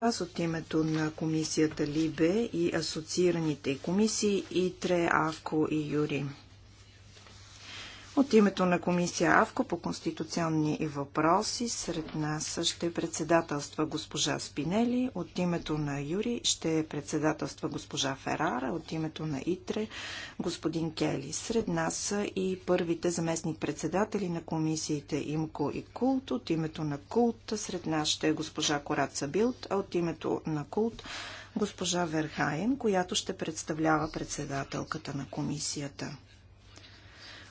Аз от името на комисията Либе и асоциираните комисии ИТРЕ, АВКО и ЮРИ. От името на комисия АВКО по конституционни въпроси сред нас ще председателства госпожа Спинели, от името на Юри ще председателства госпожа Ферара, от името на ИТРЕ господин Кели. Сред нас са и първите заместник председатели на комисиите ИМКО и КУЛТ. От името на КУЛТ сред нас ще е госпожа Кораца Билт, а от името на КУЛТ госпожа Верхаен, която ще представлява председателката на комисията.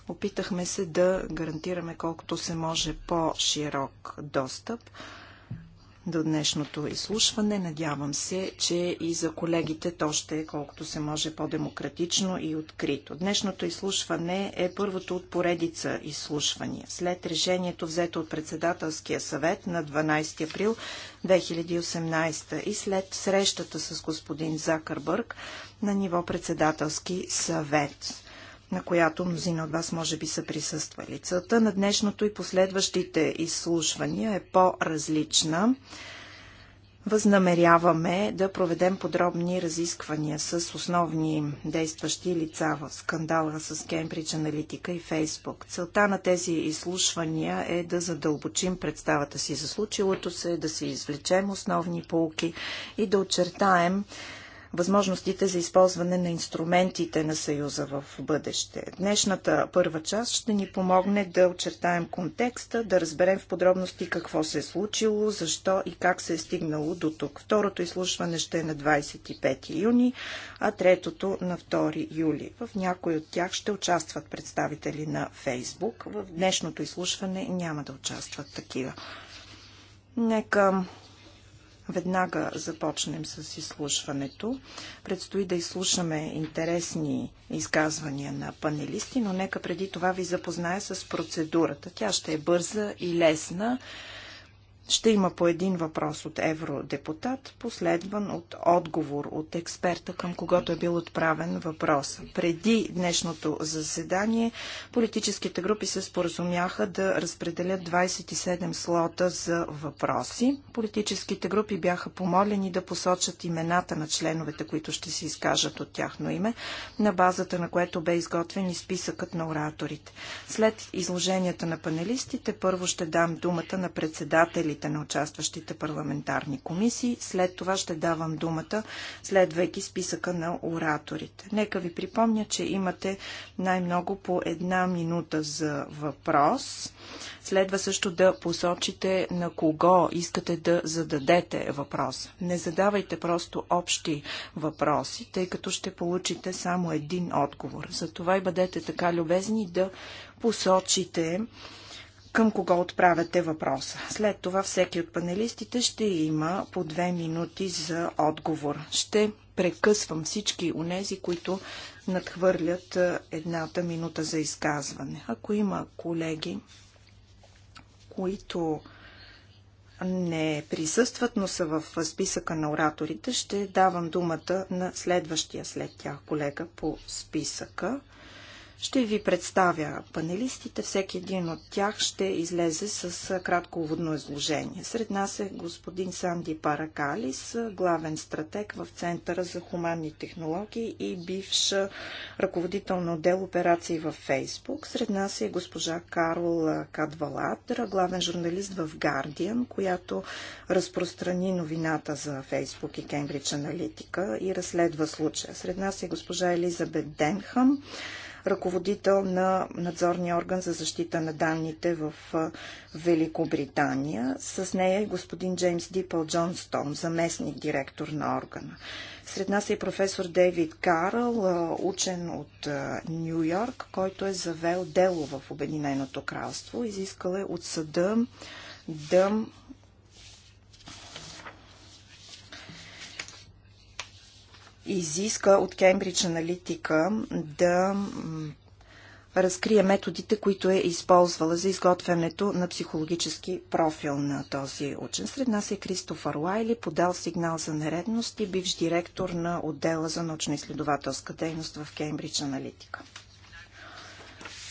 Опитахме се да гарантираме колкото се може по-широк достъп до днешното изслушване. Надявам се, че и за колегите то ще е колкото се може по-демократично и открито. Днешното изслушване е първото от поредица изслушвания. След решението взето от председателския съвет на 12 април 2018 и след срещата с господин Закърбърг на ниво председателски съвет на която мнозина от вас може би са присъствали. Целта на днешното и последващите изслушвания е по-различна. Възнамеряваме да проведем подробни разисквания с основни действащи лица в скандала с Кембридж Аналитика и Фейсбук. Целта на тези изслушвания е да задълбочим представата си за случилото се, да си извлечем основни полки и да очертаем възможностите за използване на инструментите на Съюза в бъдеще. Днешната първа част ще ни помогне да очертаем контекста, да разберем в подробности какво се е случило, защо и как се е стигнало до тук. Второто изслушване ще е на 25 юни, а третото на 2 юли. В някои от тях ще участват представители на Фейсбук. В днешното изслушване няма да участват такива. Нека Веднага започнем с изслушването. Предстои да изслушаме интересни изказвания на панелисти, но нека преди това ви запозная с процедурата. Тя ще е бърза и лесна. Ще има по един въпрос от евродепутат, последван от отговор от експерта, към когато е бил отправен въпрос. Преди днешното заседание политическите групи се споразумяха да разпределят 27 слота за въпроси. Политическите групи бяха помолени да посочат имената на членовете, които ще се изкажат от тяхно име, на базата на което бе изготвен и списъкът на ораторите. След изложенията на панелистите, първо ще дам думата на председателите докладите на участващите парламентарни комисии. След това ще давам думата, следвайки списъка на ораторите. Нека ви припомня, че имате най-много по една минута за въпрос. Следва също да посочите на кого искате да зададете въпрос. Не задавайте просто общи въпроси, тъй като ще получите само един отговор. Затова и бъдете така любезни да посочите към кого отправяте въпроса. След това всеки от панелистите ще има по две минути за отговор. Ще прекъсвам всички унези, които надхвърлят едната минута за изказване. Ако има колеги, които не присъстват, но са в списъка на ораторите, ще давам думата на следващия след тях колега по списъка. Ще ви представя панелистите. Всеки един от тях ще излезе с кратко уводно изложение. Сред нас е господин Санди Паракалис, главен стратег в Центъра за хуманни технологии и бивш ръководител на отдел операции във Фейсбук. Сред нас е госпожа Карл Кадваладра, главен журналист в Guardian, която разпространи новината за Фейсбук и Кембридж Аналитика и разследва случая. Сред нас е госпожа Елизабет Денхам, ръководител на надзорния орган за защита на данните в Великобритания. С нея е господин Джеймс Дипъл Джонстон, заместник директор на органа. Сред нас е и професор Дейвид Карл, учен от Нью Йорк, който е завел дело в Обединеното кралство. Изискал е от съда да изиска от Кембридж Аналитика да разкрие методите, които е използвала за изготвянето на психологически профил на този учен. Сред нас е Кристофър Лайли, подал сигнал за нередност и бивш директор на отдела за научно-изследователска дейност в Кембридж Аналитика.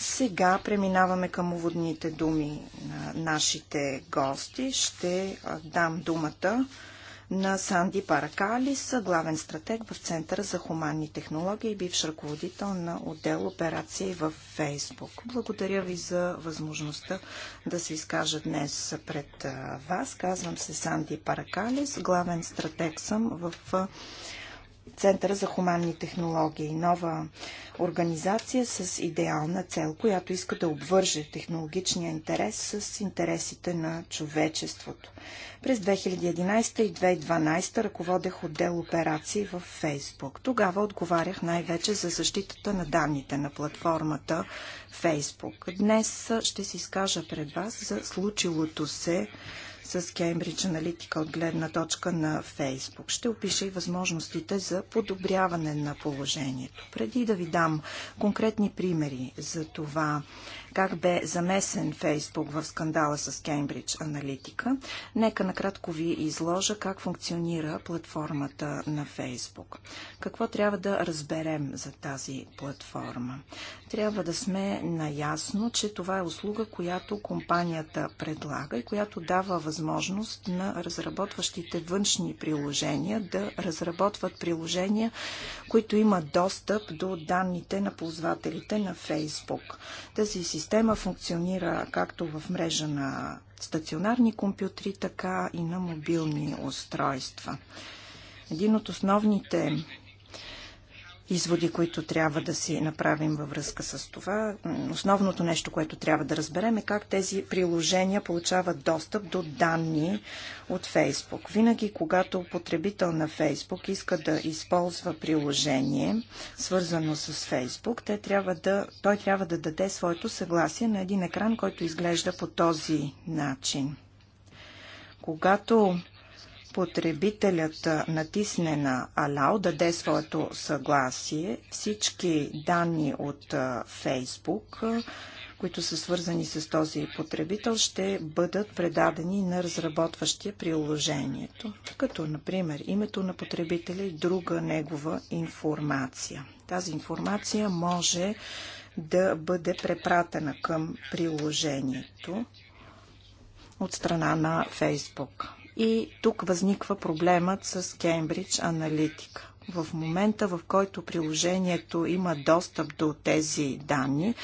Сега преминаваме към уводните думи на нашите гости. Ще дам думата на Санди Паракалис, главен стратег в Центъра за хуманни технологии и бивш ръководител на отдел операции в Фейсбук. Благодаря ви за възможността да се изкажа днес пред вас. Казвам се Санди Паракалис, главен стратег съм в Центъра за хуманни технологии, нова организация с идеална цел, която иска да обвърже технологичния интерес с интересите на човечеството. През 2011 и 2012 ръководех отдел операции в Фейсбук. Тогава отговарях най-вече за защитата на данните на платформата Фейсбук. Днес ще си изкажа пред вас за случилото се с Кембридж Аналитика от гледна точка на Фейсбук. Ще опиша и възможностите за подобряване на положението. Преди да ви дам конкретни примери за това как бе замесен Фейсбук в скандала с Кембридж Аналитика, нека накратко ви изложа как функционира платформата на Фейсбук. Какво трябва да разберем за тази платформа? Трябва да сме наясно, че това е услуга, която компанията предлага и която дава възможност на разработващите външни приложения да разработват приложения, които имат достъп до данните на ползвателите на Фейсбук. Тази система система функционира както в мрежа на стационарни компютри, така и на мобилни устройства. Един от основните изводи, които трябва да си направим във връзка с това. Основното нещо, което трябва да разберем е как тези приложения получават достъп до данни от Фейсбук. Винаги, когато потребител на Фейсбук иска да използва приложение, свързано с Фейсбук, те трябва да, той трябва да даде своето съгласие на един екран, който изглежда по този начин. Когато потребителят натисне на Allow, даде своето съгласие, всички данни от Facebook, които са свързани с този потребител, ще бъдат предадени на разработващия приложението, като, например, името на потребителя и друга негова информация. Тази информация може да бъде препратена към приложението от страна на Facebook. И тук възниква проблемът с Кембридж аналитика. В момента, в който приложението има достъп до тези данни,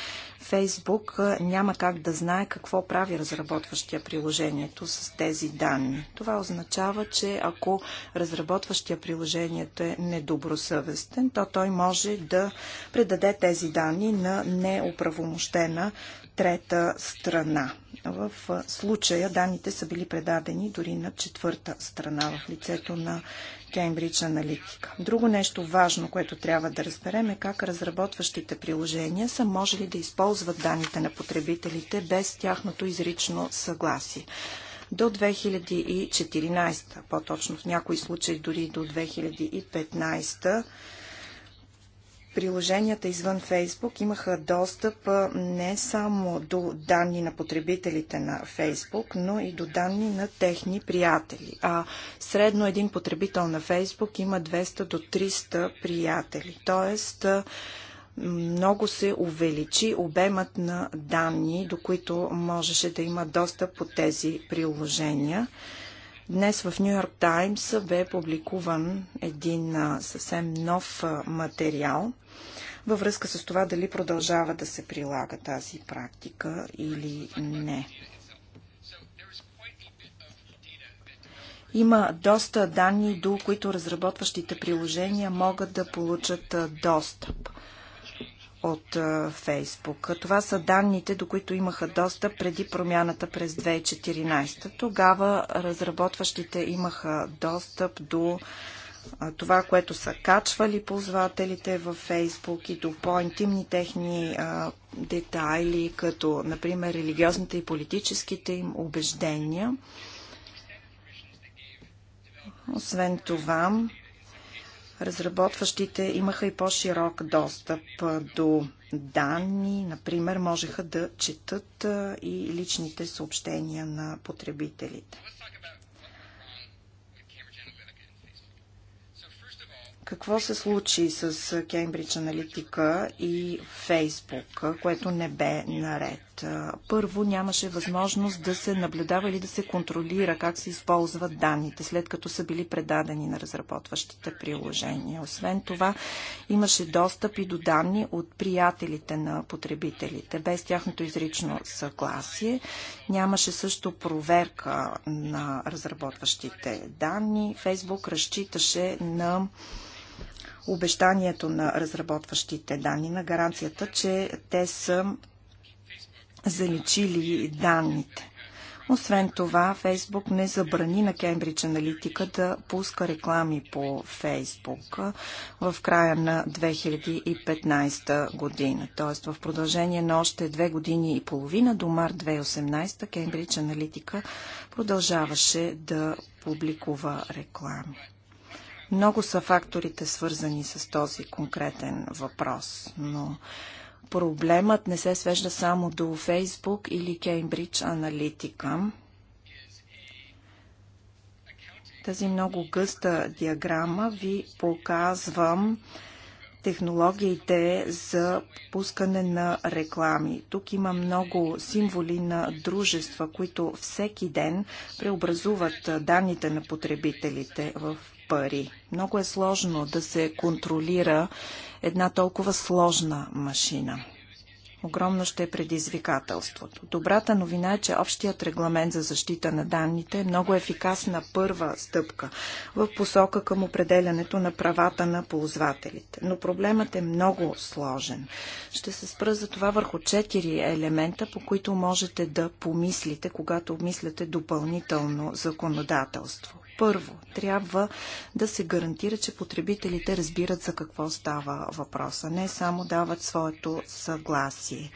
Фейсбук няма как да знае какво прави разработващия приложението с тези данни. Това означава, че ако разработващия приложението е недобросъвестен, то той може да предаде тези данни на неуправомощена трета страна. В случая данните са били предадени дори на четвърта страна в лицето на Cambridge Analytica. Друго нещо важно, което трябва да разберем е как разработващите приложения са можели да използват данните на потребителите без тяхното изрично съгласие до 2014, по-точно в някои случаи дори до 2015, приложенията извън Фейсбук имаха достъп не само до данни на потребителите на Фейсбук, но и до данни на техни приятели. А средно един потребител на Фейсбук има 200 до 300 приятели. Тоест, много се увеличи обемът на данни, до които можеше да има достъп от тези приложения. Днес в Нью Йорк Таймс бе публикуван един съвсем нов материал, във връзка с това дали продължава да се прилага тази практика или не. Има доста данни, до които разработващите приложения могат да получат достъп от Фейсбук. Това са данните, до които имаха достъп преди промяната през 2014. Тогава разработващите имаха достъп до това, което са качвали ползвателите във Фейсбук и до по-интимни техни а, детайли, като, например, религиозните и политическите им убеждения. Освен това, разработващите имаха и по-широк достъп до данни, например, можеха да четат и личните съобщения на потребителите. какво се случи с Кембридж Аналитика и Фейсбук, което не бе наред. Първо, нямаше възможност да се наблюдава или да се контролира как се използват данните, след като са били предадени на разработващите приложения. Освен това, имаше достъп и до данни от приятелите на потребителите, без тяхното изрично съгласие. Нямаше също проверка на разработващите данни. Фейсбук разчиташе на обещанието на разработващите данни, на гаранцията, че те са заличили данните. Освен това, Фейсбук не забрани на Кембридж Аналитика да пуска реклами по Фейсбук в края на 2015 година. Тоест в продължение на още две години и половина до март 2018 Кембридж Аналитика продължаваше да публикува реклами. Много са факторите свързани с този конкретен въпрос, но проблемът не се свежда само до Фейсбук или Кеймбридж аналитика. Тази много гъста диаграма ви показвам технологиите за пускане на реклами. Тук има много символи на дружества, които всеки ден преобразуват данните на потребителите в пари. Много е сложно да се контролира една толкова сложна машина. Огромно ще е предизвикателството. Добрата новина е, че общият регламент за защита на данните е много ефикасна първа стъпка в посока към определянето на правата на ползвателите. Но проблемът е много сложен. Ще се спра за това върху четири елемента, по които можете да помислите, когато обмисляте допълнително законодателство. Първо, трябва да се гарантира, че потребителите разбират за какво става въпроса, не само дават своето съгласие.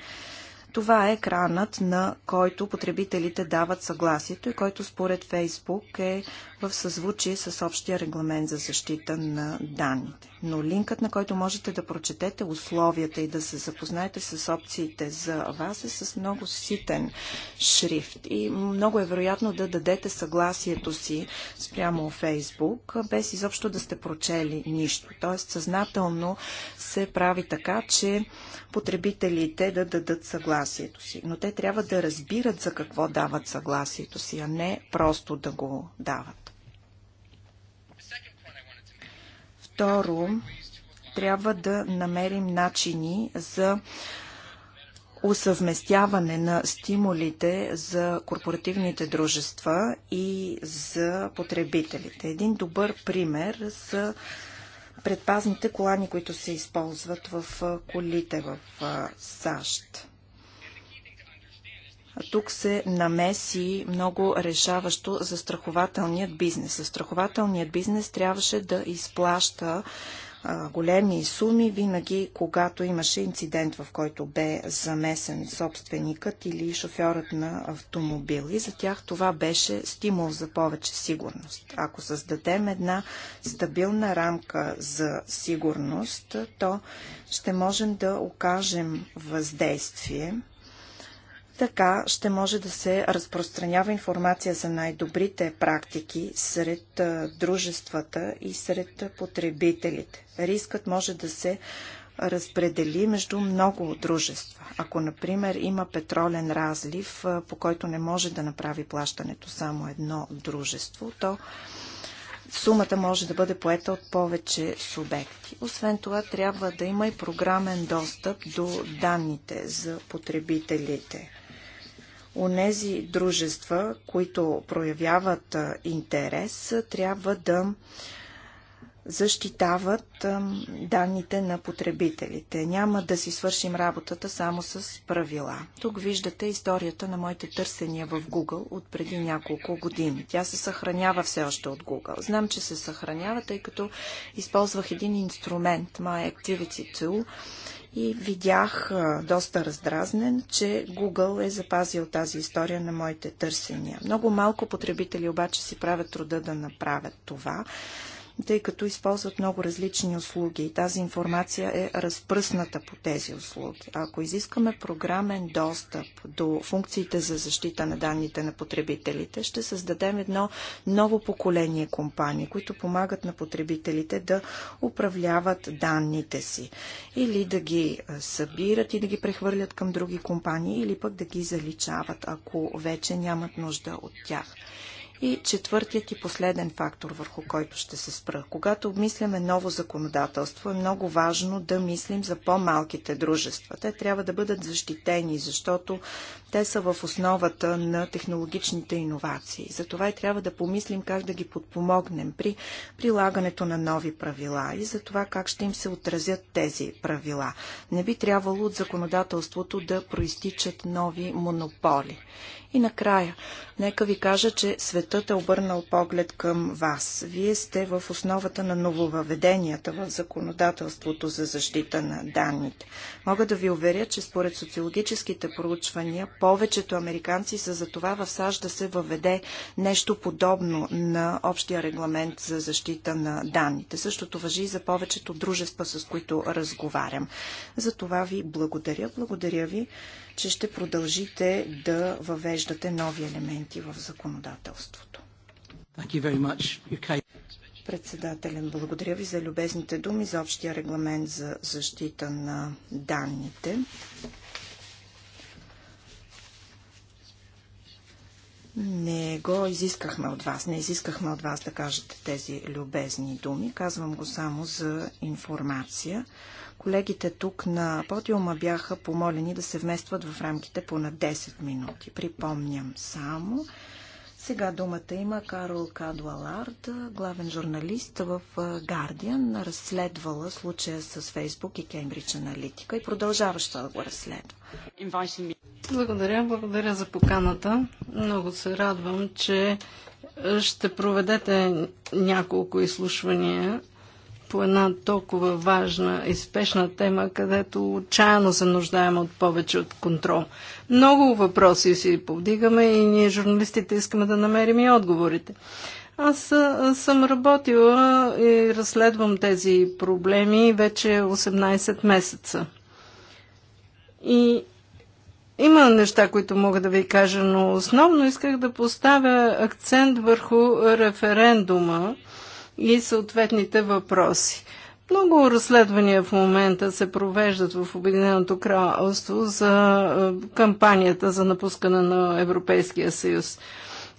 Това е екранът, на който потребителите дават съгласието и който според Фейсбук е в съзвучие с общия регламент за защита на данните. Но линкът, на който можете да прочетете условията и да се запознаете с опциите за вас е с много ситен шрифт. И много е вероятно да дадете съгласието си спрямо Фейсбук, без изобщо да сте прочели нищо. Тоест съзнателно се прави така, че потребителите да дадат съгласието си. Но те трябва да разбират за какво дават съгласието си, а не просто да го дават. Второ, трябва да намерим начини за усъвместяване на стимулите за корпоративните дружества и за потребителите. Един добър пример са предпазните колани, които се използват в колите в САЩ. Тук се намеси много решаващо застрахователният бизнес. страхователният бизнес трябваше да изплаща големи суми винаги, когато имаше инцидент, в който бе замесен собственикът или шофьорът на автомобил. И за тях това беше стимул за повече сигурност. Ако създадем една стабилна рамка за сигурност, то ще можем да окажем въздействие така ще може да се разпространява информация за най-добрите практики сред дружествата и сред потребителите. Рискът може да се разпредели между много дружества. Ако, например, има петролен разлив, по който не може да направи плащането само едно дружество, то сумата може да бъде поета от повече субекти. Освен това, трябва да има и програмен достъп до данните за потребителите онези дружества, които проявяват интерес, трябва да защитават данните на потребителите. Няма да си свършим работата само с правила. Тук виждате историята на моите търсения в Google от преди няколко години. Тя се съхранява все още от Google. Знам, че се съхранява, тъй като използвах един инструмент, My Activity Tool, и видях доста раздразнен, че Google е запазил тази история на моите търсения. Много малко потребители обаче си правят труда да направят това тъй като използват много различни услуги и тази информация е разпръсната по тези услуги. Ако изискаме програмен достъп до функциите за защита на данните на потребителите, ще създадем едно ново поколение компании, които помагат на потребителите да управляват данните си или да ги събират и да ги прехвърлят към други компании или пък да ги заличават, ако вече нямат нужда от тях. И четвъртият и последен фактор, върху който ще се спра. Когато обмисляме ново законодателство, е много важно да мислим за по-малките дружества. Те трябва да бъдат защитени, защото те са в основата на технологичните иновации. Затова и трябва да помислим как да ги подпомогнем при прилагането на нови правила и за това как ще им се отразят тези правила. Не би трябвало от законодателството да проистичат нови монополи. И накрая, нека ви кажа, че светът е обърнал поглед към вас. Вие сте в основата на нововъведенията в законодателството за защита на данните. Мога да ви уверя, че според социологическите проучвания, повечето американци са за това в САЩ да се въведе нещо подобно на общия регламент за защита на данните. Същото въжи и за повечето дружества, с които разговарям. За това ви благодаря. Благодаря ви че ще продължите да въвеждате нови елементи в законодателството. Председателен, благодаря ви за любезните думи за общия регламент за защита на данните. Не го изискахме от вас. Не изискахме от вас да кажете тези любезни думи. Казвам го само за информация. Колегите тук на подиума бяха помолени да се вместват в рамките по на 10 минути. Припомням само. Сега думата има Карол Кадуалард, главен журналист в Guardian, разследвала случая с Фейсбук и Кембридж Аналитика и продължаваща да го разследва. Благодаря, благодаря за поканата. Много се радвам, че ще проведете няколко изслушвания по една толкова важна и спешна тема, където отчаяно се нуждаем от повече от контрол. Много въпроси си повдигаме и ние журналистите искаме да намерим и отговорите. Аз съм работила и разследвам тези проблеми вече 18 месеца. И има неща, които мога да ви кажа, но основно исках да поставя акцент върху референдума, и съответните въпроси. Много разследвания в момента се провеждат в Обединеното кралство за е, кампанията за напускане на Европейския съюз.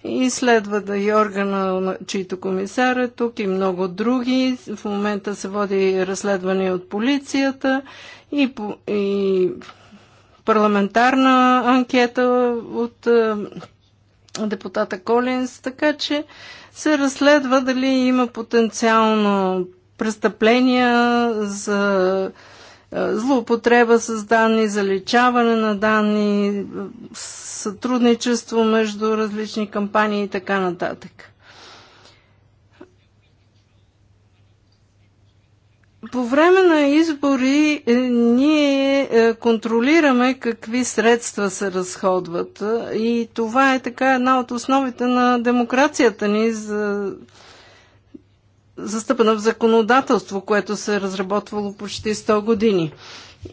И следва да и органа, чийто комисар е тук и много други. В момента се води разследване от полицията и, и парламентарна анкета от е, депутата Колинс, така че се разследва дали има потенциално престъпления за е, злоупотреба с данни, заличаване на данни, е, сътрудничество между различни кампании и така нататък. По време на избори е, ние е, контролираме какви средства се разходват е, и това е така една от основите на демокрацията ни за застъпена в законодателство, което се е разработвало почти 100 години.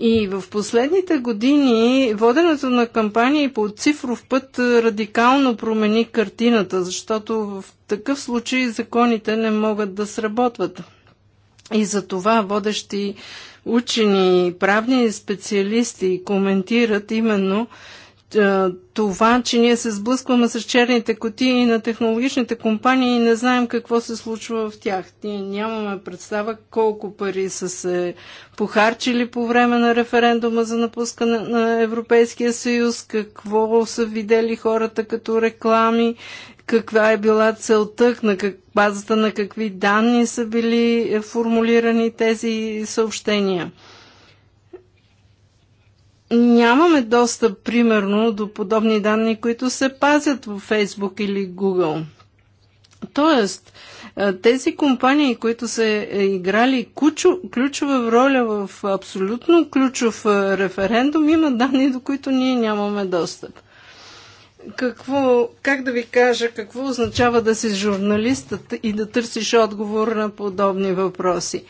И в последните години воденето на кампании по цифров път радикално промени картината, защото в такъв случай законите не могат да сработват. И за това водещи учени, правни специалисти коментират именно е, това, че ние се сблъскваме с черните котии на технологичните компании и не знаем какво се случва в тях. Ние нямаме представа колко пари са се похарчили по време на референдума за напускане на Европейския съюз, какво са видели хората като реклами каква е била целта, на как, базата на какви данни са били е, формулирани тези съобщения. Нямаме достъп, примерно, до подобни данни, които се пазят в Facebook или Google. Тоест, тези компании, които са е, играли ключова роля в абсолютно ключов референдум, има данни, до които ние нямаме достъп какво, как да ви кажа, какво означава да си журналистът и да търсиш отговор на подобни въпроси?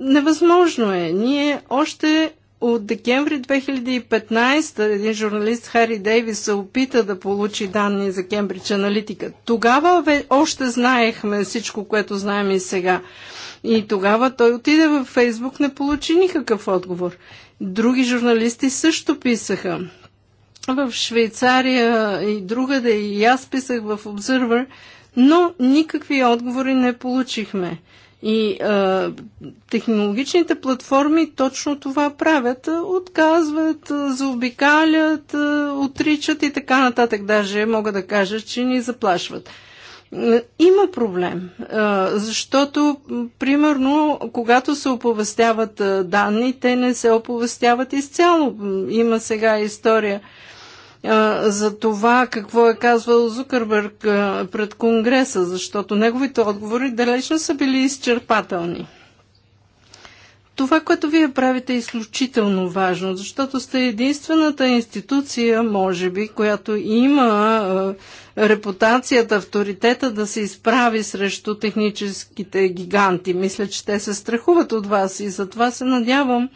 Невъзможно е. Ние още от декември 2015 един журналист Хари Дейвис се опита да получи данни за Кембридж Аналитика. Тогава ве, още знаехме всичко, което знаем и сега. И тогава той отиде във Фейсбук, не получи никакъв отговор. Други журналисти също писаха в Швейцария и другаде, и аз писах в Observer, но никакви отговори не получихме. И а, технологичните платформи точно това правят. Отказват, заобикалят, отричат и така нататък. Даже мога да кажа, че ни заплашват. Е, има проблем, защото, примерно, когато се оповестяват данни, те не се оповестяват изцяло. Има сега история за това какво е казвал Зукърбърг пред Конгреса, защото неговите отговори далечно са били изчерпателни. Това, което вие правите е изключително важно, защото сте единствената институция, може би, която има репутацията, авторитета да се изправи срещу техническите гиганти. Мисля, че те се страхуват от вас и затова се надявам,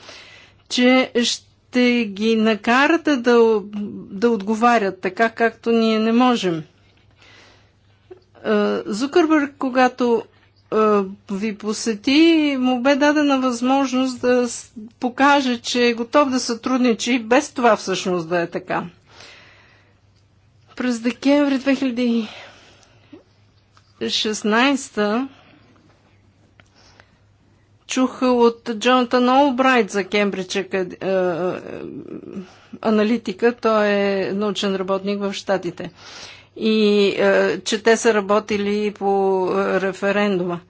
че ще ще ги накарате да, да отговарят така, както ние не можем. Е, Зукърбърг, когато е, ви посети, му бе дадена възможност да покаже, че е готов да сътрудничи, и без това всъщност да е така. През декември 2016 чух от Джонатан Олбрайт за Кембридж е, е, е, аналитика. Той е научен работник в Штатите. И е, че те са работили по е, референдума.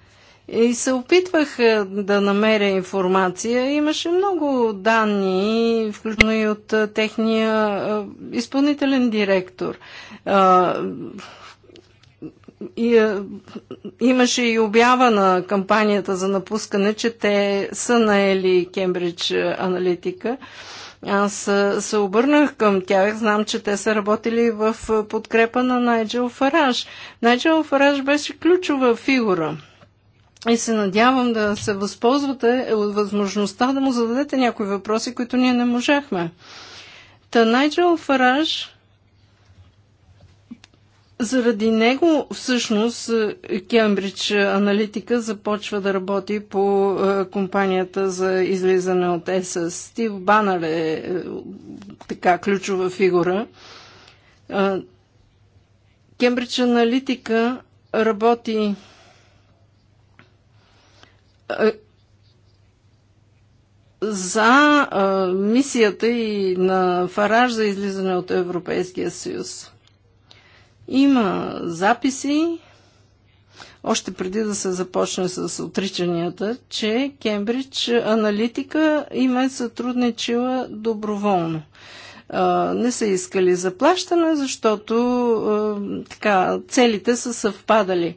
И се опитвах е, да намеря информация. Имаше много данни, включително и от техния изпълнителен директор. Е, имаше и обява на кампанията за напускане, че те са наели Кембридж е, Аналитика. Аз е, се обърнах към тях. Знам, че те са работили в подкрепа на Найджел Фараж. Найджел Фараж беше ключова фигура. И се надявам да се възползвате от възможността да му зададете някои въпроси, които ние не можахме. Та Найджел Фараж заради него всъщност е, Кембридж Аналитика започва да работи по е, компанията за излизане от ЕСА. Стив Банър е, е така ключова фигура. Кембридж Аналитика работи за мисията и на Фараж за излизане от Европейския съюз. Има записи, още преди да се започне с отричанията, че Кембридж аналитика им е сътрудничила доброволно. Не са искали заплащане, защото така, целите са съвпадали.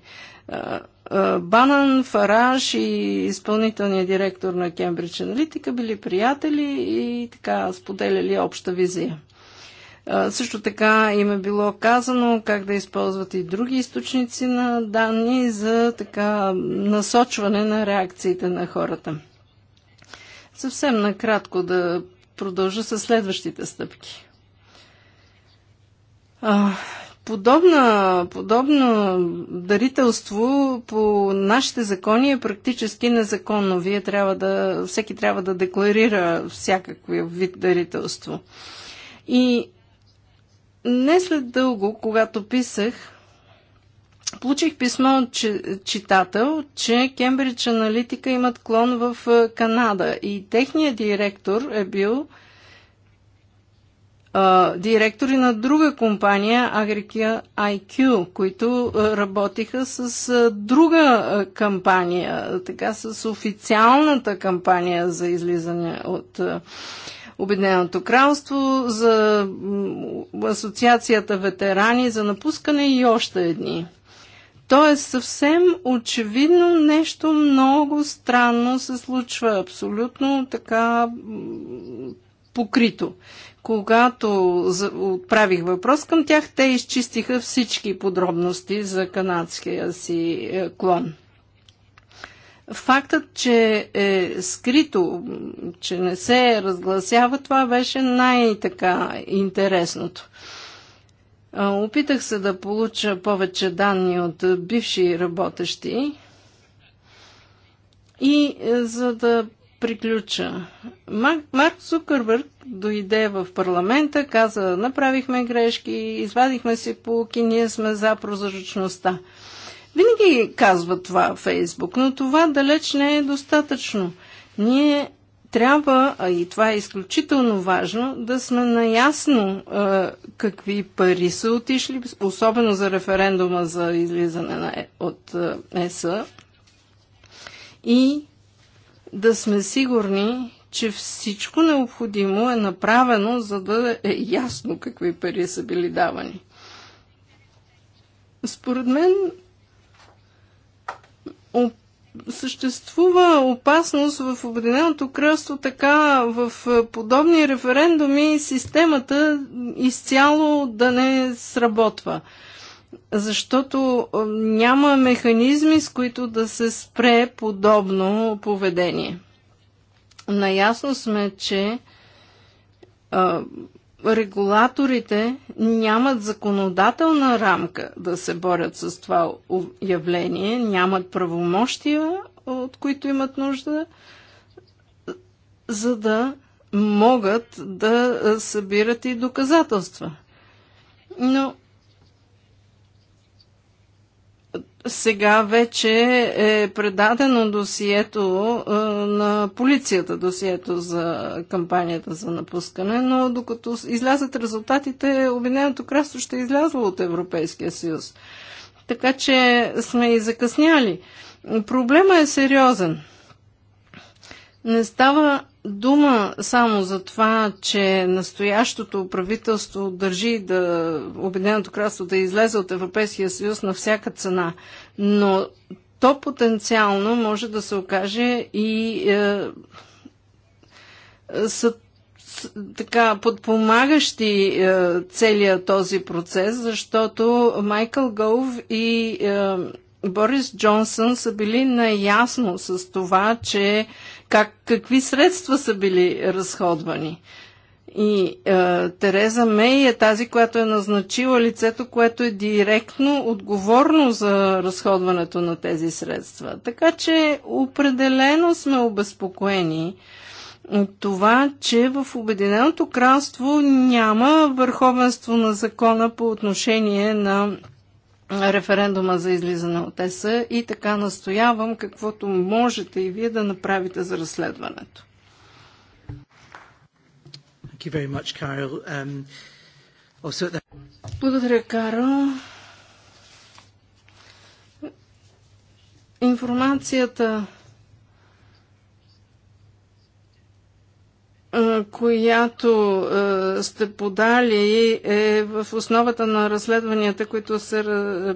Банан, Фараш и изпълнителният директор на Кембридж Аналитика били приятели и така споделяли обща визия. Също така им е било казано как да използват и други източници на данни за така насочване на реакциите на хората. Съвсем накратко да продължа с следващите стъпки. Подобна, подобно дарителство по нашите закони е практически незаконно. Вие трябва да, всеки трябва да декларира всякакви вид дарителство. И не след дълго, когато писах, получих писмо от читател, че Кембридж Аналитика имат клон в е, Канада и техният директор е бил директори на друга компания, Agricia IQ, които е, работиха с е, друга кампания, така с официалната кампания за излизане от а, Обединеното кралство, за Асоциацията ветерани, за напускане и още едни. Тоест съвсем очевидно нещо много странно се случва, абсолютно така покрито. Когато отправих въпрос към тях, те изчистиха всички подробности за канадския си е, клон. Фактът, че е скрито, че не се разгласява, това беше най-така интересното. Опитах се да получа повече данни от бивши работещи и е, за да приключа. Марк Цукърбърг дойде в парламента, каза, направихме грешки, извадихме си полки, ние сме за прозрачността. Винаги казва това Фейсбук, но това далеч не е достатъчно. Ние трябва, а и това е изключително важно, да сме наясно е, какви пари са отишли, особено за референдума за излизане на, е, от е, ЕСА. И да сме сигурни, че всичко необходимо е направено, за да е ясно какви пари са били давани. Според мен съществува опасност в Обединеното кралство така в е, подобни референдуми системата изцяло да не сработва. Защото е, няма механизми, с които да се спре подобно поведение. Наясно сме, че е, регулаторите нямат законодателна рамка да се борят с това явление, нямат правомощия, от които имат нужда, за да могат да събират и доказателства. Но сега вече е предадено досието е, на полицията, досието за кампанията за напускане, но докато излязат резултатите, Обединеното кралство ще е излязло от Европейския съюз. Така че сме и закъсняли. Проблема е сериозен. Не става дума само за това, че настоящото правителство държи да Обединеното кралство да излезе от Европейския съюз на всяка цена, но то потенциално може да се окаже и е, са, с, така подпомагащи е, целият този процес, защото Майкъл Гов и е, Борис Джонсън са били наясно с това, че как, какви средства са били разходвани. И е, Тереза Мей е тази, която е назначила лицето, което е директно отговорно за разходването на тези средства. Така че определено сме обезпокоени от това, че в Обединеното кралство няма върховенство на закона по отношение на референдума за излизане от ЕС и така настоявам каквото можете и вие да направите за разследването. Um, Благодаря, Карл. Информацията която сте подали е в основата на разследванията, които се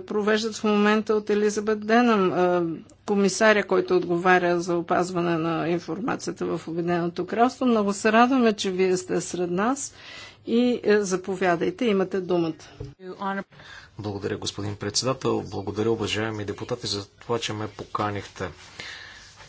провеждат в момента от Елизабет Денъм, комисаря, който отговаря за опазване на информацията в Обединеното кралство. Много се радваме, че вие сте сред нас и е, заповядайте, имате думата. Благодаря, господин председател. Благодаря, уважаеми депутати, за това, че ме поканихте.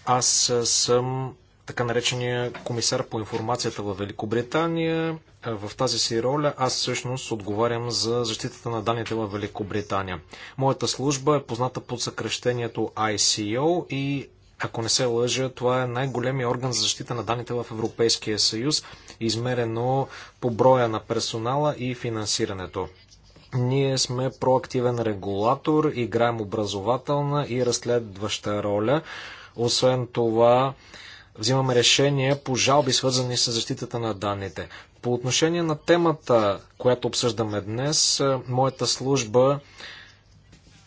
Аз е, съм така наречения комисар по информацията в Великобритания. Е, в тази си роля аз всъщност отговарям за защитата на данните в Великобритания. Моята служба е позната под съкрещението ICO и ако не се лъжа, това е най-големият орган за защита на данните в Европейския съюз, измерено по броя на персонала и финансирането. Ние сме проактивен регулатор, играем образователна и разследваща роля. Освен това, взимаме решения по жалби, свързани с защитата на данните. По отношение на темата, която обсъждаме днес, е, моята служба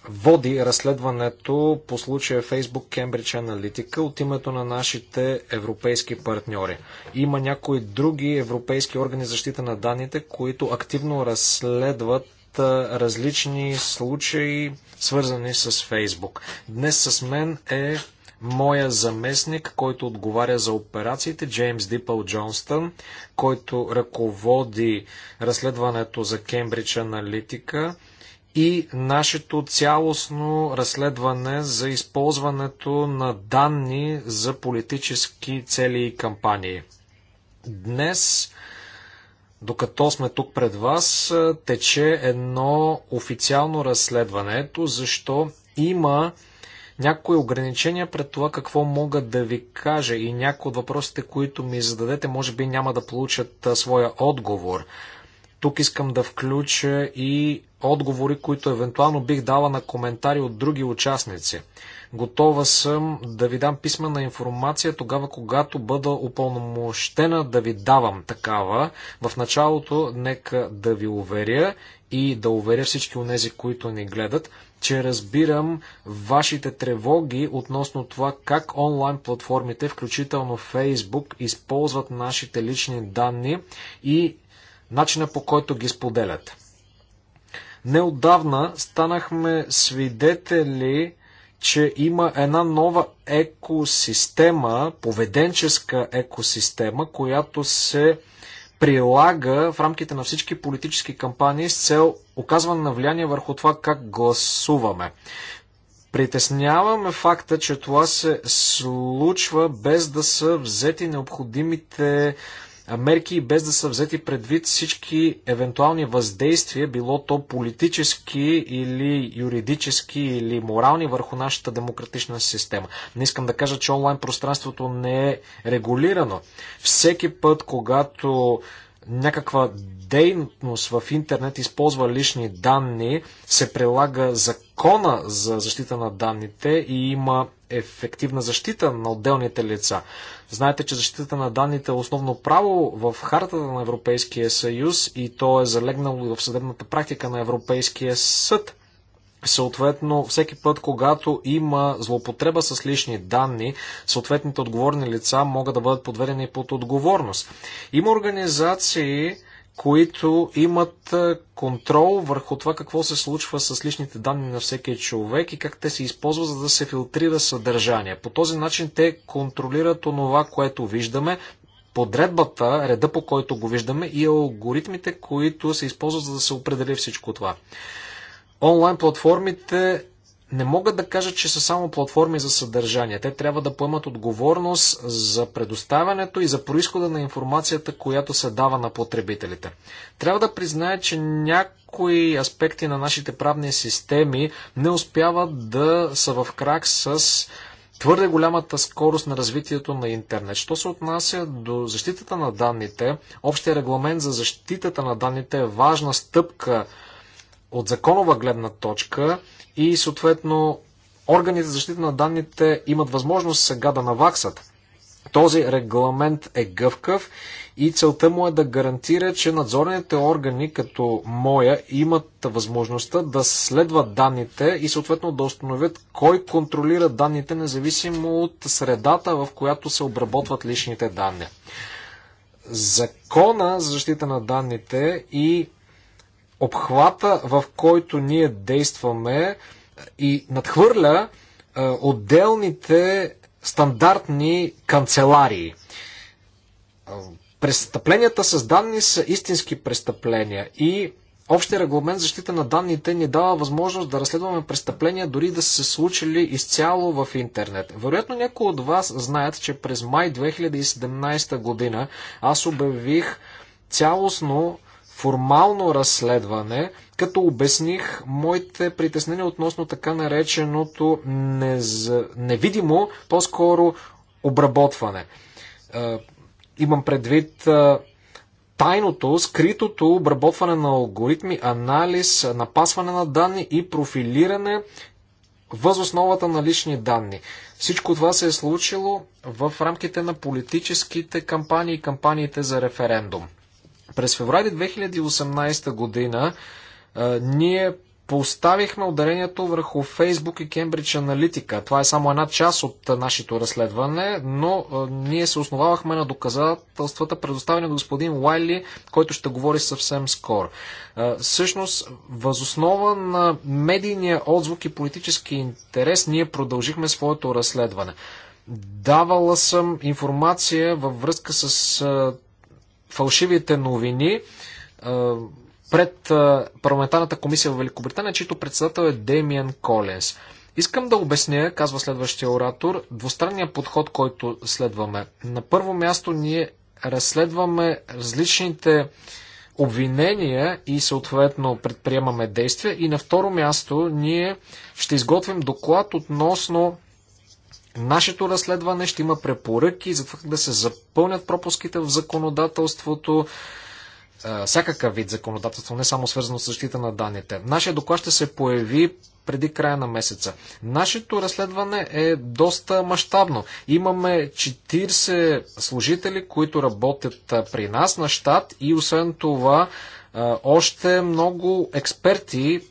води разследването по случая Facebook Cambridge Analytica от името на нашите европейски партньори. Има някои други европейски органи защита на данните, които активно разследват е, различни случаи, свързани с Фейсбук. Днес с мен е моя заместник, който отговаря за операциите, Джеймс Дипъл Джонстън, който ръководи разследването за Кембридж Аналитика и нашето цялостно разследване за използването на данни за политически цели и кампании. Днес докато сме тук пред вас, тече едно официално разследване. Ето защо има някои ограничения пред това какво мога да ви кажа и някои от въпросите, които ми зададете, може би няма да получат а, своя отговор. Тук искам да включа и отговори, които евентуално бих дала на коментари от други участници. Готова съм да ви дам писмена информация тогава, когато бъда упълномощена да ви давам такава. В началото нека да ви уверя и да уверя всички от тези, които ни гледат, че разбирам вашите тревоги относно това как онлайн платформите, включително Facebook, използват нашите лични данни и начина по който ги споделят. Неодавна станахме свидетели, че има една нова екосистема, поведенческа екосистема, която се прилага в рамките на всички политически кампании с цел оказване на влияние върху това как гласуваме. Притесняваме факта, че това се случва без да са взети необходимите мерки, без да са взети предвид всички евентуални въздействия, било то политически или юридически или морални върху нашата демократична система. Не искам да кажа, че онлайн пространството не е регулирано. Всеки път, когато някаква дейност в интернет използва лични данни, се прилага закона за защита на данните и има ефективна защита на отделните лица. Знаете, че защитата на данните е основно право в хартата на Европейския съюз и то е залегнало в съдебната практика на Европейския съд. Съответно, всеки път, когато има злоупотреба с лични данни, съответните отговорни лица могат да бъдат подведени под отговорност. Има организации, които имат контрол върху това какво се случва с личните данни на всеки човек и как те се използват, за да се филтрира съдържание. По този начин те контролират онова, което виждаме, подредбата, реда по който го виждаме и алгоритмите, които се използват, за да се определи всичко това. Онлайн платформите не мога да кажа, че са само платформи за съдържание. Те трябва да поемат отговорност за предоставянето и за происхода на информацията, която се дава на потребителите. Трябва да призная, че някои аспекти на нашите правни системи не успяват да са в крак с твърде голямата скорост на развитието на интернет. Що се отнася до защитата на данните, общия регламент за защитата на данните е важна стъпка от законова гледна точка и съответно органите за защита на данните имат възможност сега да наваксат. Този регламент е гъвкав и целта му е да гарантира, че надзорните органи, като моя, имат възможността да следват данните и съответно да установят кой контролира данните, независимо от средата, в която се обработват личните данни. Закона за защита на данните и обхвата, в който ние действаме и надхвърля е, отделните стандартни канцеларии. Е, престъпленията с данни са истински престъпления и Общия регламент защита на данните ни дава възможност да разследваме престъпления, дори да са се случили изцяло в интернет. Вероятно някои от вас знаят, че през май 2017 година аз обявих цялостно формално разследване, като обясних моите притеснения относно така нареченото нез... невидимо, по-скоро обработване. Е, имам предвид е, тайното, скритото обработване на алгоритми, анализ, напасване на данни и профилиране въз основата на лични данни. Всичко това се е случило в рамките на политическите кампании и кампаниите за референдум. През феврари 2018 година а, ние поставихме ударението върху Facebook и Cambridge Аналитика. Това е само една част от нашето разследване, но а, ние се основавахме на доказателствата, предоставени от господин Уайли, който ще говори съвсем скоро. А, всъщност, възоснова на медийния отзвук и политически интерес, ние продължихме своето разследване. Давала съм информация във връзка с а, фалшивите новини пред парламентарната комисия в Великобритания, чийто председател е Демиан Колинс. Искам да обясня, казва следващия оратор, двустранния подход, който следваме. На първо място ние разследваме различните обвинения и съответно предприемаме действия. И на второ място ние ще изготвим доклад относно нашето разследване, ще има препоръки за това да се запълнят пропуските в законодателството, всякакъв вид законодателство, не само свързано с защита на данните. Нашия доклад ще се появи преди края на месеца. Нашето разследване е доста мащабно. Имаме 40 служители, които работят при нас на щат и освен това още много експерти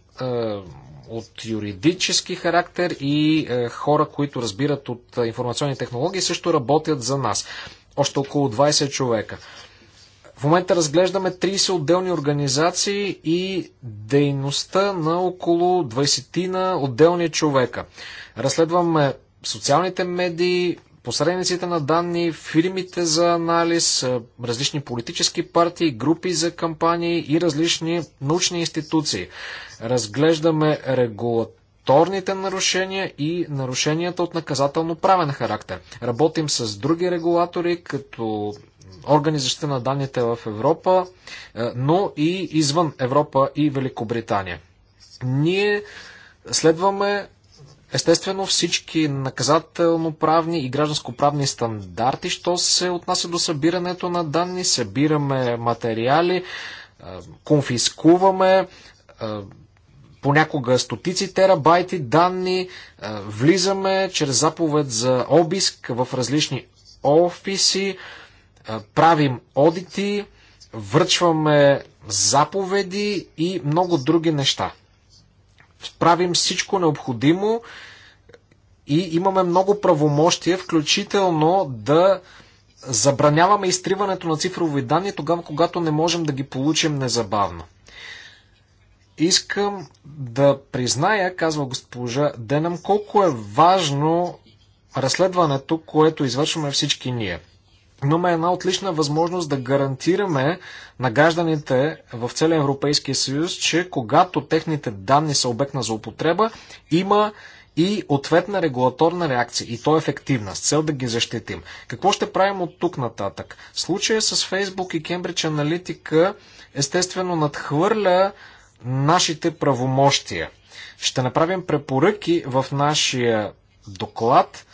от юридически характер и е, хора, които разбират от е, информационни технологии, също работят за нас. Още около 20 човека. В момента разглеждаме 30 отделни организации и дейността на около 20 на отделни човека. Разследваме социалните медии, посредниците на данни, фирмите за анализ, е, различни политически партии, групи за кампании и различни научни институции. Разглеждаме регулаторните нарушения и нарушенията от наказателно правен характер. Работим с други регулатори, като органи защита на данните в Европа, е, но и извън Европа и Великобритания. Ние следваме Естествено, всички наказателно-правни и гражданско-правни стандарти, що се отнася до събирането на данни, събираме материали, е, конфискуваме е, понякога стотици терабайти данни, е, влизаме чрез заповед за обиск в различни офиси, правим одити, връчваме заповеди и много други неща правим всичко необходимо и имаме много правомощия, включително да забраняваме изтриването на цифрови данни тогава, когато не можем да ги получим незабавно. Искам да призная, казва госпожа Денам, колко е важно разследването, което извършваме всички ние имаме една отлична възможност да гарантираме на гражданите в целия Европейския съюз, че когато техните данни са обект на злоупотреба, има и ответна регулаторна реакция, и то е ефективна, с цел да ги защитим. Какво ще правим от тук нататък? Случая с Фейсбук и Кембридж Аналитика естествено надхвърля нашите правомощия. Ще направим препоръки в нашия доклад,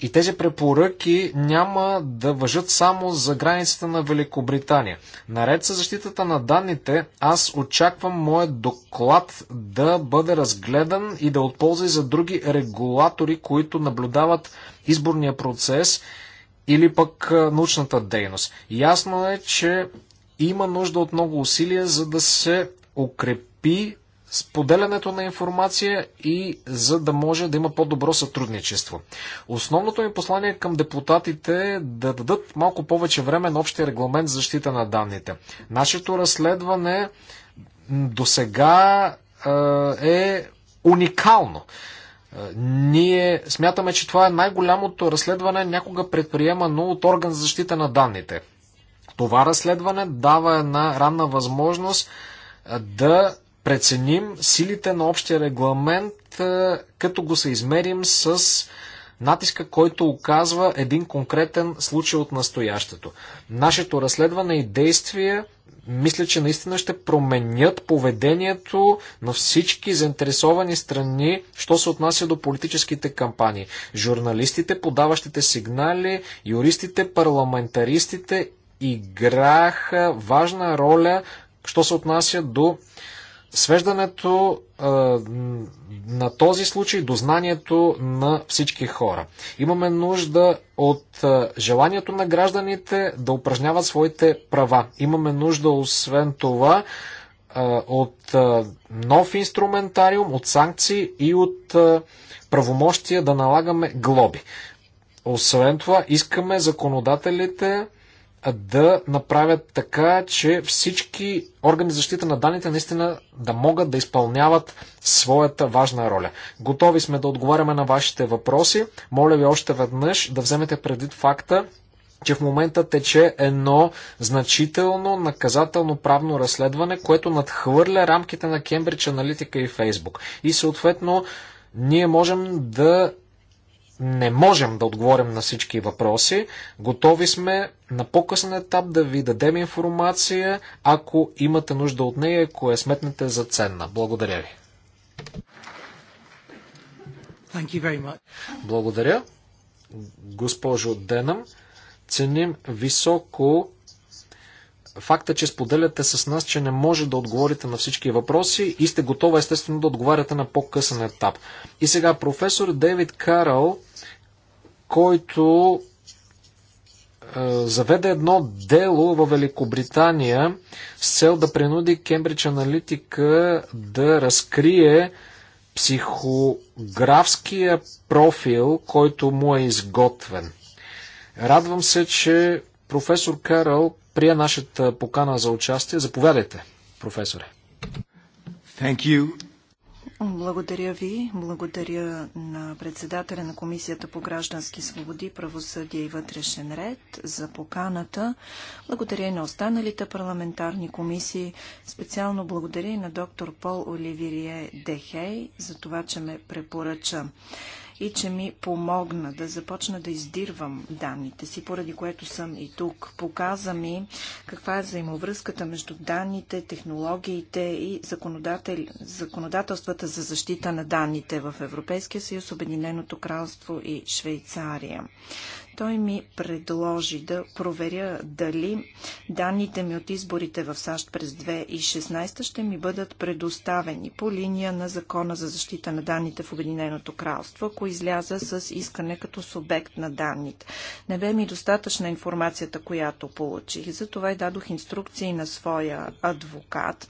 и тези препоръки няма да въжат само за границите на Великобритания. Наред с защитата на данните, аз очаквам моят доклад да бъде разгледан и да отползва и за други регулатори, които наблюдават изборния процес или пък научната дейност. Ясно е, че има нужда от много усилия, за да се укрепи споделянето на информация и за да може да има по-добро сътрудничество. Основното ми послание към депутатите е да дадат малко повече време на общия регламент за защита на данните. Нашето разследване до сега е уникално. Ние смятаме, че това е най-голямото разследване някога предприемано от орган за защита на данните. Това разследване дава една ранна възможност да преценим силите на общия регламент, е, като го се измерим с натиска, който оказва един конкретен случай от настоящето. Нашето разследване и действие мисля, че наистина ще променят поведението на всички заинтересовани страни, що се отнася до политическите кампании. Журналистите, подаващите сигнали, юристите, парламентаристите играха важна роля, що се отнася до свеждането а, на този случай до знанието на всички хора. Имаме нужда от а, желанието на гражданите да упражняват своите права. Имаме нужда, освен това, а, от а, нов инструментариум, от санкции и от а, правомощия да налагаме глоби. Освен това, искаме законодателите да направят така, че всички органи за защита на данните наистина да могат да изпълняват своята важна роля. Готови сме да отговаряме на вашите въпроси. Моля ви още веднъж да вземете предвид факта, че в момента тече едно значително наказателно правно разследване, което надхвърля рамките на Кембридж Аналитика и Фейсбук. И съответно ние можем да не можем да отговорим на всички въпроси. Готови сме на по-късен етап да ви дадем информация, ако имате нужда от нея, ако я сметнете за ценна. Благодаря ви. Благодаря. Госпожо Денам, ценим високо факта, че споделяте с нас, че не може да отговорите на всички въпроси и сте готова естествено да отговаряте на по-късен етап. И сега професор Дейвид Карл, който е, заведе едно дело в Великобритания с цел да принуди Кембридж Аналитика да разкрие психографския профил, който му е изготвен. Радвам се, че професор Карл прия нашата покана за участие. Заповядайте, професоре. Thank you. Благодаря ви. Благодаря на председателя на Комисията по граждански свободи, правосъдие и вътрешен ред за поканата. Благодаря и на останалите парламентарни комисии. Специално благодаря и на доктор Пол Оливирие Дехей за това, че ме препоръча и че ми помогна да започна да издирвам данните си, поради което съм и тук. Показа ми каква е взаимовръзката между данните, технологиите и законодател... законодателствата за защита на данните в Европейския съюз, Обединеното кралство и Швейцария. Той ми предложи да проверя дали данните ми от изборите в САЩ през 2016 ще ми бъдат предоставени по линия на Закона за защита на данните в Обединеното кралство, ако изляза с искане като субект на данните. Не бе ми достатъчна информацията, която получих. Затова и дадох инструкции на своя адвокат.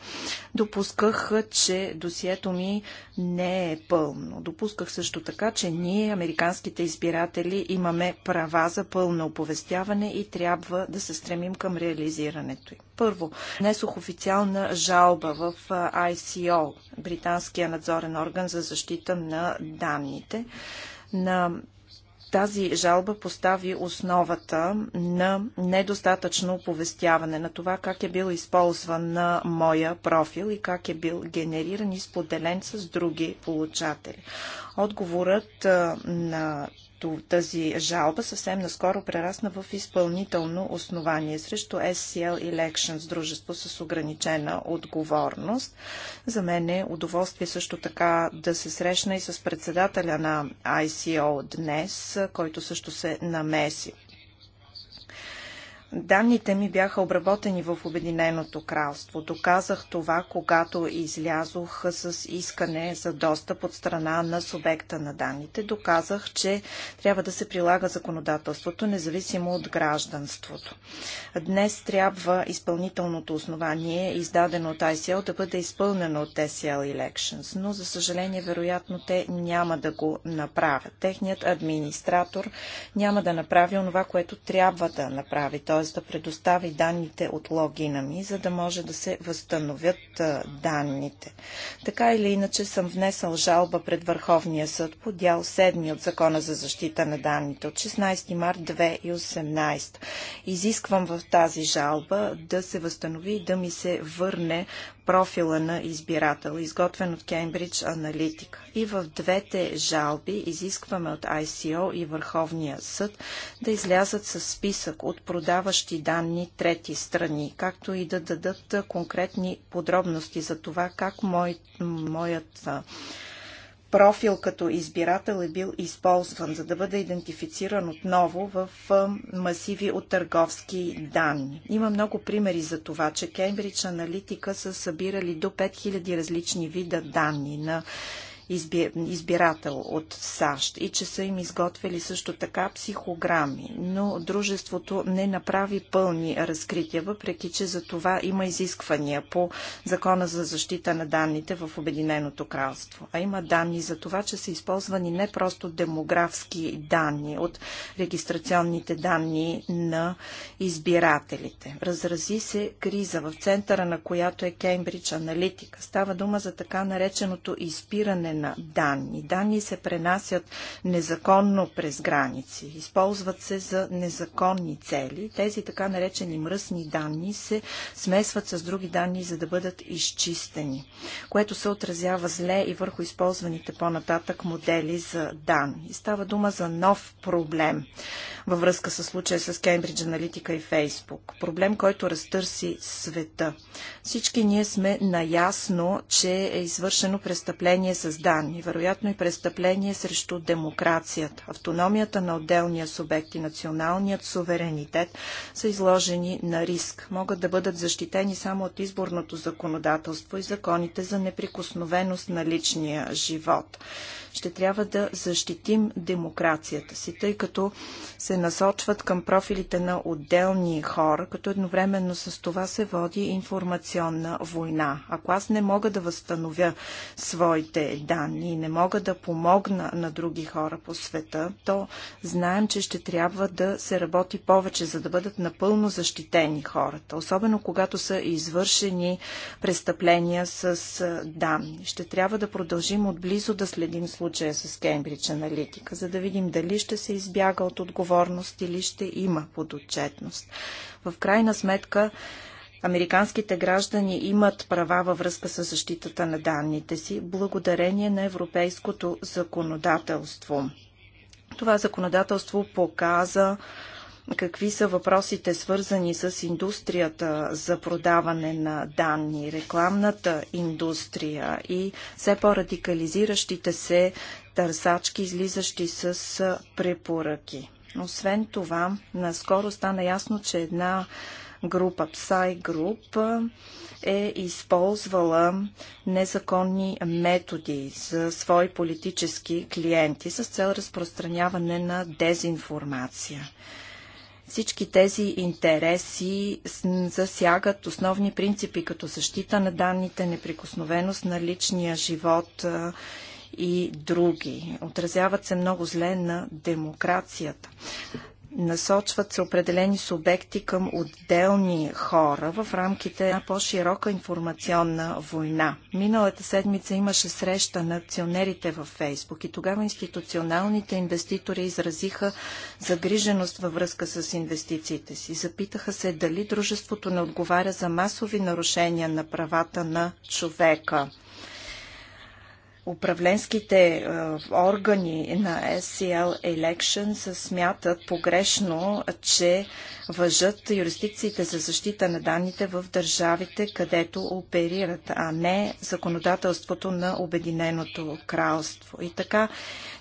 Допусках, че досието ми не е пълно. Допусках също така, че ние, американските избиратели, имаме права права за пълно оповестяване и трябва да се стремим към реализирането им. Първо, внесох официална жалба в ICO, Британския надзорен орган за защита на данните. На тази жалба постави основата на недостатъчно оповестяване на това как е бил използван на моя профил и как е бил генериран и споделен с други получатели. Отговорът на тази жалба съвсем наскоро прерасна в изпълнително основание срещу SCL Elections, дружество с ограничена отговорност. За мен е удоволствие също така да се срещна и с председателя на ICO днес, който също се намеси. Данните ми бяха обработени в Обединеното кралство. Доказах това, когато излязох с искане за достъп от страна на субекта на данните. Доказах, че трябва да се прилага законодателството, независимо от гражданството. Днес трябва изпълнителното основание, издадено от ICL, да бъде изпълнено от TCL Elections, но за съжаление, вероятно, те няма да го направят. Техният администратор няма да направи онова, което трябва да направи т.е. да предостави данните от логина ми, за да може да се възстановят данните. Така или иначе съм внесъл жалба пред Върховния съд по дял 7 от Закона за защита на данните от 16 март 2018. Изисквам в тази жалба да се възстанови и да ми се върне профила на избирател, изготвен от Кембридж Аналитика. И в двете жалби изискваме от ICO и Върховния съд да излязат с списък от продаващи данни трети страни, както и да дадат конкретни подробности за това как мой, моят профил като избирател е бил използван, за да бъде идентифициран отново в масиви от търговски данни. Има много примери за това, че Кембридж Аналитика са събирали до 5000 различни вида данни на избирател от САЩ и че са им изготвили също така психограми, но дружеството не направи пълни разкрития, въпреки че за това има изисквания по Закона за защита на данните в Обединеното кралство. А има данни за това, че са използвани не просто демографски данни от регистрационните данни на избирателите. Разрази се криза, в центъра на която е Кембридж Аналитика. Става дума за така нареченото изпиране на данни. Данни се пренасят незаконно през граници, използват се за незаконни цели. Тези така наречени мръсни данни се смесват с други данни, за да бъдат изчистени, което се отразява зле и върху използваните по-нататък модели за данни. Става дума за нов проблем във връзка с случая с Кембридж Аналитика и Фейсбук. Проблем, който разтърси света. Всички ние сме наясно, че е извършено престъпление с данни, вероятно и престъпление срещу демокрацията. Автономията на отделния субект и националният суверенитет са изложени на риск. Могат да бъдат защитени само от изборното законодателство и законите за неприкосновеност на личния живот. Ще трябва да защитим демокрацията си, тъй като се насочват към профилите на отделни хора, като едновременно с това се води информационна война. Ако аз не мога да възстановя своите данни, данни и не мога да помогна на други хора по света, то знаем, че ще трябва да се работи повече, за да бъдат напълно защитени хората, особено когато са извършени престъпления с данни. Ще трябва да продължим отблизо да следим случая с Кембридж аналитика, за да видим дали ще се избяга от отговорност или ще има подотчетност. В крайна сметка, американските граждани имат права във връзка с защитата на данните си, благодарение на европейското законодателство. Това законодателство показа какви са въпросите свързани с индустрията за продаване на данни, рекламната индустрия и все по-радикализиращите се търсачки, излизащи с препоръки. Освен това, наскоро стана ясно, че една група, Psy Group, е използвала незаконни методи за свои политически клиенти с цел разпространяване на дезинформация. Всички тези интереси засягат основни принципи като защита на данните, неприкосновеност на личния живот и други. Отразяват се много зле на демокрацията. Насочват се определени субекти към отделни хора в рамките на по-широка информационна война. Миналата седмица имаше среща на акционерите във Фейсбук и тогава институционалните инвеститори изразиха загриженост във връзка с инвестициите си. Запитаха се дали дружеството не отговаря за масови нарушения на правата на човека управленските е, органи на SCL Election смятат погрешно, че въжат юрисдикциите за защита на данните в държавите, където оперират, а не законодателството на Обединеното кралство. И така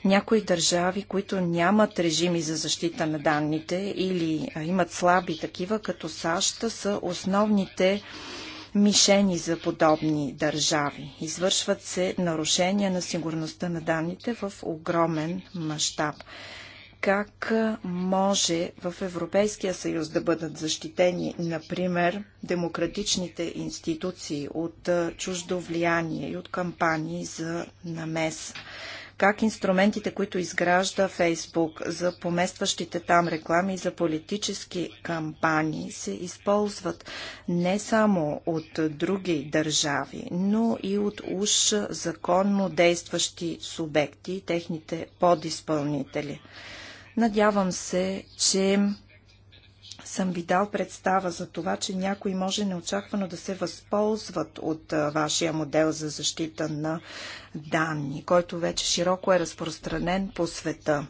някои държави, които нямат режими за защита на данните или имат слаби такива, като САЩ, са основните мишени за подобни държави. Извършват се нарушения на сигурността на данните в огромен мащаб. Как може в Европейския съюз да бъдат защитени, например, демократичните институции от чуждо влияние и от кампании за намеса как инструментите, които изгражда Фейсбук за поместващите там реклами и за политически кампании, се използват не само от други държави, но и от уж законно действащи субекти и техните подизпълнители. Надявам се, че съм ви дал представа за това, че някои може неочаквано да се възползват от вашия модел за защита на данни, който вече широко е разпространен по света.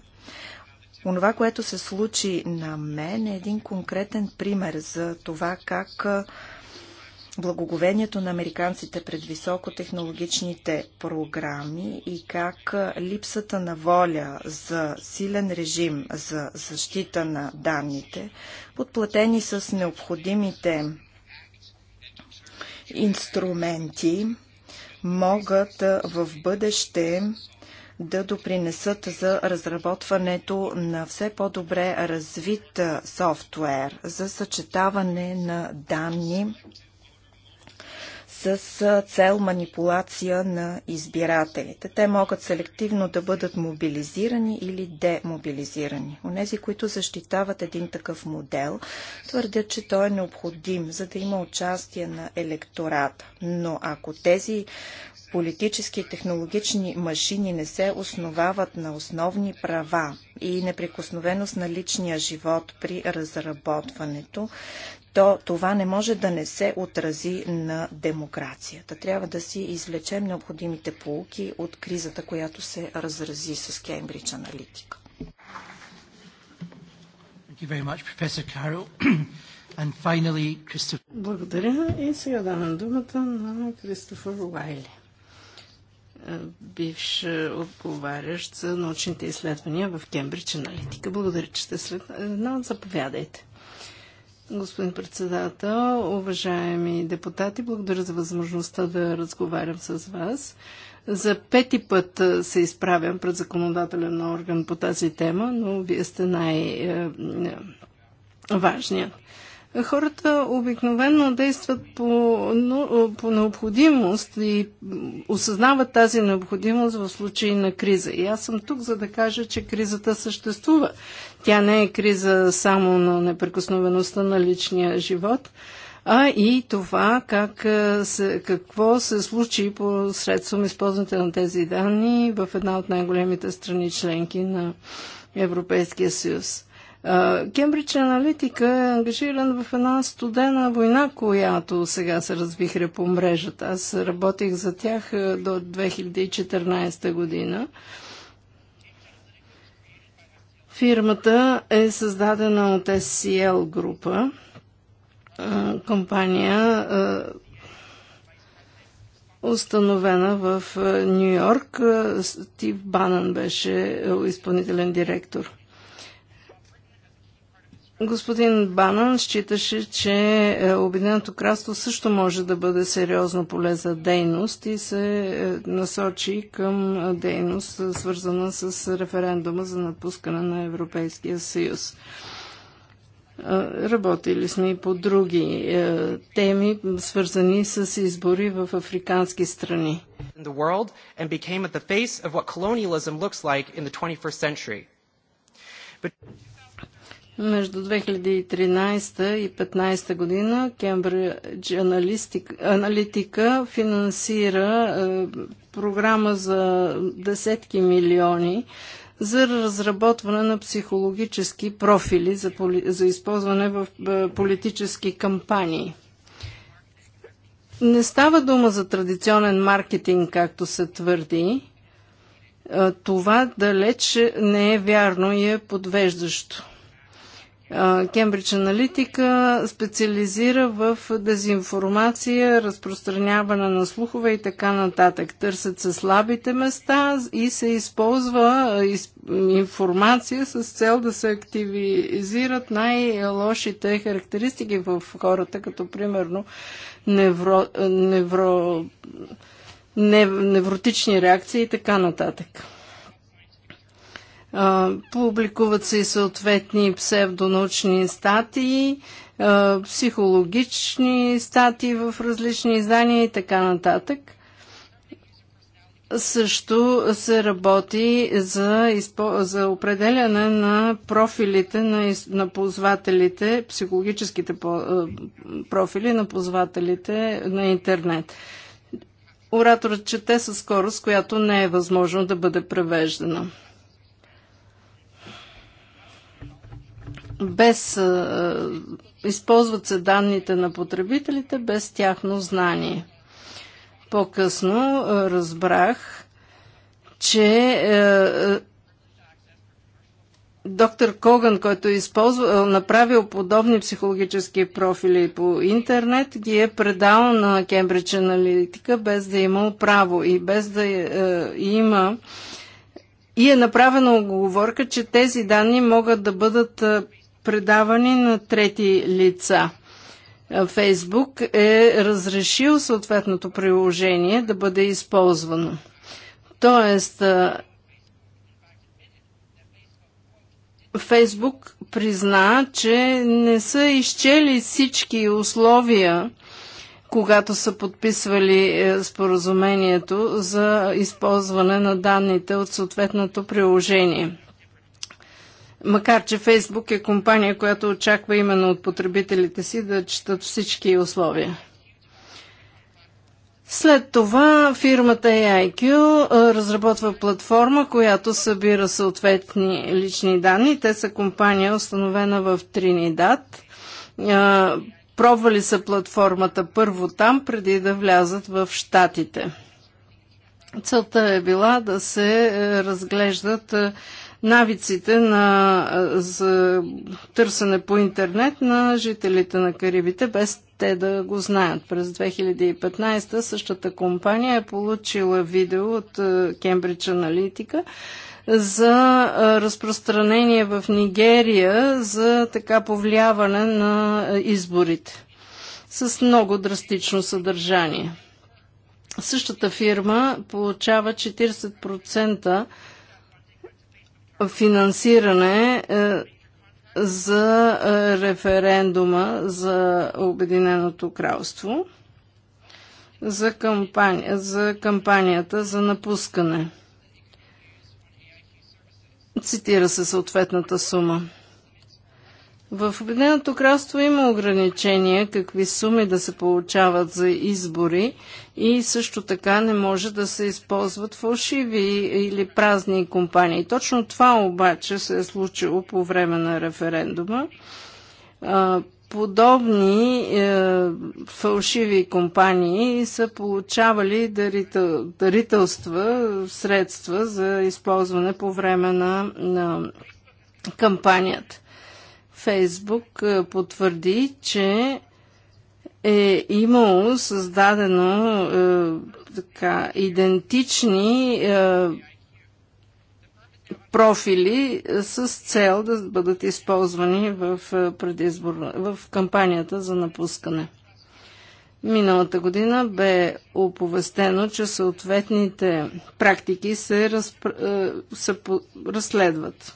Онова, което се случи на мен е един конкретен пример за това как благоговението на американците пред високотехнологичните програми и как липсата на воля за силен режим за защита на данните, подплатени с необходимите инструменти, могат в бъдеще да допринесат за разработването на все по-добре развит софтуер за съчетаване на данни с цел манипулация на избирателите. Те могат селективно да бъдат мобилизирани или демобилизирани. Онези, които защитават един такъв модел, твърдят, че той е необходим, за да има участие на електората. Но ако тези политически и технологични машини не се основават на основни права и неприкосновеност на личния живот при разработването, то това не може да не се отрази на демокрацията. Трябва да си извлечем необходимите полуки от кризата, която се разрази с Кембридж аналитика. Благодаря. И сега давам думата на Кристофър Уайли, бивш отговарящ за научните изследвания в Кембридж аналитика. Благодаря, че сте след нас. Заповядайте. Господин председател, уважаеми депутати, благодаря за възможността да разговарям с вас. За пети път се изправям пред законодателен орган по тази тема, но вие сте най-важният. Хората обикновено действат по, но, по необходимост и осъзнават тази необходимост в случай на криза. И аз съм тук, за да кажа, че кризата съществува. Тя не е криза само на неприкосновеността на личния живот, а и това как се, какво се случи посредством използването на тези данни в една от най-големите страни членки на Европейския съюз. Кембридж Аналитика е ангажиран в една студена война, която сега се развихря по мрежата. Аз работих за тях до 2014 година. Фирмата е създадена от SCL група, компания установена в Нью Йорк. Стив Банан беше изпълнителен директор. Господин Банан считаше, че е, Обединеното кралство също може да бъде сериозно поле за дейност и се е, насочи към е, дейност, свързана с референдума за напускане на Европейския съюз. Работили сме и по други теми, свързани с избори в африкански страни. Между 2013 и 2015 година Кембридж Аналитика финансира е, програма за десетки милиони за разработване на психологически профили за, поли, за използване в е, политически кампании. Не става дума за традиционен маркетинг, както се твърди. Е, това далеч не е вярно и е подвеждащо. Кембридж Аналитика специализира в дезинформация, разпространяване на слухове и така нататък. Търсят се слабите места и се използва информация с цел да се активизират най-лошите характеристики в хората, като примерно невро, невро, нев, невротични реакции и така нататък. Публикуват се и съответни псевдонаучни статии, психологични статии в различни издания и така нататък. Също се работи за, изпо... за определяне на профилите на, из... на ползвателите, психологическите по... профили на ползвателите на интернет. Ораторът чете със скорост, която не е възможно да бъде превеждана. без използват се данните на потребителите без тяхно знание. По-късно разбрах, че доктор Коган, който е използвал, направил подобни психологически профили по интернет, ги е предал на Кембридж Аналитика без да е имал право и без да е, е, има и е направена оговорка, че тези данни могат да бъдат предавани на трети лица. Фейсбук е разрешил съответното приложение да бъде използвано. Тоест, Фейсбук призна, че не са изчели всички условия, когато са подписвали е, споразумението за използване на данните от съответното приложение. Макар, че Фейсбук е компания, която очаква именно от потребителите си да четат всички условия. След това фирмата AIQ разработва платформа, която събира съответни лични данни. Те са компания, установена в Тринидад. Пробвали са платформата първо там, преди да влязат в Штатите. Целта е била да се е, разглеждат е, навиците на, за търсене по интернет на жителите на Карибите, без те да го знаят. През 2015 същата компания е получила видео от Кембридж Аналитика за разпространение в Нигерия за така повлияване на изборите с много драстично съдържание. Същата фирма получава 40% финансиране е, за е, референдума за Обединеното кралство за, кампания, за кампанията за напускане. Цитира се съответната сума. В Обединеното кралство има ограничения какви суми да се получават за избори и също така не може да се използват фалшиви или празни компании. Точно това обаче се е случило по време на референдума. Подобни е, фалшиви компании са получавали дарител, дарителства, средства за използване по време на, на кампанията. Фейсбук е, потвърди, че е имало създадено е, така, идентични е, профили е, с цел да бъдат използвани в, е, предизбор, в кампанията за напускане. Миналата година бе оповестено, че съответните практики се, разпр... са по... разследват.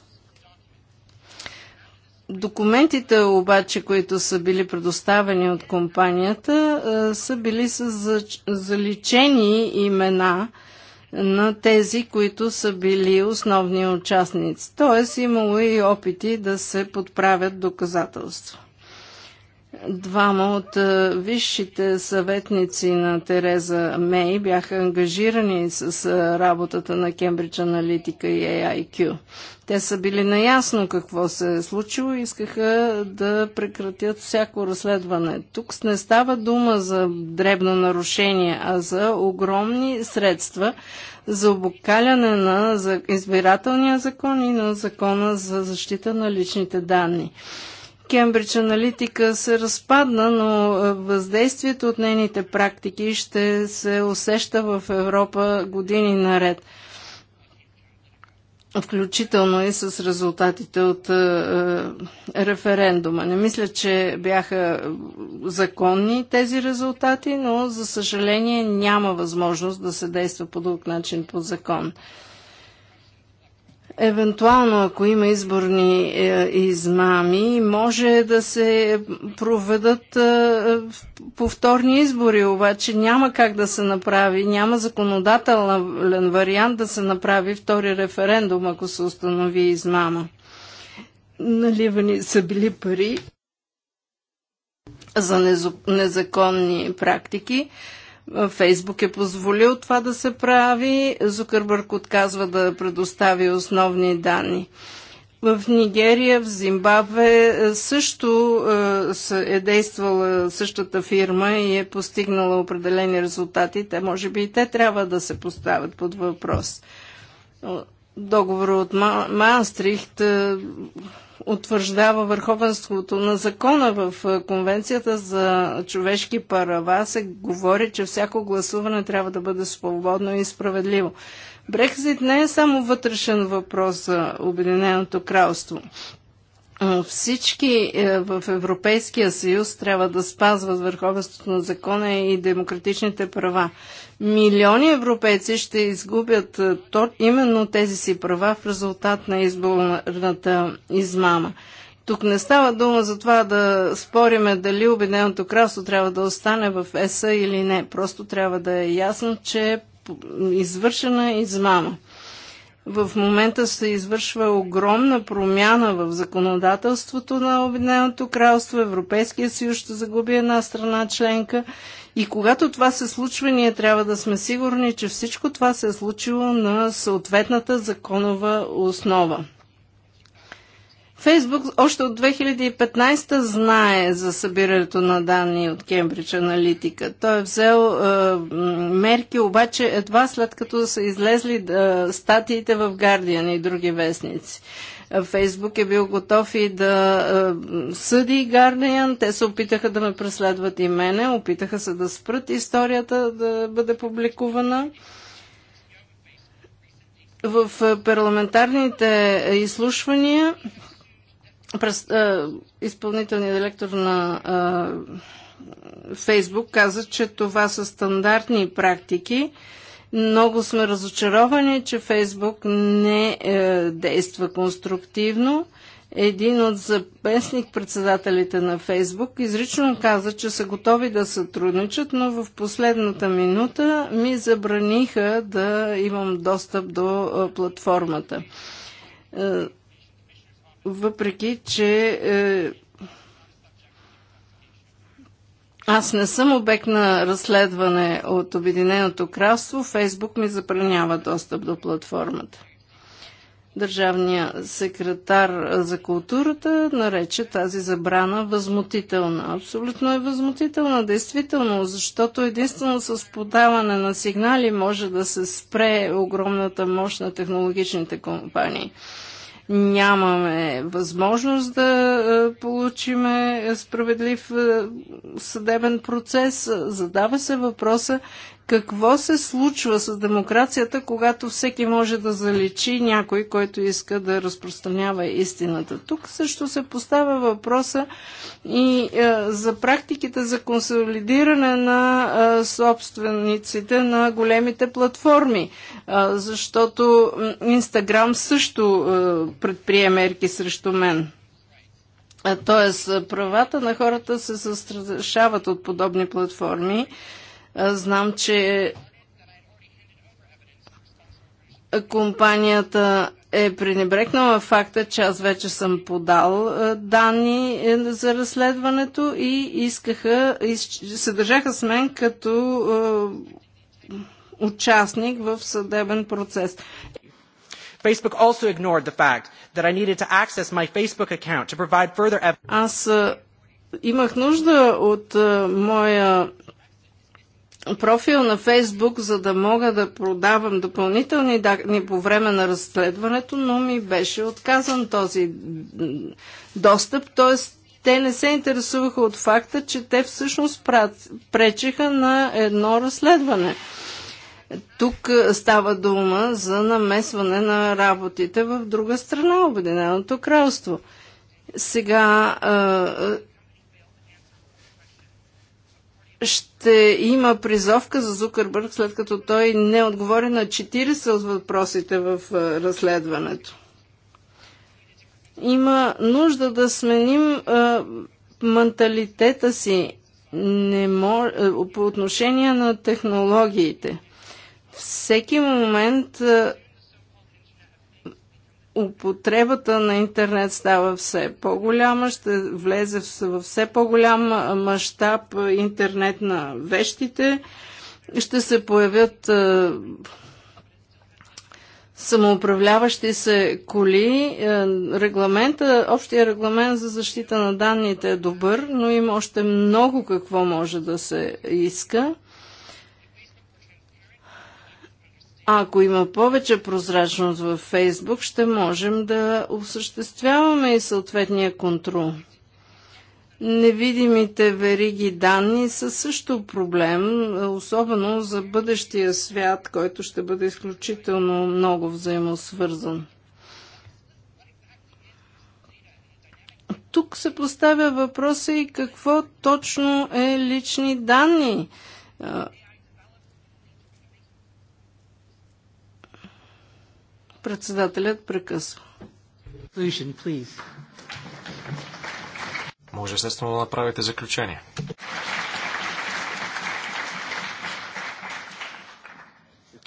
Документите обаче, които са били предоставени от компанията, са били с заличени имена на тези, които са били основни участници. Тоест имало е и опити да се подправят доказателства. Двама от е, висшите съветници на Тереза Мей бяха ангажирани с е, работата на Кембридж Аналитика и AIQ. Те са били наясно какво се е случило и искаха да прекратят всяко разследване. Тук не става дума за дребно нарушение, а за огромни средства за обокаляне на избирателния закон и на закона за защита на личните данни. Кембридж Аналитика се разпадна, но е, въздействието от нейните практики ще се усеща в Европа години наред. Включително и с резултатите от е, е, референдума. Не мисля, че бяха законни тези резултати, но за съжаление няма възможност да се действа по друг начин по закон. Евентуално, ако има изборни е, измами, може да се проведат е, повторни избори, обаче няма как да се направи, няма законодателен вариант да се направи втори референдум, ако се установи измама. Наливани са били пари за незаконни практики. Фейсбук е позволил това да се прави. Зукърбърг отказва да предостави основни данни. В Нигерия, в Зимбабве е, също е, е действала същата фирма и е постигнала определени резултати. Те, може би и те трябва да се поставят под въпрос. Договор от Маастрихт е, утвърждава върховенството на закона в е, Конвенцията за човешки права, се говори, че всяко гласуване трябва да бъде свободно и справедливо. Брекзит не е само вътрешен въпрос за Обединеното кралство. Е, всички е, в Европейския съюз трябва да спазват върховенството на закона и демократичните права. Милиони европейци ще изгубят е, именно тези си права в резултат на изборната измама. Тук не става дума за това да спориме дали Обединеното кралство трябва да остане в ЕСА или не. Просто трябва да е ясно, че е извършена измама. В момента се извършва огромна промяна в законодателството на Обединеното кралство. Европейския съюз ще загуби една страна членка и когато това се случва, ние трябва да сме сигурни, че всичко това се е случило на съответната законова основа. Фейсбук още от 2015 знае за събирането на данни от Кембридж Аналитика. Той е взел е, мерки, обаче едва след като са излезли е, статиите в Guardian и други вестници. Фейсбук е бил готов и да е, съди Guardian. Те се опитаха да ме преследват и мене, опитаха се да спрат историята да бъде публикувана. В е, парламентарните изслушвания през, е, изпълнителният директор на е, Фейсбук каза, че това са стандартни практики много сме разочаровани, че Фейсбук не е, действа конструктивно. Един от запесник председателите на Фейсбук изрично каза, че са готови да сътрудничат, но в последната минута ми забраниха да имам достъп до е, платформата. Е, въпреки, че е, аз не съм обект на разследване от Обединеното кралство. Фейсбук ми забранява достъп до платформата. Държавният секретар за културата нарече тази забрана възмутителна. Абсолютно е възмутителна, действително, защото единствено с подаване на сигнали може да се спре огромната мощ на технологичните компании нямаме възможност да е, получиме справедлив е, съдебен процес. Задава се въпроса какво се случва с демокрацията, когато всеки може да заличи някой, който иска да разпространява истината? Тук също се поставя въпроса и е, за практиките за консолидиране на е, собствениците на големите платформи, е, защото Инстаграм също е, предприе мерки срещу мен. Е, тоест, правата на хората се застрашават от подобни платформи е, знам, че компанията е пренебрегнала факта, че аз вече съм подал е, данни е, за разследването и искаха, се държаха с мен като участник в съдебен процес. Facebook also ignored the fact that I needed to access my Facebook account to provide further evidence. Аз имах нужда от моя профил на Фейсбук, за да мога да продавам допълнителни данни по време на разследването, но ми беше отказан този достъп, т.е. те не се интересуваха от факта, че те всъщност пречеха на едно разследване. Тук е, става дума за намесване на работите в друга страна, Обединеното кралство. Сега е, е, ще има призовка за Зукърбърг, след като той не отговори на 40 от въпросите в разследването. Има нужда да сменим а, менталитета си не мож... по отношение на технологиите. Всеки момент а, употребата на интернет става все по-голяма, ще влезе в все по-голям мащаб интернет на вещите, ще се появят самоуправляващи се коли. Регламента, общия регламент за защита на данните е добър, но има още много какво може да се иска. Ако има повече прозрачност във Фейсбук, ще можем да осъществяваме и съответния контрол. Невидимите вериги данни са също проблем, особено за бъдещия свят, който ще бъде изключително много взаимосвързан. Тук се поставя въпроса и какво точно е лични данни. Председателят прекъсва. Може естествено да направите заключение.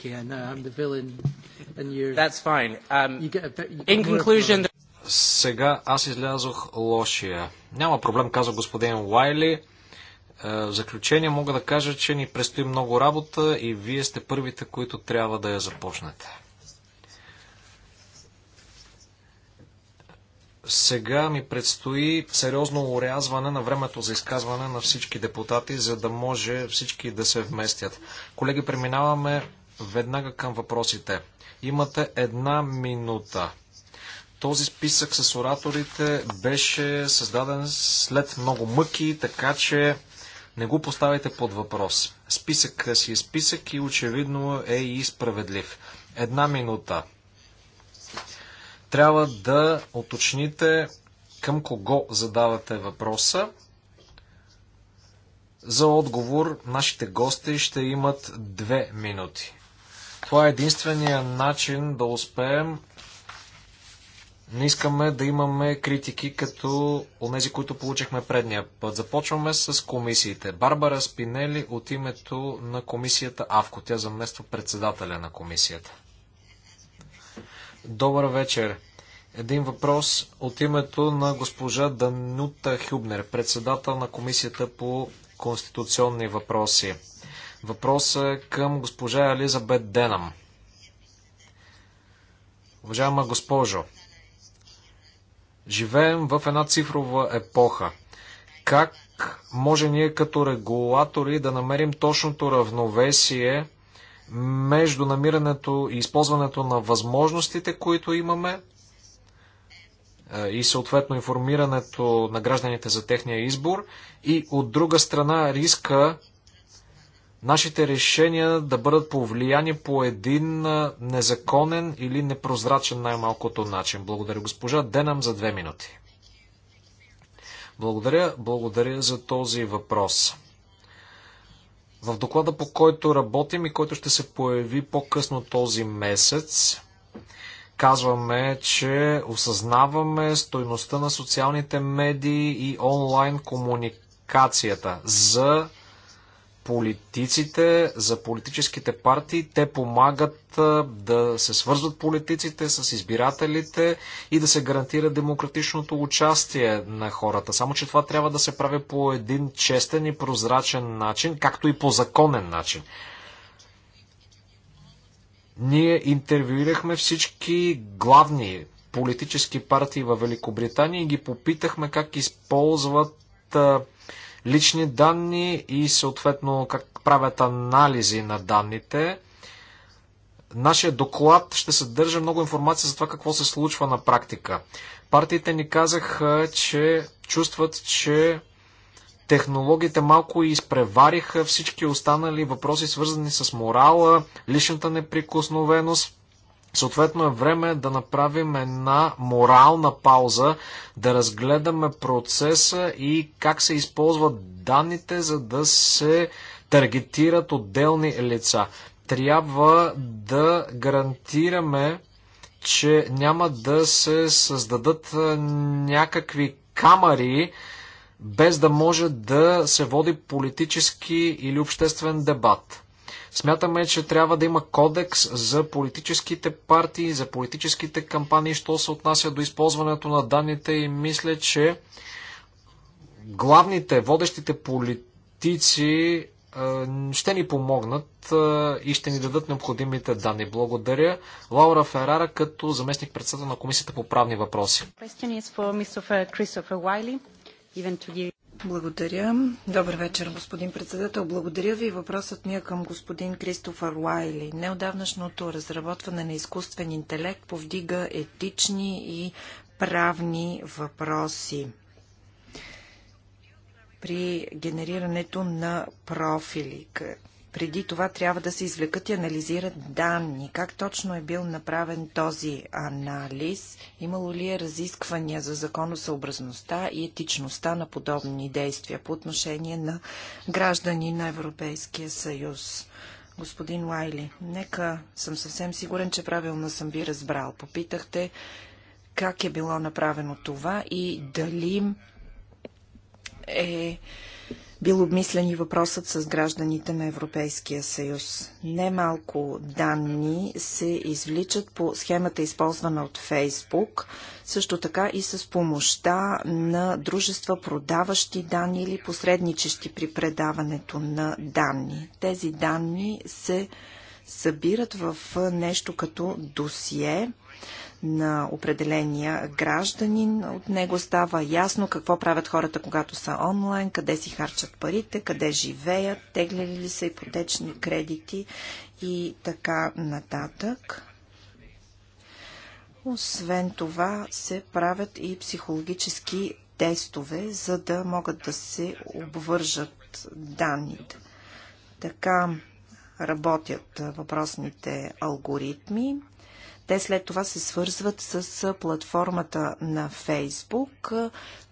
Uh, um, Сега аз излязох лошия. Няма проблем, каза господин Уайли. Е, в заключение мога да кажа, че ни предстои много работа и вие сте първите, които трябва да я започнете. Сега ми предстои сериозно урязване на времето за изказване на всички депутати, за да може всички да се вместят. Колеги, преминаваме веднага към въпросите. Имате една минута. Този списък с ораторите беше създаден след много мъки, така че не го поставяйте под въпрос. Списък си е списък и очевидно е и справедлив. Една минута трябва да оточните към кого задавате въпроса. За отговор нашите гости ще имат две минути. Това е единствения начин да успеем. Не искаме да имаме критики като онези, които получихме предния път. Започваме с комисиите. Барбара Спинели от името на комисията АВКО. Тя замества председателя на комисията. Добър вечер. Един въпрос от името на госпожа Данута Хюбнер, председател на Комисията по конституционни въпроси. Въпрос е към госпожа Елизабет Денам. Уважаема госпожо, живеем в една цифрова епоха. Как може ние като регулатори да намерим точното равновесие – между намирането и използването на възможностите, които имаме е, и съответно информирането на гражданите за техния избор и от друга страна риска нашите решения да бъдат повлияни по един е, незаконен или непрозрачен най-малкото начин. Благодаря госпожа Денам за две минути. Благодаря, благодаря за този въпрос. В доклада, по който работим и който ще се появи по-късно този месец, казваме, че осъзнаваме стойността на социалните медии и онлайн комуникацията за политиците, за политическите партии. Те помагат да се свързват политиците с избирателите и да се гарантира демократичното участие на хората. Само, че това трябва да се прави по един честен и прозрачен начин, както и по законен начин. Ние интервюирахме всички главни политически партии във Великобритания и ги попитахме как използват лични данни и съответно как правят анализи на данните. Нашия доклад ще съдържа много информация за това какво се случва на практика. Партиите ни казаха, че чувстват, че технологиите малко изпревариха всички останали въпроси, свързани с морала, личната неприкосновеност, Съответно е време да направим една морална пауза, да разгледаме процеса и как се използват данните, за да се таргетират отделни лица. Трябва да гарантираме, че няма да се създадат някакви камери, без да може да се води политически или обществен дебат. Смятаме, че трябва да има кодекс за политическите партии, за политическите кампании, що се отнася до използването на данните и мисля, че главните, водещите политици ще ни помогнат и ще ни дадат необходимите данни. Благодаря. Лаура Ферара като заместник председател на Комисията по правни въпроси. Благодаря. Добър вечер, господин председател. Благодаря ви. Въпросът ми е към господин Кристофър Лайли. Неодавнашното разработване на изкуствен интелект повдига етични и правни въпроси при генерирането на профили преди това трябва да се извлекат и анализират данни. Как точно е бил направен този анализ? Имало ли е разисквания за законосъобразността и етичността на подобни действия по отношение на граждани на Европейския съюз? Господин Лайли, нека съм съвсем сигурен, че правилно съм ви разбрал. Попитахте как е било направено това и дали е бил обмислен и въпросът с гражданите на Европейския съюз. Немалко данни се извличат по схемата използвана от Фейсбук, също така и с помощта на дружества, продаващи данни или посредничещи при предаването на данни. Тези данни се събират в нещо като досие, на определения гражданин. От него става ясно какво правят хората, когато са онлайн, къде си харчат парите, къде живеят, теглили ли са ипотечни кредити и така нататък. Освен това се правят и психологически тестове, за да могат да се обвържат данните. Така работят въпросните алгоритми. Те след това се свързват с платформата на Фейсбук,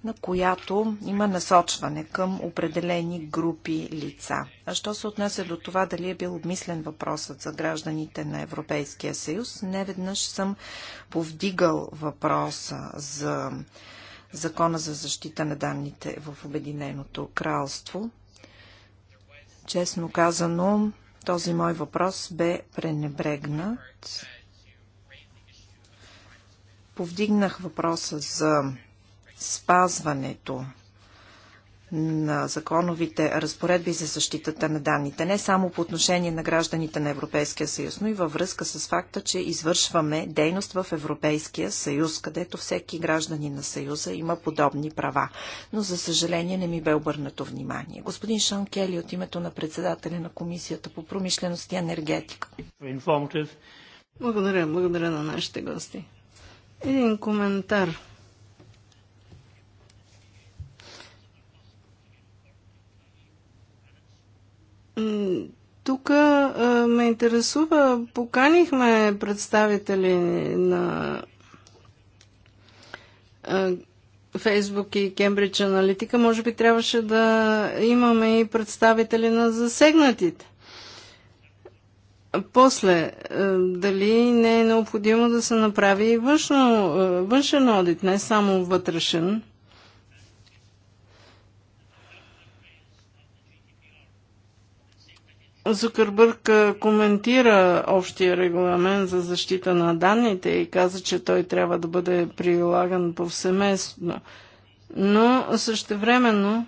на която има насочване към определени групи лица. А що се отнася до това дали е бил обмислен въпросът за гражданите на Европейския съюз, неведнъж съм повдигал въпроса за Закона за защита на данните в Обединеното кралство. Честно казано, този мой въпрос бе пренебрегнат повдигнах въпроса за спазването на законовите разпоредби за защитата на данните, не само по отношение на гражданите на Европейския съюз, но и във връзка с факта, че извършваме дейност в Европейския съюз, където всеки граждани на съюза има подобни права. Но за съжаление не ми бе обърнато внимание. Господин Шон Кели от името на председателя на Комисията по промишленост и енергетика. Благодаря, благодаря на нашите гости. Един коментар. Тук ме интересува, поканихме представители на Фейсбук и Кембридж Аналитика. Може би трябваше да имаме и представители на засегнатите. После, е, дали не е необходимо да се направи и външно, е, външен одит, не само вътрешен? Зукърбърг е, коментира общия регламент за защита на данните и каза, че той трябва да бъде прилаган повсеместно. Но същевременно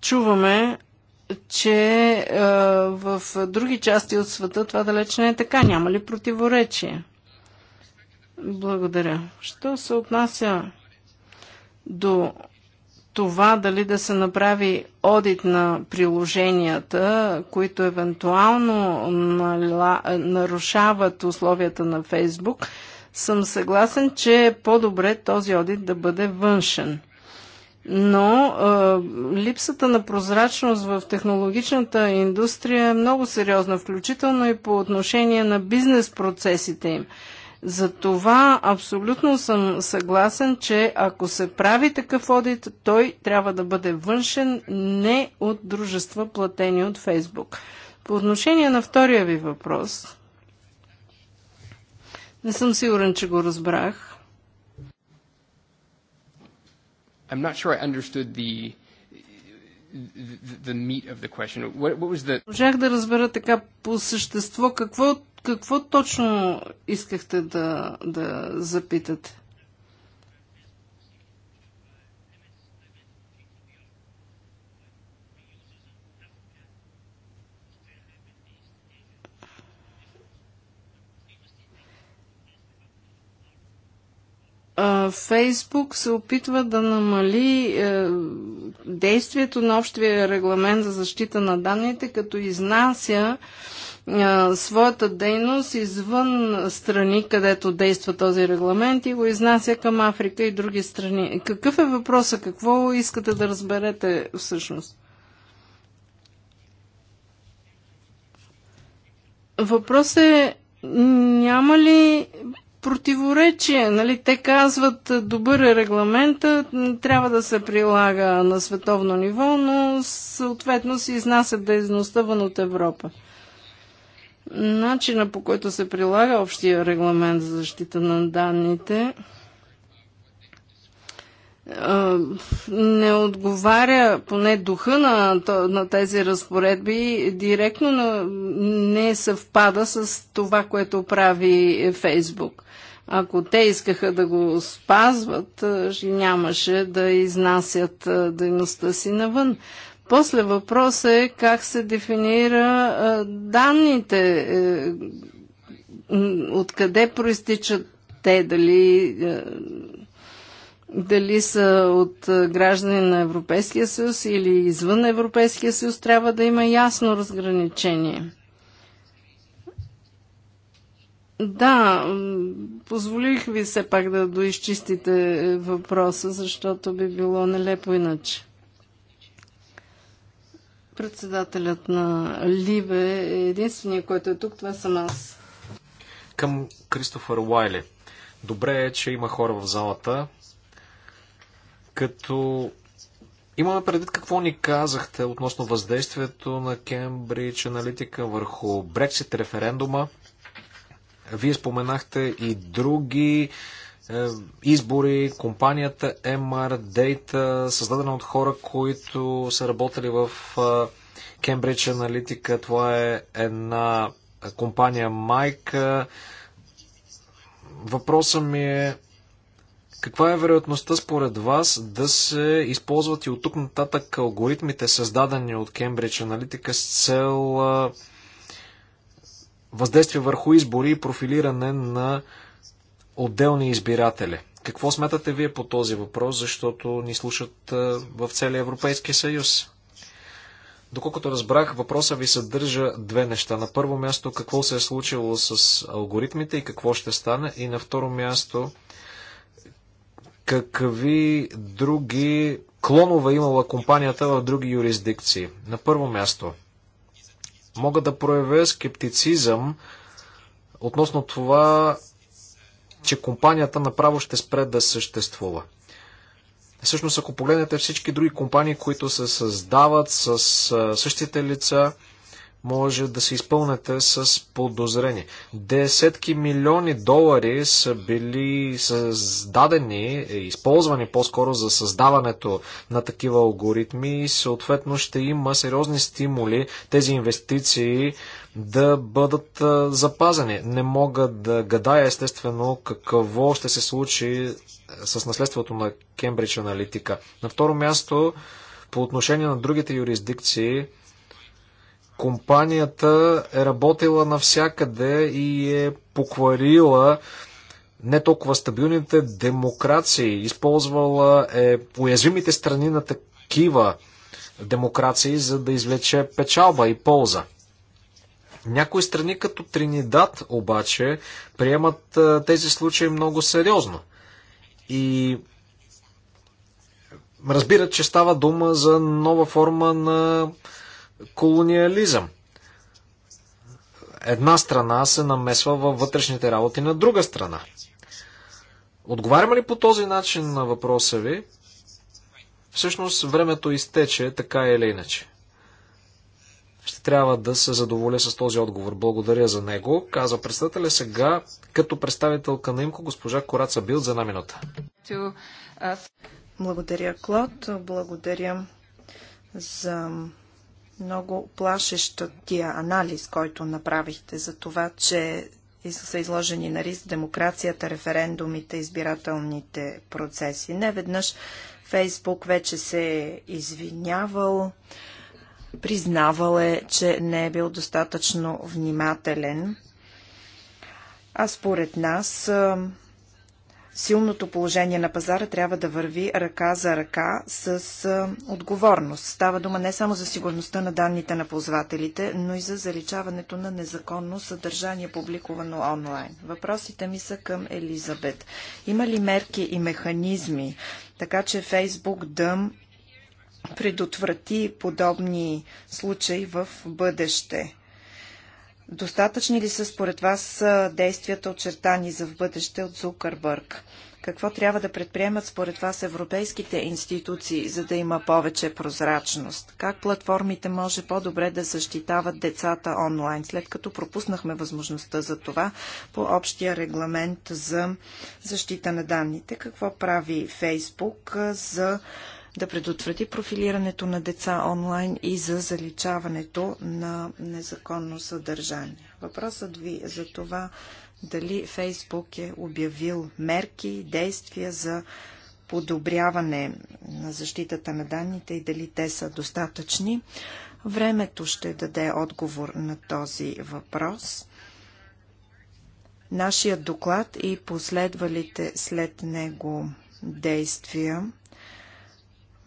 чуваме че е, в други части от света това далеч не е така. Няма ли противоречие? Благодаря. Що се отнася до това дали да се направи одит на приложенията, които евентуално нарушават условията на Фейсбук, съм съгласен, че е по-добре този одит да бъде външен но а, липсата на прозрачност в технологичната индустрия е много сериозна, включително и по отношение на бизнес процесите им. За това абсолютно съм съгласен, че ако се прави такъв одит, той трябва да бъде външен не от дружества, платени от Фейсбук. По отношение на втория ви въпрос, не съм сигурен, че го разбрах. I'm not sure I understood the the meat of the question. What, what was the... Можах да разбера така по същество какво, какво точно искахте да, да запитате. Фейсбук се опитва да намали е, действието на общия регламент за защита на данните, като изнася е, своята дейност извън страни, където действа този регламент и го изнася към Африка и други страни. Какъв е въпросът? Какво искате да разберете всъщност? Въпрос е няма ли противоречие. Нали? Те казват, е, добър е регламента, трябва да се прилага на световно ниво, но съответно си изнасят дейността вън от Европа. Начина по който се прилага общия регламент за защита на данните не отговаря поне духа на, на тези разпоредби, директно не съвпада с това, което прави Фейсбук. Ако те искаха да го спазват, е, нямаше да изнасят е, дейността си навън. После въпрос е как се дефинира е, данните, откъде проистичат те, дали, дали са от граждани на Европейския съюз или извън Европейския съюз, трябва да има ясно разграничение. Да, позволих ви все пак да доизчистите въпроса, защото би било нелепо иначе. Председателят на Либе е единственият, който е тук. Това съм аз. Към Кристофър Уайли. Добре е, че има хора в залата. Като Имаме предвид какво ни казахте относно въздействието на Кембридж аналитика върху Брексит референдума. Вие споменахте и други е, избори, компанията MR Data, създадена от хора, които са работили в е, Cambridge Analytica. Това е една компания майка. Въпросът ми е каква е вероятността според вас да се използват и от тук нататък алгоритмите, създадени от Cambridge Analytica с цел е, въздействие върху избори и профилиране на отделни избиратели. Какво смятате вие по този въпрос, защото ни слушат в целия Европейски съюз? Доколкото разбрах, въпроса ви съдържа две неща. На първо място, какво се е случило с алгоритмите и какво ще стане. И на второ място, какви други клонове имала компанията в други юрисдикции. На първо място, Мога да проявя скептицизъм относно това, че компанията направо ще спре да съществува. Всъщност, ако погледнете всички други компании, които се създават с същите лица, може да се изпълнете с подозрение. Десетки милиони долари са били създадени, е, използвани по-скоро за създаването на такива алгоритми и съответно ще има сериозни стимули тези инвестиции да бъдат е, запазени. Не мога да гадая естествено какво ще се случи е, с наследството на Кембридж аналитика. На второ място, по отношение на другите юрисдикции, компанията е работила навсякъде и е покварила не толкова стабилните демокрации, използвала е уязвимите страни на такива демокрации, за да извлече печалба и полза. Някои страни като Тринидад обаче приемат тези случаи много сериозно и разбират, че става дума за нова форма на колониализъм. Една страна се намесва във вътрешните работи на друга страна. Отговаряме ли по този начин на въпроса ви? Всъщност времето изтече, така или иначе. Ще трябва да се задоволя с този отговор. Благодаря за него. каза представителя сега, като представителка на имко, госпожа Кораца Бил за една минута. Благодаря, Клод. Благодаря за много плашещия анализ, който направихте за това, че са изложени на риск демокрацията, референдумите, избирателните процеси. Не веднъж Фейсбук вече се е извинявал, признавал е, че не е бил достатъчно внимателен. А според нас силното положение на пазара трябва да върви ръка за ръка с отговорност. Става дума не само за сигурността на данните на ползвателите, но и за заличаването на незаконно съдържание, публикувано онлайн. Въпросите ми са към Елизабет. Има ли мерки и механизми, така че Фейсбук да предотврати подобни случаи в бъдеще? Достатъчни ли са според вас действията очертани за в бъдеще от Зукърбърг? Какво трябва да предприемат според вас европейските институции, за да има повече прозрачност? Как платформите може по-добре да защитават децата онлайн, след като пропуснахме възможността за това по общия регламент за защита на данните? Какво прави Фейсбук за да предотврати профилирането на деца онлайн и за заличаването на незаконно съдържание. Въпросът ви е за това дали Фейсбук е обявил мерки, действия за подобряване на защитата на данните и дали те са достатъчни. Времето ще даде отговор на този въпрос. Нашият доклад и последвалите след него действия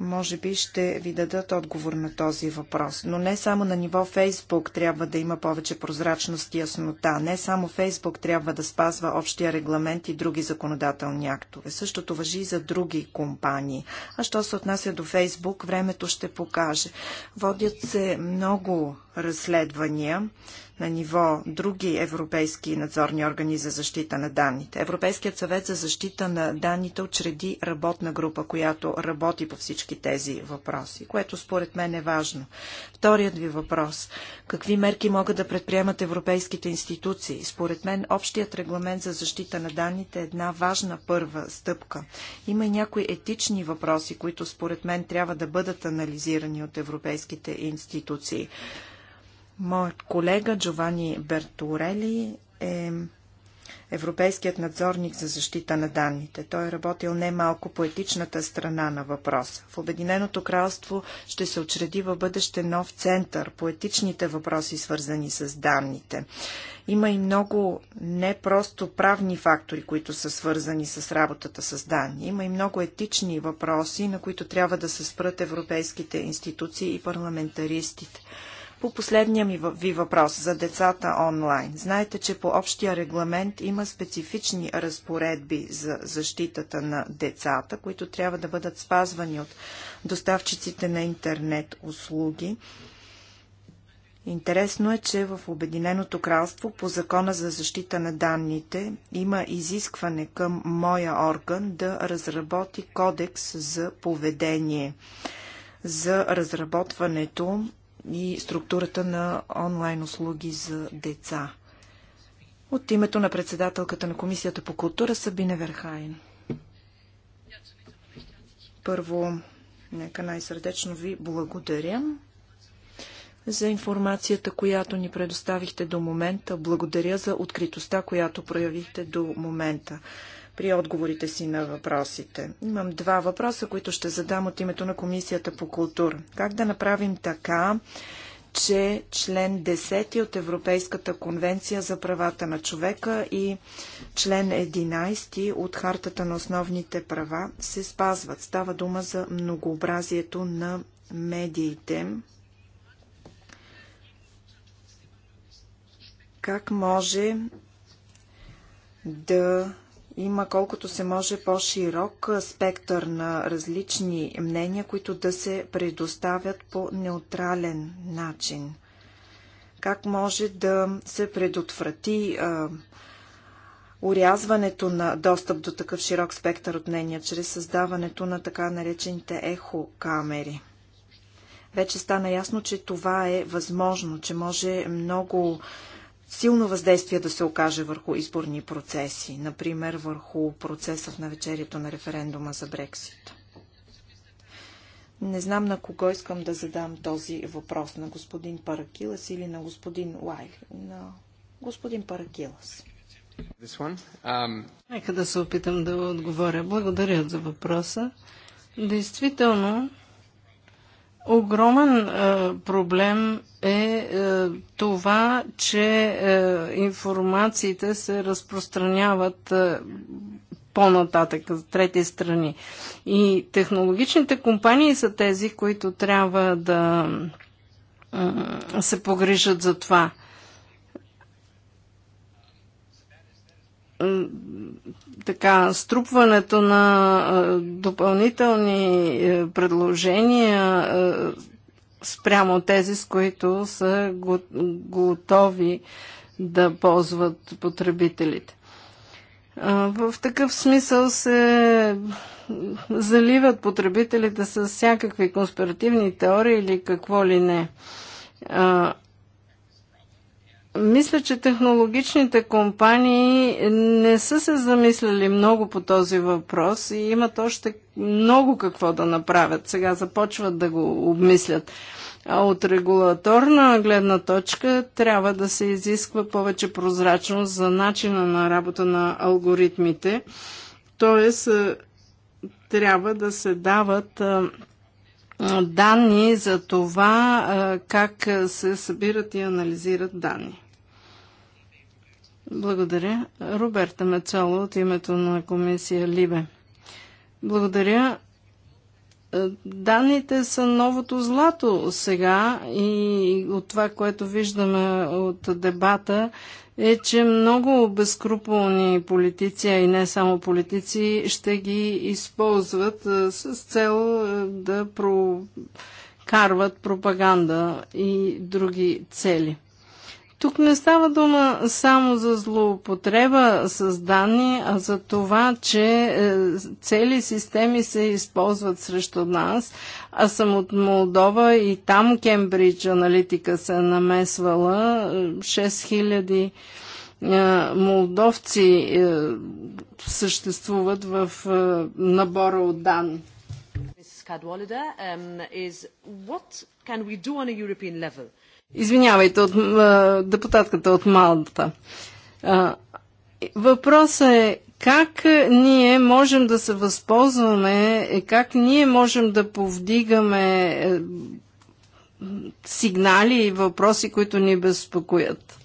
може би ще ви дадат отговор на този въпрос. Но не само на ниво Фейсбук трябва да има повече прозрачност и яснота. Не само Фейсбук трябва да спазва общия регламент и други законодателни актове. Същото въжи и за други компании. А що се отнася до Фейсбук, времето ще покаже. Водят се много разследвания на ниво други европейски надзорни органи за защита на данните. Европейският съвет за защита на данните очреди работна група, която работи по всички тези въпроси, което според мен е важно. Вторият ви въпрос. Какви мерки могат да предприемат европейските институции? Според мен общият регламент за защита на данните е една важна първа стъпка. Има и някои етични въпроси, които според мен трябва да бъдат анализирани от европейските институции. Моят колега Джовани Бертурели е европейският надзорник за защита на данните. Той е работил немалко по етичната страна на въпроса. В Обединеното кралство ще се очреди във бъдеще нов център по етичните въпроси, свързани с данните. Има и много не просто правни фактори, които са свързани с работата с данни. Има и много етични въпроси, на които трябва да се спрат европейските институции и парламентаристите. По последния ми ви въпрос за децата онлайн. Знаете, че по общия регламент има специфични разпоредби за защитата на децата, които трябва да бъдат спазвани от доставчиците на интернет услуги. Интересно е, че в Обединеното кралство по Закона за защита на данните има изискване към моя орган да разработи кодекс за поведение за разработването и структурата на онлайн услуги за деца. От името на председателката на Комисията по култура Сабине Верхайн. Първо, нека най-сърдечно ви благодаря за информацията, която ни предоставихте до момента. Благодаря за откритостта, която проявихте до момента при отговорите си на въпросите. Имам два въпроса, които ще задам от името на Комисията по култура. Как да направим така, че член 10 от Европейската конвенция за правата на човека и член 11 от Хартата на основните права се спазват. Става дума за многообразието на медиите. Как може да има колкото се може по-широк спектър на различни мнения, които да се предоставят по неутрален начин. Как може да се предотврати а, урязването на достъп до такъв широк спектър от мнения, чрез създаването на така наречените ехокамери? Вече стана ясно, че това е възможно, че може много силно въздействие да се окаже върху изборни процеси, например върху процеса в навечерието на референдума за Брексит. Не знам на кого искам да задам този въпрос, на господин Паракилас или на господин Лайли, на господин Паракилас. Um... Нека да се опитам да отговоря. Благодаря за въпроса. Действително, Огромен е, проблем е, е това, че е, информациите се разпространяват е, по-нататък за трети страни. И технологичните компании са тези, които трябва да е, се погрижат за това. Е, така, струпването на е, допълнителни е, предложения спрямо тези, с които са готови да ползват потребителите. В такъв смисъл се заливат потребителите с всякакви конспиративни теории или какво ли не. Мисля, че технологичните компании не са се замисляли много по този въпрос и имат още много какво да направят. Сега започват да го обмислят. А от регулаторна гледна точка трябва да се изисква повече прозрачност за начина на работа на алгоритмите. Тоест, е, трябва да се дават е, данни за това как се събират и анализират данни. Благодаря. Роберта Мецоло от името на комисия Либе. Благодаря. Данните са новото злато сега и от това, което виждаме от дебата, е, че много безкруполни политици, а и не само политици, ще ги използват с цел да прокарват пропаганда и други цели. Тук не става дума само за злоупотреба с данни, а за това, че е, цели системи се използват срещу нас. Аз съм от Молдова и там Кембридж аналитика се намесвала. 6000 е, молдовци е, съществуват в набора от данни. Mrs. Cadwallader, um, is what can we do on a European level? Извинявайте, от а, депутатката от Малта. А, въпросът е как ние можем да се възползваме, е, как ние можем да повдигаме е, сигнали и въпроси, които ни безпокоят.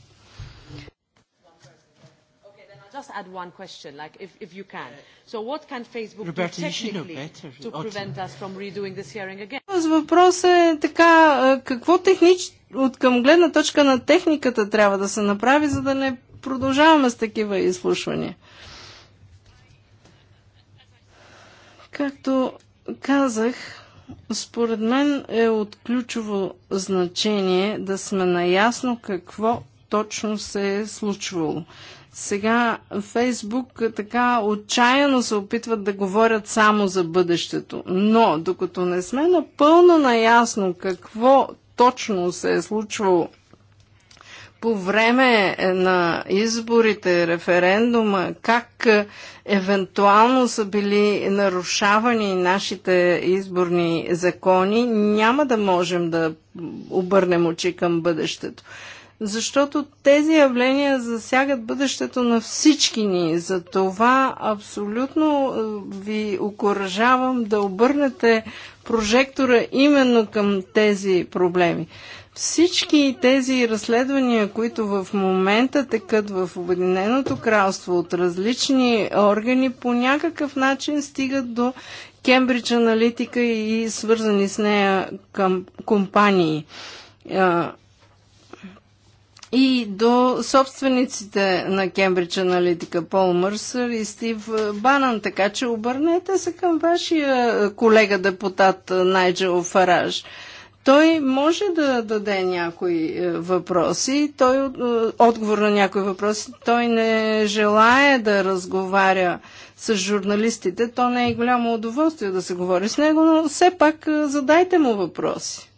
just add one question, like if, if you can. So what can Facebook Roberta, do technically to prevent us from redoing this hearing again? Въпрос е така, какво технич... от към гледна точка на техниката трябва да се направи, за да не продължаваме с такива изслушвания. Както казах, според мен е от ключово значение да сме наясно какво точно се е случвало. Сега Фейсбук така отчаяно се опитват да говорят само за бъдещето. Но докато не сме напълно наясно какво точно се е случвало по време е, на изборите, референдума, как е, евентуално са били нарушавани нашите изборни закони, няма да можем да обърнем очи към бъдещето защото тези явления засягат бъдещето на всички ни. За това абсолютно е, ви окоръжавам да обърнете прожектора именно към тези проблеми. Всички тези разследвания, които в момента текат в Обединеното кралство от различни органи, по някакъв начин стигат до Кембридж аналитика и свързани с нея към компании е, и до собствениците на Кембридж Аналитика Пол Мърсър и Стив Банан, така че обърнете се към вашия колега депутат Найджел Фараж. Той може да даде някои е, въпроси, той, е, отговор на някои въпроси, той не желая да разговаря с журналистите, то не е голямо удоволствие да се говори с него, но все пак е, задайте му въпроси.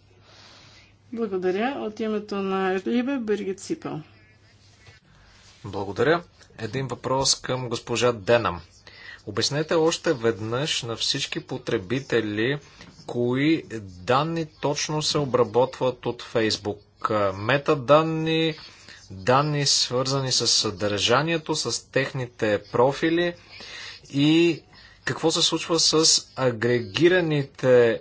Благодаря. От името на Либе Биргит Сипел. Благодаря. Един въпрос към госпожа Денам. Обяснете още веднъж на всички потребители, кои данни точно се обработват от Фейсбук. Метаданни, данни свързани с съдържанието, с техните профили и какво се случва с агрегираните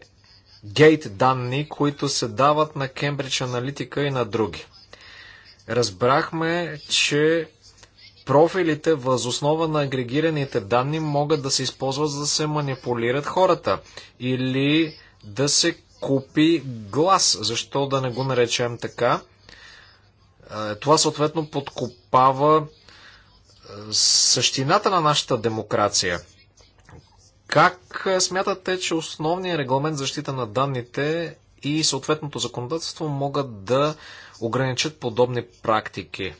гейт данни, които се дават на Кембридж Аналитика и на други. Разбрахме, че профилите въз основа на агрегираните данни могат да се използват за да се манипулират хората или да се купи глас, защо да не го наречем така. Е, това съответно подкопава е, същината на нашата демокрация – как смятате, че основният регламент защита на данните и съответното законодателство могат да ограничат подобни практики?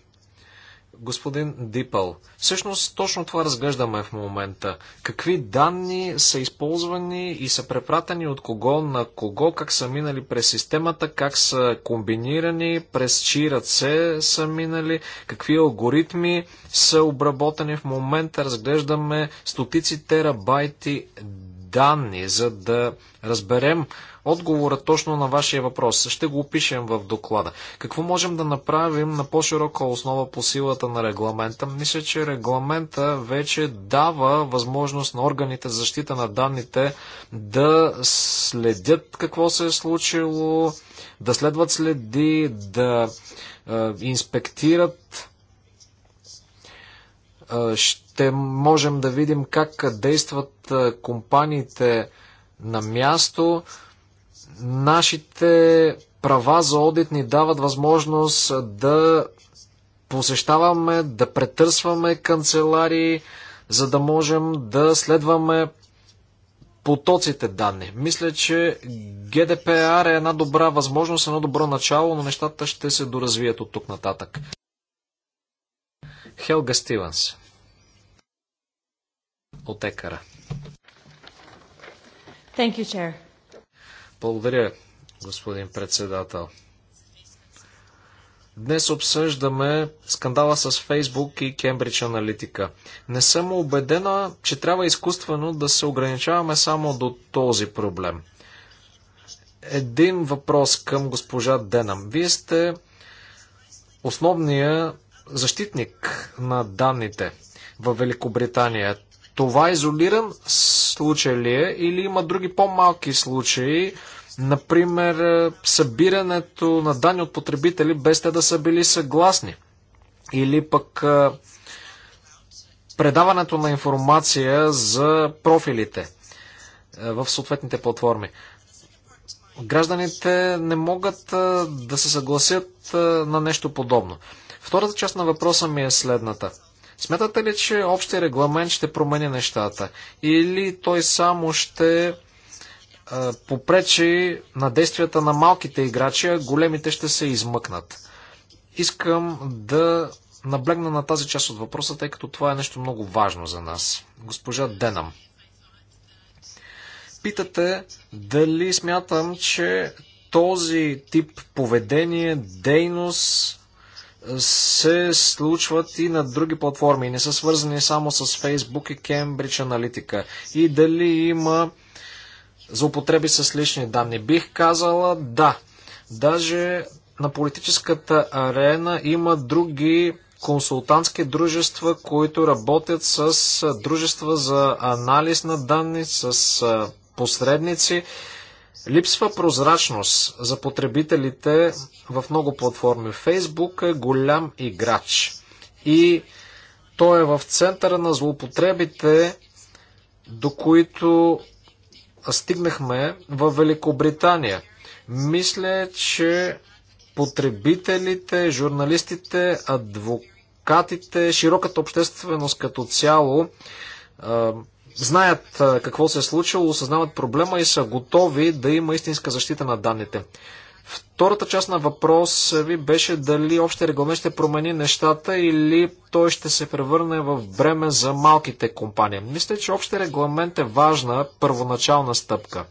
господин Дипъл. Всъщност точно това разглеждаме в момента. Какви данни са използвани и са препратени от кого на кого, как са минали през системата, как са комбинирани, през чи ръце са минали, какви алгоритми са обработени в момента. Разглеждаме стотици терабайти данни, за да разберем отговора точно на вашия въпрос. Ще го опишем в доклада. Какво можем да направим на по-широка основа по силата на регламента? Мисля, че регламента вече дава възможност на органите за защита на данните да следят какво се е случило, да следват следи, да е, инспектират. Е, ще можем да видим как действат компаниите на място. Нашите права за одит ни дават възможност да посещаваме, да претърсваме канцеларии, за да можем да следваме потоците данни. Мисля, че ГДПР е една добра възможност, едно добро начало, но нещата ще се доразвият от тук нататък. Хелга Стивенс от Екара. Thank you, Chair. Благодаря, господин председател. Днес обсъждаме скандала с Фейсбук и Кембридж Аналитика. Не съм убедена, че трябва изкуствено да се ограничаваме само до този проблем. Един въпрос към госпожа Денам. Вие сте основния защитник на данните в Великобритания. Това изолиран случай ли е или има други по-малки случаи, например е, събирането на данни от потребители без те да са били съгласни или пък е, предаването на информация за профилите е, в съответните платформи. Гражданите не могат да се съгласят на нещо подобно. Втората част на въпроса ми е следната – Смятате ли, че общия регламент ще промени нещата? Или той само ще попречи на действията на малките играчи, а големите ще се измъкнат? Искам да наблегна на тази част от въпроса, тъй като това е нещо много важно за нас. Госпожа Денам. Питате дали смятам, че този тип поведение, дейност се случват и на други платформи. Не са свързани само с Facebook и Cambridge Analytica. И дали има злоупотреби с лични данни? Бих казала да. Даже на политическата арена има други консултантски дружества, които работят с дружества за анализ на данни, с посредници. Липсва прозрачност за потребителите в много платформи. Фейсбук е голям играч и той е в центъра на злоупотребите, до които стигнахме в Великобритания. Мисля, че потребителите, журналистите, адвокатите, широката общественост като цяло знаят какво се е случило, осъзнават проблема и са готови да има истинска защита на данните. Втората част на въпрос ви беше дали общия регламент ще промени нещата или той ще се превърне в бреме за малките компании. Мисля, че общия регламент е важна първоначална стъпка.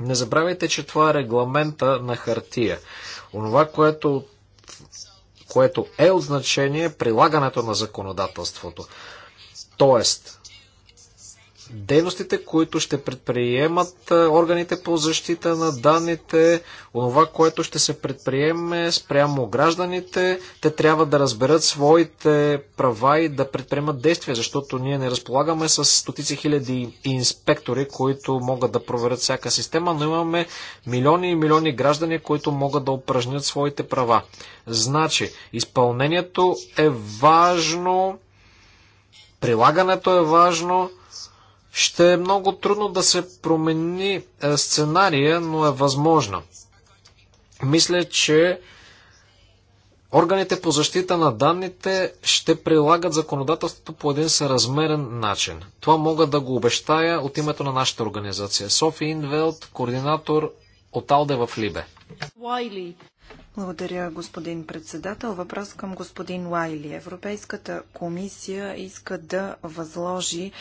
Не забравяйте, че това е регламента на хартия. Онова, което, което е от значение, е прилагането на законодателството. Тоест, дейностите, които ще предприемат е, органите по защита на данните, онова, което ще се предприеме спрямо гражданите. Те трябва да разберат своите права и да предприемат действия, защото ние не разполагаме с стотици хиляди инспектори, които могат да проверят всяка система, но имаме милиони и милиони граждани, които могат да упражнят своите права. Значи, изпълнението е важно, прилагането е важно, ще е много трудно да се промени е, сценария, но е възможно. Мисля, че органите по защита на данните ще прилагат законодателството по един съразмерен начин. Това мога да го обещая от името на нашата организация. Софи Инвелт, координатор от Алде в Либе. Благодаря, господин председател. Въпрос към господин Лайли. Европейската комисия иска да възложи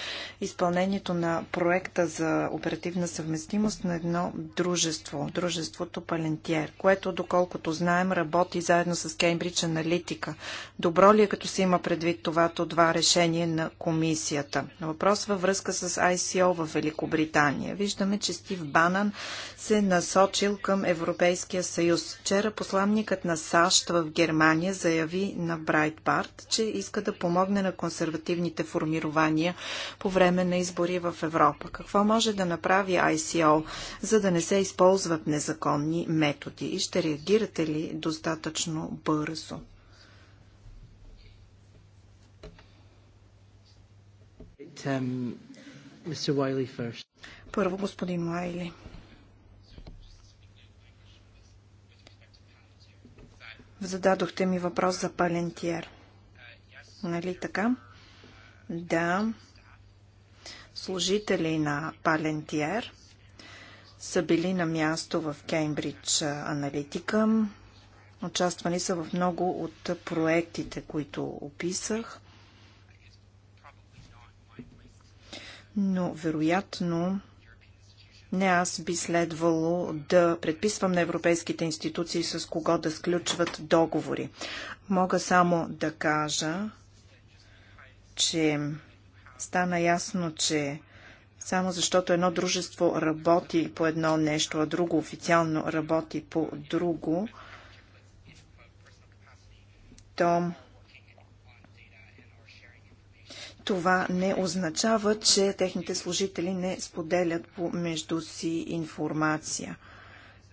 изпълнението на проекта за оперативна съвместимост на едно дружество, дружеството Палентиер, което, доколкото знаем, работи заедно с Кембридж Аналитика. Добро ли е, като се има предвид това, то два решение на комисията? Въпрос във връзка с ICO в Великобритания. Виждаме, че Стив Банан се насочил към Европейския съюз. Вчера послан посланникът на САЩ в Германия заяви на Брайтбарт, че иска да помогне на консервативните формирования по време на избори в Европа. Какво може да направи ICO, за да не се използват незаконни методи? И ще реагирате ли достатъчно бързо? Um, Първо господин Уайли. Зададохте ми въпрос за Палентиер. Нали така? Да. Служители на Палентиер са били на място в Кеймбридж Аналитика. Участвали са в много от проектите, които описах. Но вероятно не, аз би следвало да предписвам на европейските институции с кого да сключват договори. Мога само да кажа, че стана ясно, че само защото едно дружество работи по едно нещо, а друго официално работи по друго, то това не означава, че техните служители не споделят помежду си информация.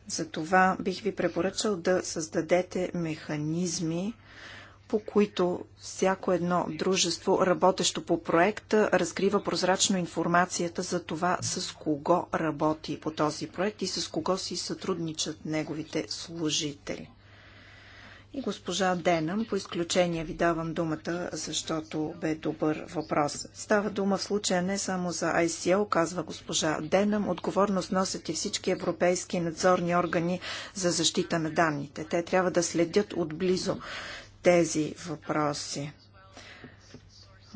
Затова бих ви препоръчал да създадете механизми, по които всяко едно дружество, работещо по проекта, разкрива прозрачно информацията за това с кого работи по този проект и с кого си сътрудничат неговите служители. И госпожа Денъм, по изключение ви давам думата, защото бе добър въпрос. Става дума в случая не само за ICO, казва госпожа Денъм. Отговорност носят и всички европейски надзорни органи за защита на данните. Те трябва да следят отблизо тези въпроси.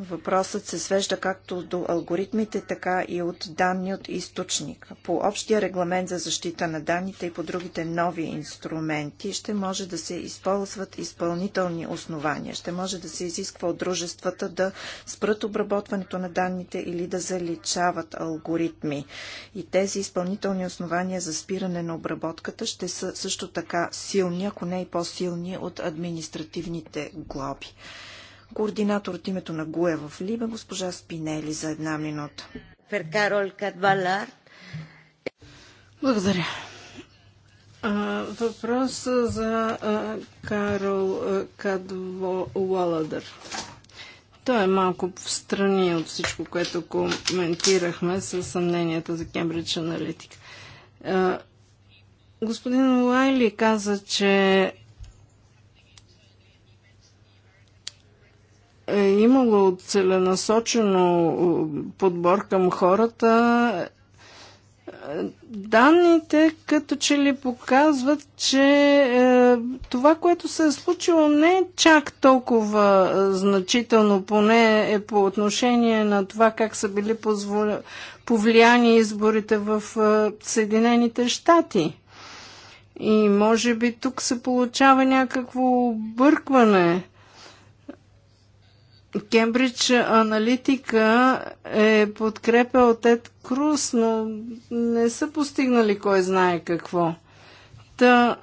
Въпросът се свежда както до алгоритмите, така и от данни от източника. По общия регламент за защита на данните и по другите нови инструменти ще може да се използват изпълнителни основания. Ще може да се изисква от дружествата да спрат обработването на данните или да заличават алгоритми. И тези изпълнителни основания за спиране на обработката ще са също така силни, ако не и по-силни от административните глоби координатор от името на ГУЕ в Либе, госпожа Спинели, за една минута. Благодаря. Въпрос за Карол Кадваладър. Той е малко в страни от всичко, което коментирахме с съмненията за Кембридж Аналитик. Господин Лайли каза, че е имало целенасочено е, подбор към хората, данните като че ли показват, че е, това, което се е случило, не е чак толкова е, значително, поне е по отношение на това как са били позволя... повлияни изборите в е, Съединените щати. И може би тук се получава някакво объркване. Е, Кембридж Аналитика е от Ед Круз, но не са постигнали кой знае какво. Та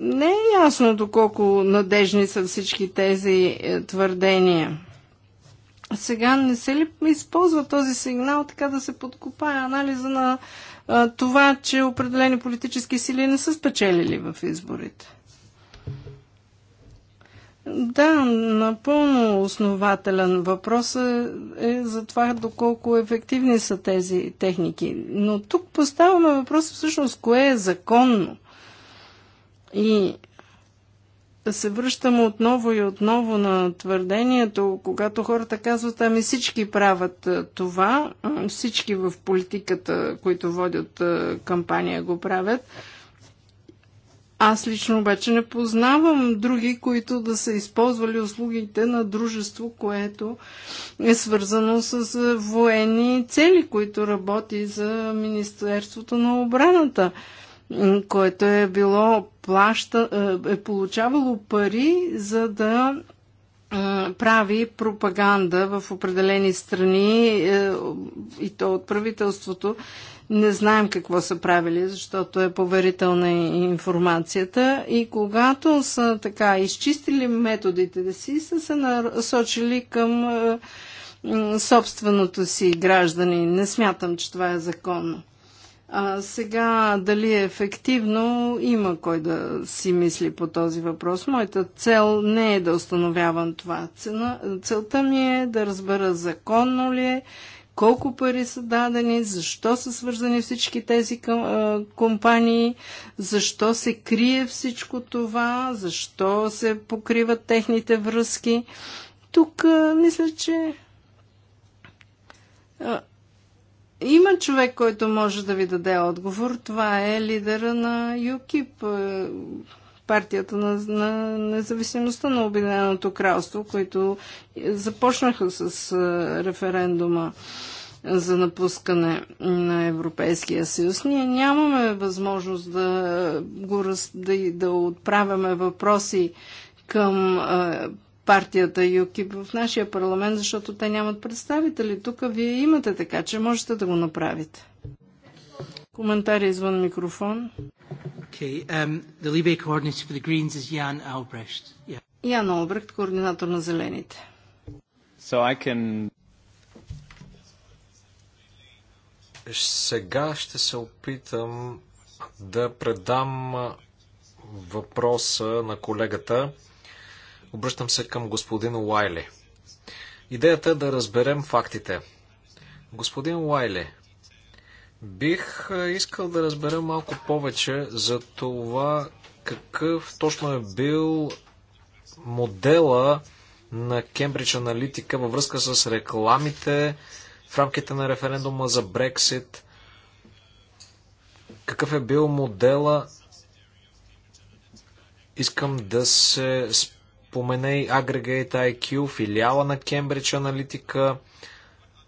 не е ясно доколко надежни са всички тези е, твърдения. Сега не се ли използва този сигнал така да се подкопае анализа на а, това, че определени политически сили не са спечелили в изборите? Да, напълно основателен въпрос е, е за това доколко ефективни са тези техники. Но тук поставяме въпрос всъщност кое е законно. И се връщам отново и отново на твърдението, когато хората казват, ами всички правят е, това, всички в политиката, които водят е, кампания, го правят – аз лично обаче не познавам други, които да са използвали услугите на дружество, което е свързано с е, военни цели, които работи за Министерството на обраната, което е било плаща, е, е получавало пари, за да е, прави пропаганда в определени страни и то от правителството не знаем какво са правили, защото е поверителна информацията. И когато са така изчистили методите си, са се насочили към е, собственото си граждани. Не смятам, че това е законно. А сега дали е ефективно, има кой да си мисли по този въпрос. Моята цел не е да установявам това. Целта ми е да разбера законно ли е, колко пари са дадени, защо са свързани всички тези компании, защо се крие всичко това, защо се покриват техните връзки. Тук мисля, че има човек, който може да ви даде отговор. Това е лидера на ЮКИП партията на, на независимостта на Обединеното кралство, които започнаха с референдума за напускане на Европейския съюз. Ние нямаме възможност да, го, да, да отправяме въпроси към партията ЮКИП в нашия парламент, защото те нямат представители. Тук вие имате така, че можете да го направите. Коментар извън микрофон. Okay, um, the Libe coordinator for the Greens is Jan Albrecht. Yeah. Ян Олбрехт, координатор на Зелените. So I can... Сега ще се опитам да предам въпроса на колегата. Обръщам се към господин Уайли. Идеята е да разберем фактите. Господин Уайли, Бих искал да разбера малко повече за това какъв точно е бил модела на Кембридж Аналитика във връзка с рекламите в рамките на референдума за Брексит. Какъв е бил модела? Искам да се спомене и Aggregate IQ, филиала на Кембридж Аналитика. Аналитика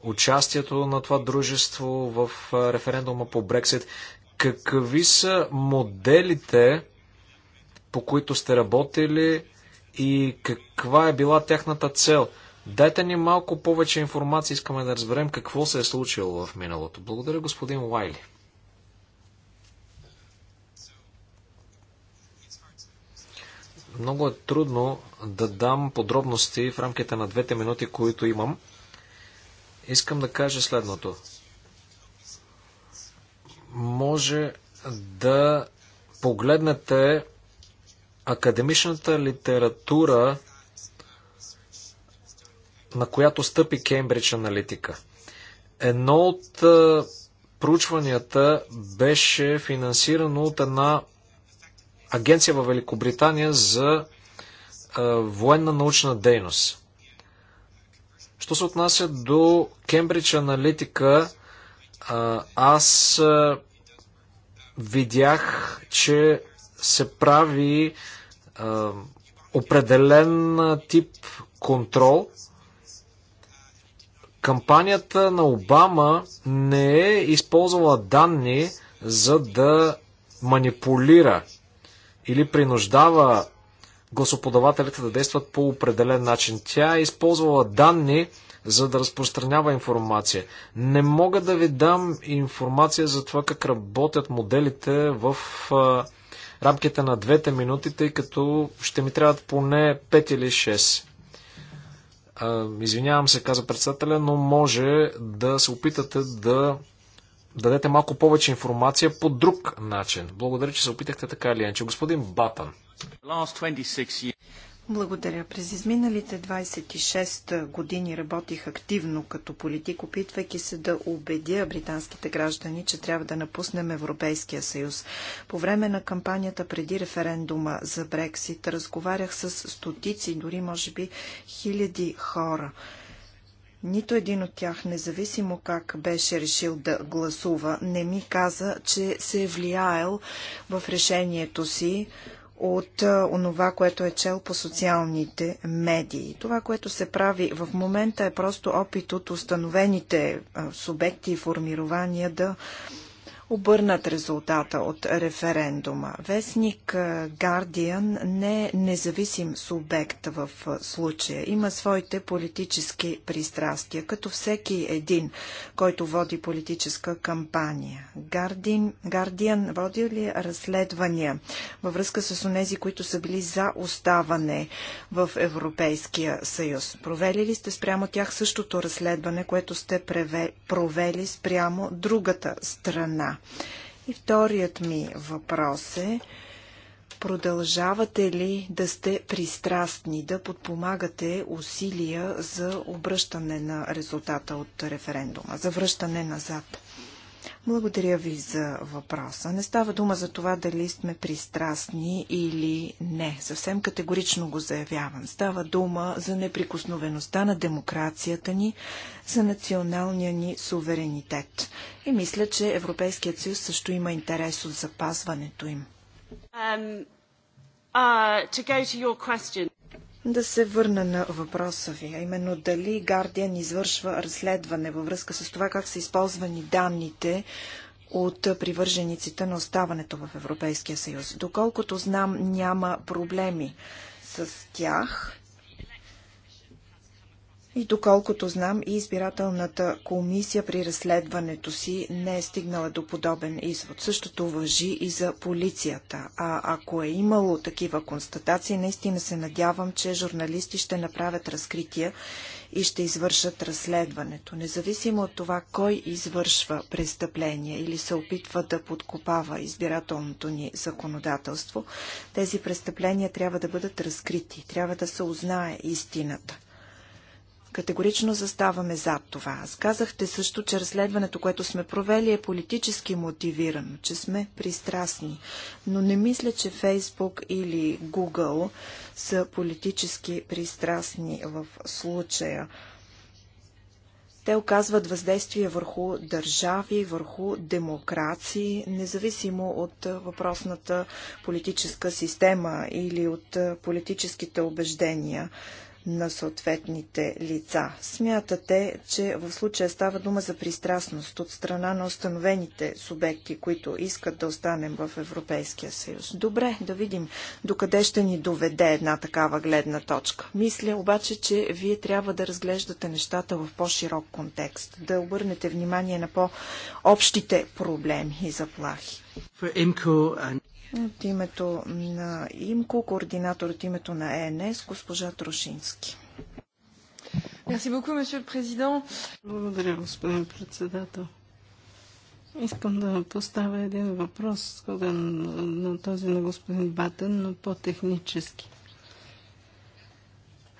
участието на това дружество в референдума по Брексит. Какви са моделите, по които сте работили и каква е била тяхната цел? Дайте ни малко повече информация, искаме да разберем какво се е случило в миналото. Благодаря, господин Уайли. Много е трудно да дам подробности в рамките на двете минути, които имам. Искам да кажа следното. Може да погледнете академичната литература, на която стъпи Кембридж аналитика. Едно от проучванията беше финансирано от една агенция във Великобритания за военна научна дейност. Що се отнася до Кембридж Аналитика, аз видях, че се прави определен тип контрол. Кампанията на Обама не е използвала данни, за да манипулира или принуждава гласоподавателите да действат по определен начин. Тя е използвала данни, за да разпространява информация. Не мога да ви дам информация за това как работят моделите в рамките на двете минути, тъй като ще ми трябват поне 5 или 6. Извинявам се, каза председателя, но може да се опитате да дадете малко повече информация по друг начин. Благодаря, че се опитахте така или иначе. Господин Батан. Благодаря. През изминалите 26 години работих активно като политик, опитвайки се да убедя британските граждани, че трябва да напуснем Европейския съюз. По време на кампанията преди референдума за Брексит разговарях с стотици, дори може би хиляди хора. Нито един от тях, независимо как беше решил да гласува, не ми каза, че се е влияел в решението си от онова, което е чел по социалните медии. Това, което се прави в момента е просто опит от установените субекти и формирования да обърнат резултата от референдума. Вестник Guardian не е независим субект в случая. Има своите политически пристрастия, като всеки един, който води политическа кампания. Guardian, Guardian води ли разследвания във връзка с онези, които са били за оставане в Европейския съюз? Провели ли сте спрямо тях същото разследване, което сте провели спрямо другата страна? И вторият ми въпрос е, продължавате ли да сте пристрастни, да подпомагате усилия за обръщане на резултата от референдума, за връщане назад? Благодаря ви за въпроса. Не става дума за това дали сме пристрастни или не. Съвсем категорично го заявявам. Става дума за неприкосновеността на демокрацията ни, за националния ни суверенитет. И мисля, че Европейският съюз също има интерес от запазването им. Um, uh, to to да се върна на въпроса ви, а именно дали Гардиан извършва разследване във връзка с това как са използвани данните от привържениците на оставането в Европейския съюз. Доколкото знам, няма проблеми с тях. И доколкото знам, и избирателната комисия при разследването си не е стигнала до подобен извод. Същото въжи и за полицията. А ако е имало такива констатации, наистина се надявам, че журналисти ще направят разкрития и ще извършат разследването. Независимо от това, кой извършва престъпление или се опитва да подкопава избирателното ни законодателство, тези престъпления трябва да бъдат разкрити, трябва да се узнае истината. Категорично заставаме зад това. Аз казахте също, че разследването, което сме провели е политически мотивирано, че сме пристрастни. Но не мисля, че Фейсбук или Google са политически пристрастни в случая. Те оказват въздействие върху държави, върху демокрации, независимо от въпросната политическа система или от политическите убеждения на съответните лица. Смятате, че в случая става дума за пристрастност от страна на установените субекти, които искат да останем в Европейския съюз. Добре, да видим докъде ще ни доведе една такава гледна точка. Мисля обаче, че вие трябва да разглеждате нещата в по-широк контекст, да обърнете внимание на по-общите проблеми и заплахи. От името на ИМКО, координатор от името на ЕНС, госпожа Трошински. Благодаря, господин председател. Искам да поставя един въпрос, сходен на този на господин Батен, но по-технически.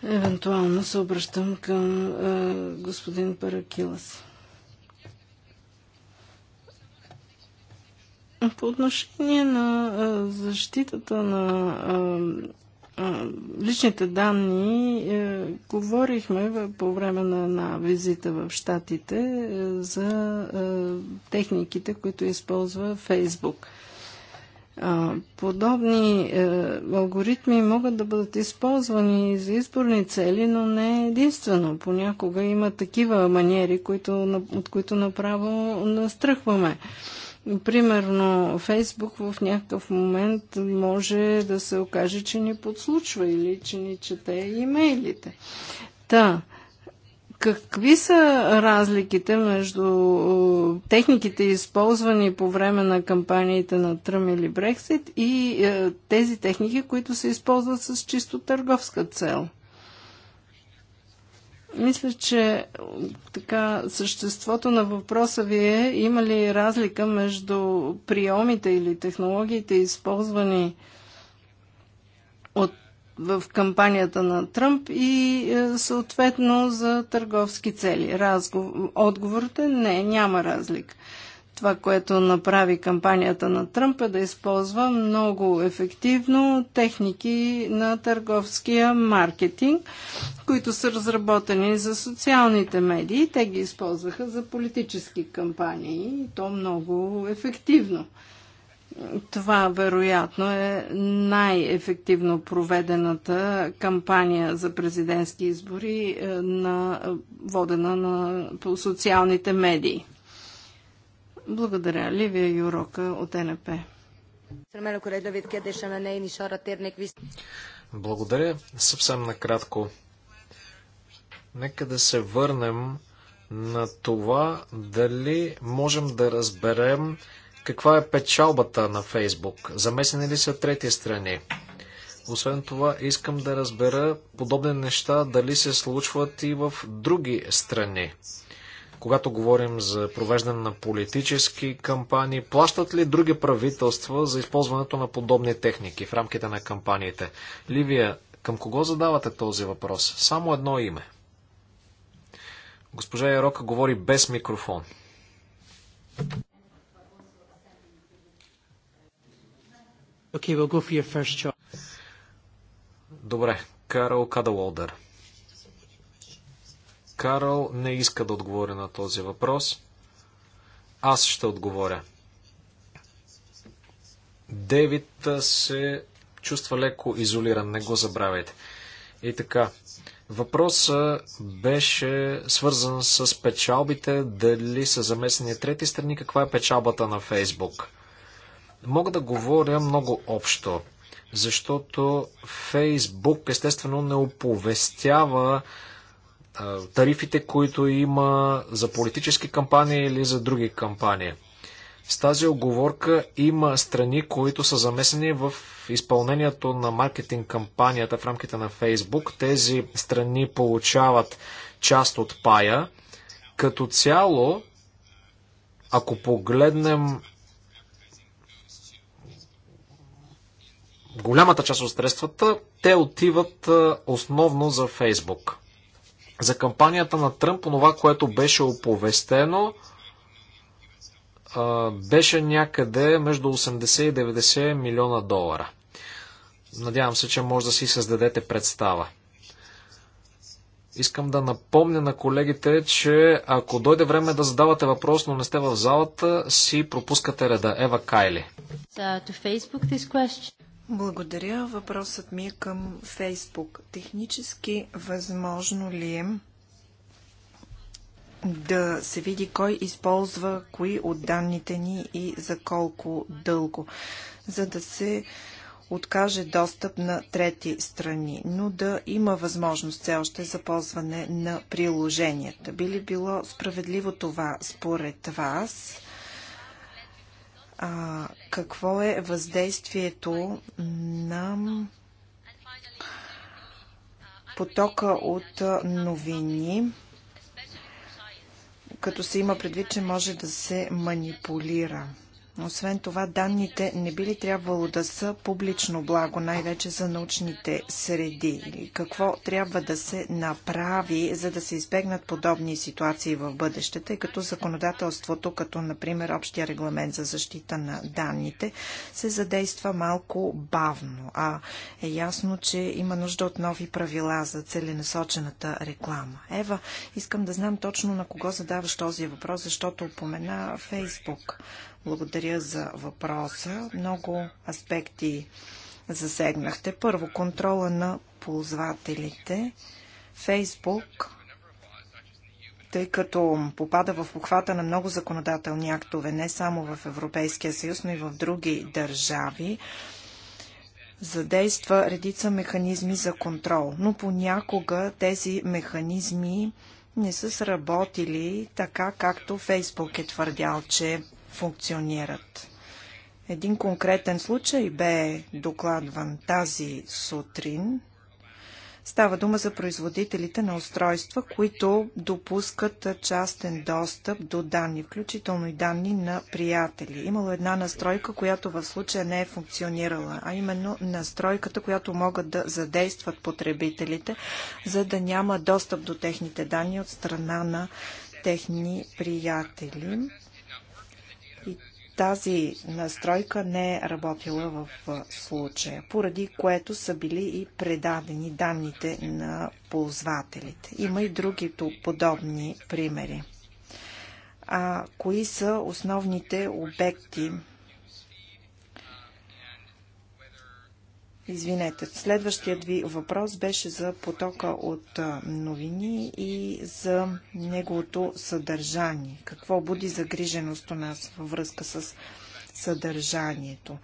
Евентуално се обръщам към е, господин Паракилас. По отношение на защитата на личните данни, е, говорихме по време на една визита в Штатите е, за е, техниките, които използва Фейсбук. Подобни алгоритми могат да бъдат използвани за изборни цели, но не единствено. Понякога има такива маниери, които, от които направо настръхваме. Да Примерно, Фейсбук в някакъв момент може да се окаже, че ни подслучва или че ни чете имейлите. Та, Какви са разликите между е, техниките, използвани по време на кампаниите на Тръм или Брексит и е, тези техники, които се използват с чисто търговска цел? Мисля, че така съществото на въпроса ви е има ли разлика между приемите или технологиите, използвани от, в кампанията на Тръмп и е, съответно за търговски цели. Разговор, Отговорът е не, няма разлика. Това, което направи кампанията на Тръмп е да използва много ефективно техники на търговския маркетинг, които са разработени за социалните медии. Те ги използваха за политически кампании и то много ефективно. Това вероятно е най-ефективно проведената кампания за президентски избори е, на, водена на, по социалните медии. Благодаря. Ливия Юрока от НП. Благодаря. Съвсем накратко. Нека да се върнем на това дали можем да разберем каква е печалбата на Фейсбук. Замесени ли са трети страни? Освен това, искам да разбера подобни неща дали се случват и в други страни когато говорим за провеждане на политически кампании, плащат ли други правителства за използването на подобни техники в рамките на кампаниите? Ливия, към кого задавате този въпрос? Само едно име. Госпожа Ярока говори без микрофон. Okay, we'll go for your first Добре, Карл Кадалолдер. Карл не иска да отговори на този въпрос. Аз ще отговоря. Девит се чувства леко изолиран, не го забравяйте. И така, въпросът беше свързан с печалбите, дали са замесени трети страни, каква е печалбата на Фейсбук. Мога да говоря много общо, защото Фейсбук естествено не оповестява тарифите, които има за политически кампании или за други кампании. С тази оговорка има страни, които са замесени в изпълнението на маркетинг кампанията в рамките на Фейсбук. Тези страни получават част от пая. Като цяло, ако погледнем голямата част от средствата, те отиват основно за Фейсбук. За кампанията на Тръмп, онова, което беше оповестено, беше някъде между 80 и 90 милиона долара. Надявам се, че може да си създадете представа. Искам да напомня на колегите, че ако дойде време да задавате въпрос, но не сте в залата, си пропускате реда. Ева Кайли. Благодаря. Въпросът ми е към Фейсбук. Технически възможно ли е да се види кой използва кои от данните ни и за колко дълго, за да се откаже достъп на трети страни, но да има възможност все още за ползване на приложенията. Би ли било справедливо това според вас? а, какво е въздействието на потока от новини, като се има предвид, че може да се манипулира. Освен това, данните не би ли трябвало да са публично благо, най-вече за научните среди? Какво трябва да се направи, за да се избегнат подобни ситуации в бъдеще, тъй като законодателството, като например общия регламент за защита на данните, се задейства малко бавно, а е ясно, че има нужда от нови правила за целенасочената реклама. Ева, искам да знам точно на кого задаваш този въпрос, защото упомена Фейсбук. Благодаря за въпроса. Много аспекти засегнахте. Първо, контрола на ползвателите. Фейсбук, тъй като попада в обхвата на много законодателни актове, не само в Европейския съюз, но и в други държави, задейства редица механизми за контрол. Но понякога тези механизми не са сработили така, както Фейсбук е твърдял, че функционират. Един конкретен случай бе докладван тази сутрин. Става дума за производителите на устройства, които допускат частен достъп до данни, включително и данни на приятели. Имало една настройка, която в случая не е функционирала, а именно настройката, която могат да задействат потребителите, за да няма достъп до техните данни от страна на техни приятели. Тази настройка не е работила в случая, поради което са били и предадени данните на ползвателите. Има и други подобни примери. А кои са основните обекти Извинете, следващият ви въпрос беше за потока от новини и за неговото съдържание. Какво буди загриженост у нас във връзка с съдържанието?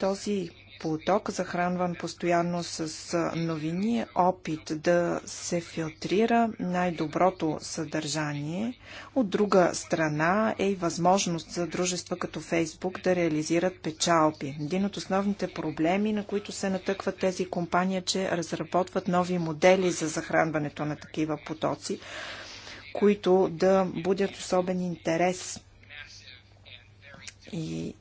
Този поток, захранван постоянно с новини, е опит да се филтрира най-доброто съдържание. От друга страна е и възможност за дружества като Фейсбук да реализират печалби. Един от основните проблеми, на които се натъкват тези компании, е, че разработват нови модели за захранването на такива потоци, които да будят особен интерес и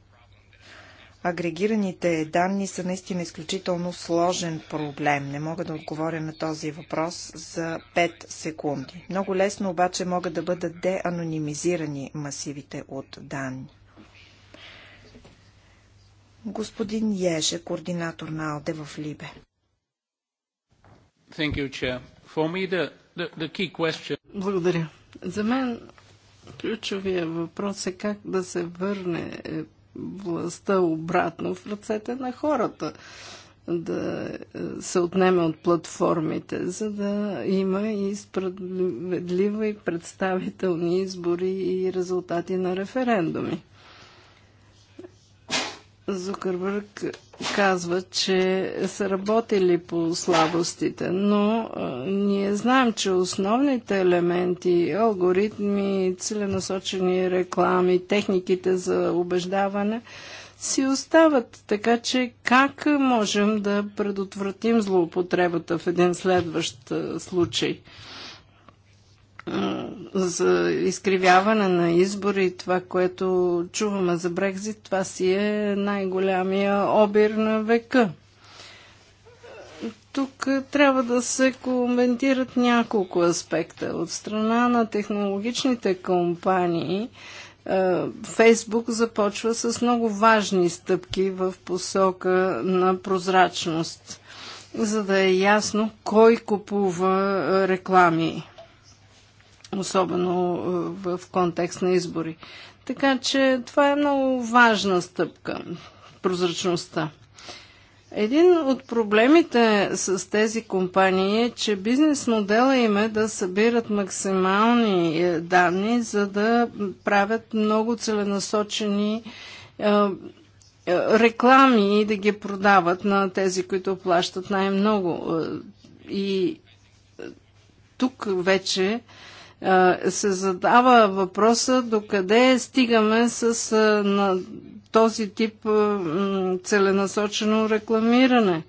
агрегираните данни са наистина изключително сложен проблем. Не мога да отговоря на този въпрос за 5 секунди. Много лесно обаче могат да бъдат деанонимизирани масивите от данни. Господин Еже, координатор на АЛДЕ в Либе. You, the, the, the Благодаря. За мен ключовия въпрос е как да се върне е, властта обратно в ръцете на хората да е, се отнеме от платформите, за да има и справедливи представителни избори и резултати на референдуми. Зукърбърг казва, че са работили по слабостите, но а, ние знаем, че основните елементи, алгоритми, целенасочени реклами, техниките за убеждаване си остават. Така че как можем да предотвратим злоупотребата в един следващ а, случай? за изкривяване на избори, това, което чуваме за Брекзит, това си е най-голямия обир на века. Тук трябва да се коментират няколко аспекта. От страна на технологичните компании, Фейсбук започва с много важни стъпки в посока на прозрачност, за да е ясно кой купува реклами особено е, в контекст на избори. Така че това е много важна стъпка прозрачността. Един от проблемите с тези компании е, че бизнес модела им е да събират максимални е, данни, за да правят много целенасочени е, реклами и да ги продават на тези, които плащат най-много. И тук вече се задава въпроса докъде стигаме с на този тип целенасочено рекламиране.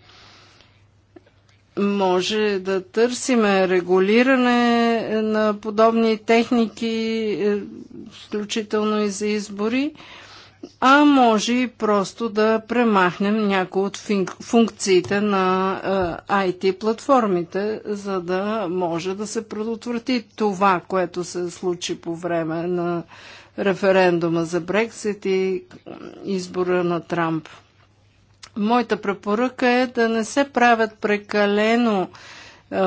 Може да търсиме регулиране на подобни техники, е, включително и за избори а може и просто да премахнем някои от функциите на IT платформите, за да може да се предотврати това, което се случи по време на референдума за Брексит и избора на Трамп. Моята препоръка е да не се правят прекалено е,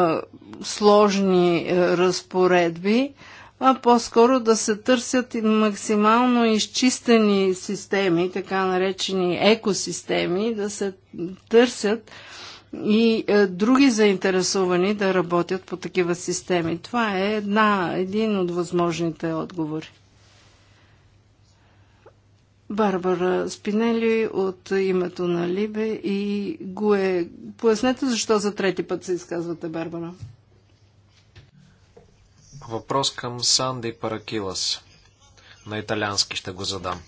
сложни е, разпоредби, а по-скоро да се търсят максимално изчистени системи, така наречени екосистеми, да се търсят и е, други заинтересовани да работят по такива системи. Това е една, един от възможните отговори. Барбара Спинели от името на Либе и Гуе. Пояснете защо за трети път се изказвате, Барбара въпрос към Санди Паракилас. На италиански ще го задам.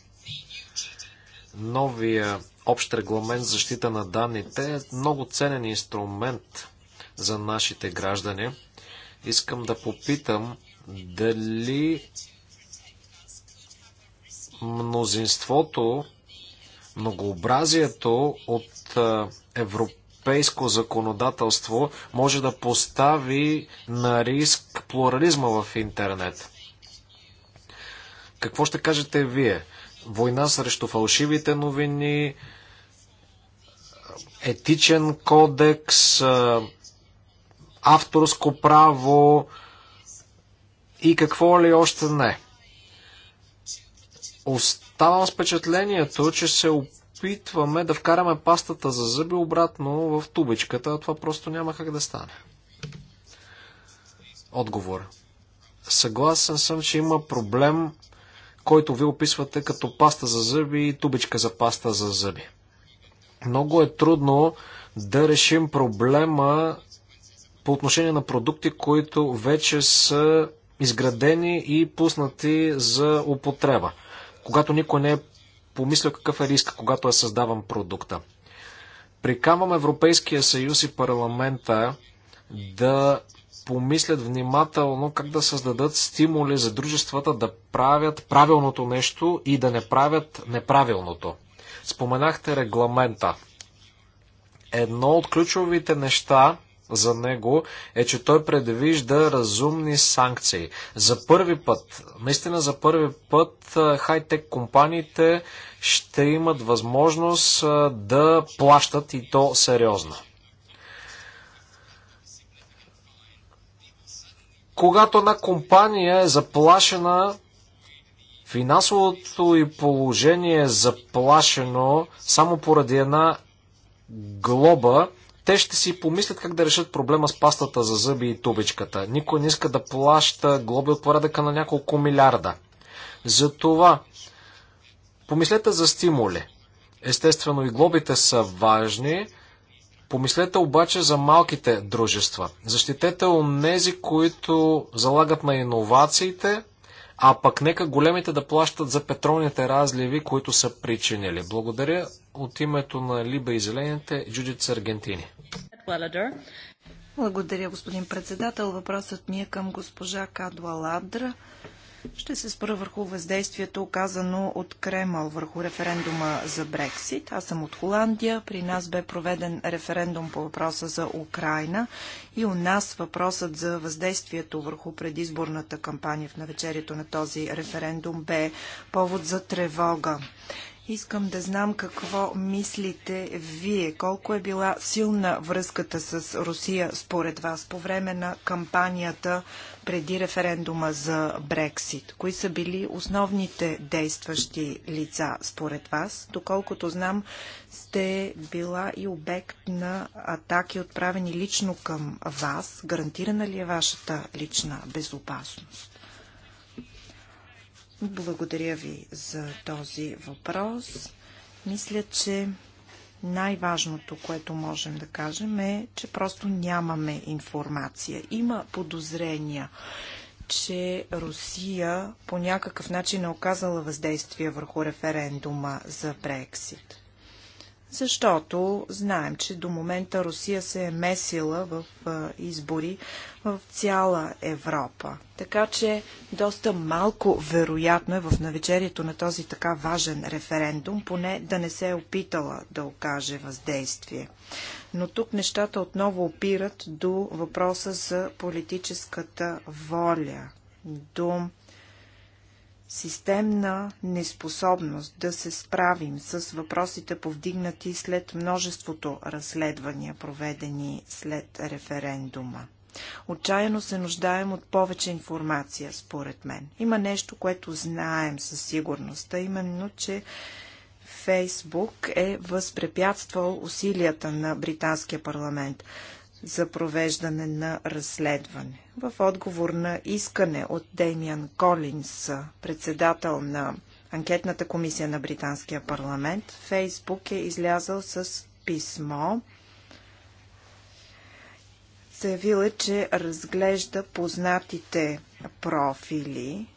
Новия общ регламент защита на данните е много ценен инструмент за нашите граждани. Искам да попитам дали мнозинството, многообразието от европейските европейско законодателство може да постави на риск плурализма в интернет. Какво ще кажете вие? Война срещу фалшивите новини, етичен кодекс, авторско право и какво ли още не. Оставам с впечатлението, че се опитваме да вкараме пастата за зъби обратно в тубичката, а това просто няма как да стане. Отговор. Съгласен съм, че има проблем, който ви описвате като паста за зъби и тубичка за паста за зъби. Много е трудно да решим проблема по отношение на продукти, които вече са изградени и пуснати за употреба, когато никой не е помисля какъв е риска, когато е създаван продукта. Прикамвам Европейския съюз и парламента да помислят внимателно как да създадат стимули за дружествата да правят правилното нещо и да не правят неправилното. Споменахте регламента. Едно от ключовите неща за него е, че той предвижда разумни санкции. За първи път, наистина за първи път, хай-тек компаниите ще имат възможност да плащат и то сериозно. Когато една компания е заплашена финансовото и положение е заплашено само поради една глоба, те ще си помислят как да решат проблема с пастата за зъби и тубичката. Никой не иска да плаща глоби от порядъка на няколко милиарда. Затова помислете за стимули. Естествено и глобите са важни. Помислете обаче за малките дружества. Защитете онези, които залагат на иновациите а пък нека големите да плащат за петролните разливи, които са причинили. Благодаря от името на Либа и Зелените, Джудит Аргентини. Благодаря, господин председател. Въпросът ми е към госпожа Ладра. Ще се спра върху въздействието, оказано от Кремъл върху референдума за Брексит. Аз съм от Холандия. При нас бе проведен референдум по въпроса за Украина и у нас въпросът за въздействието върху предизборната кампания в навечерието на този референдум бе повод за тревога. Искам да знам какво мислите вие. Колко е била силна връзката с Русия според вас по време на кампанията преди референдума за Брексит? Кои са били основните действащи лица според вас? Доколкото знам, сте била и обект на атаки, отправени лично към вас. Гарантирана ли е вашата лична безопасност? Благодаря ви за този въпрос. Мисля, че най-важното, което можем да кажем е, че просто нямаме информация. Има подозрения, че Русия по някакъв начин е оказала въздействие върху референдума за Брексит защото знаем, че до момента Русия се е месила в избори в цяла Европа. Така че доста малко вероятно е в навечерието на този така важен референдум, поне да не се е опитала да окаже въздействие. Но тук нещата отново опират до въпроса за политическата воля, до системна неспособност да се справим с въпросите повдигнати след множеството разследвания, проведени след референдума. Отчаяно се нуждаем от повече информация, според мен. Има нещо, което знаем със сигурност, а именно, че Фейсбук е възпрепятствал усилията на британския парламент за провеждане на разследване. В отговор на искане от Демиан Колинс, председател на анкетната комисия на Британския парламент, Фейсбук е излязъл с писмо. Заявил е, че разглежда познатите профили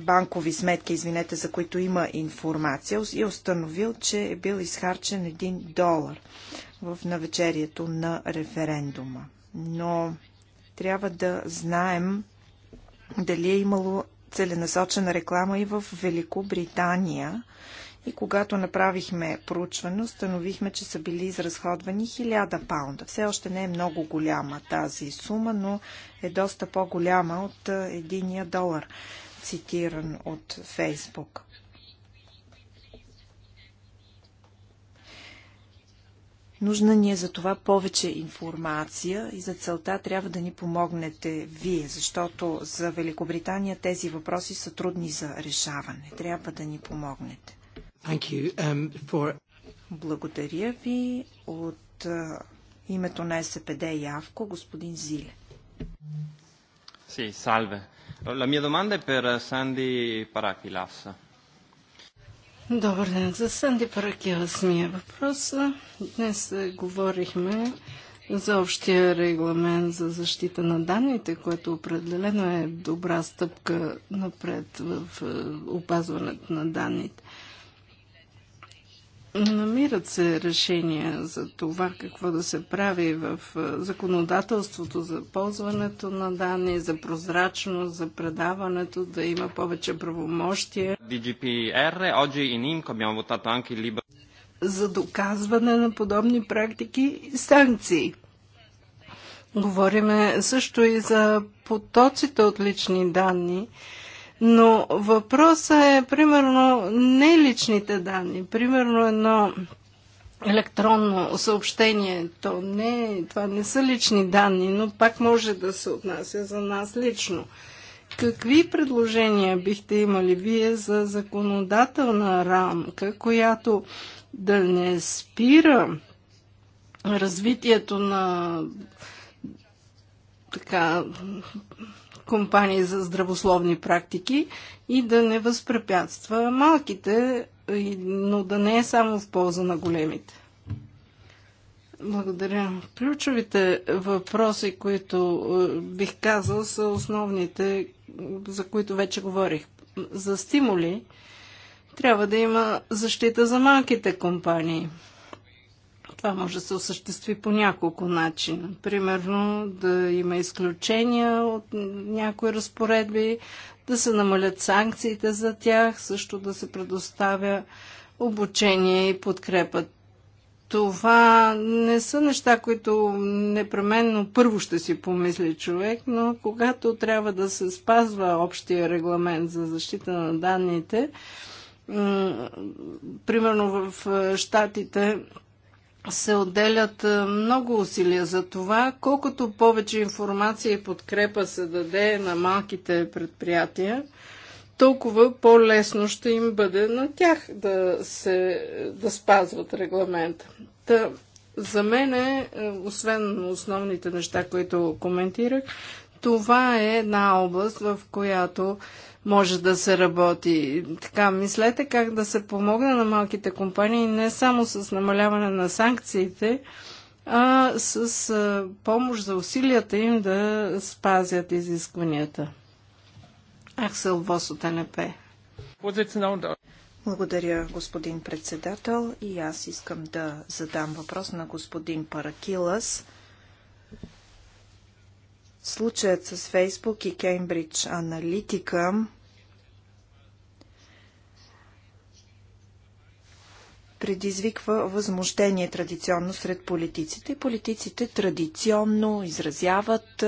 банкови сметки, извинете, за които има информация и е установил, че е бил изхарчен 1 долар в навечерието на референдума. Но трябва да знаем дали е имало целенасочена реклама и в Великобритания. И когато направихме проучване, установихме, че са били изразходвани 1000 паунда. Все още не е много голяма тази сума, но е доста по-голяма от единия долар цитиран от Фейсбук. Нужна ни е за това повече информация и за целта трябва да ни помогнете вие, защото за Великобритания тези въпроси са трудни за решаване. Трябва да ни помогнете. Um, for... Благодаря ви от uh, името на СПД Явко, господин Зиле. Си, sí, салве. La mia domanda è per Sandy Parakilas. Добър ден. За Санди Паракилас ми е въпроса. Днес говорихме за общия регламент за защита на данните, което определено е добра стъпка напред в е, опазването на данните. Намират се решения за това какво да се прави в законодателството за ползването на данни, за прозрачност, за предаването, да има повече правомощия. За доказване на подобни практики и санкции. Говориме също и за потоците от лични данни но въпросът е, примерно, не личните данни. Примерно едно електронно съобщение, то не, това не са лични данни, но пак може да се отнася за нас лично. Какви предложения бихте имали вие за законодателна рамка, която да не спира развитието на така компании за здравословни практики и да не възпрепятства малките, но да не е само в полза на големите. Благодаря. Ключовите въпроси, които е, бих казал, са основните, за които вече говорих. За стимули трябва да има защита за малките компании. Това може да се осъществи по няколко начина. Примерно да има изключения от някои разпоредби, да се намалят санкциите за тях, също да се предоставя обучение и подкрепа. Това не са неща, които непременно първо ще си помисли човек, но когато трябва да се спазва общия регламент за защита на данните, примерно в Штатите се отделят е, много усилия за това. Колкото повече информация и подкрепа се даде на малките предприятия, толкова по-лесно ще им бъде на тях да, се, да спазват регламента. Та, за мен, е, освен основните неща, които коментирах, това е една област, в която може да се работи. Така, мислете как да се помогне на малките компании не само с намаляване на санкциите, а с а, помощ за усилията им да спазят изискванията. Аксел Вос от НП. Благодаря, господин председател. И аз искам да задам въпрос на господин Паракилас. Случаят с Фейсбук и Кембридж Аналитика предизвиква възмущение традиционно сред политиците. Политиците традиционно изразяват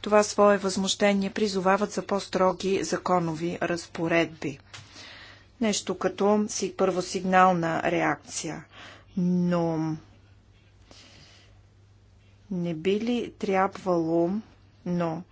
това свое възмущение, призовават за по-строги законови разпоредби. Нещо като си първосигнална реакция. Но не би ли трябвало, но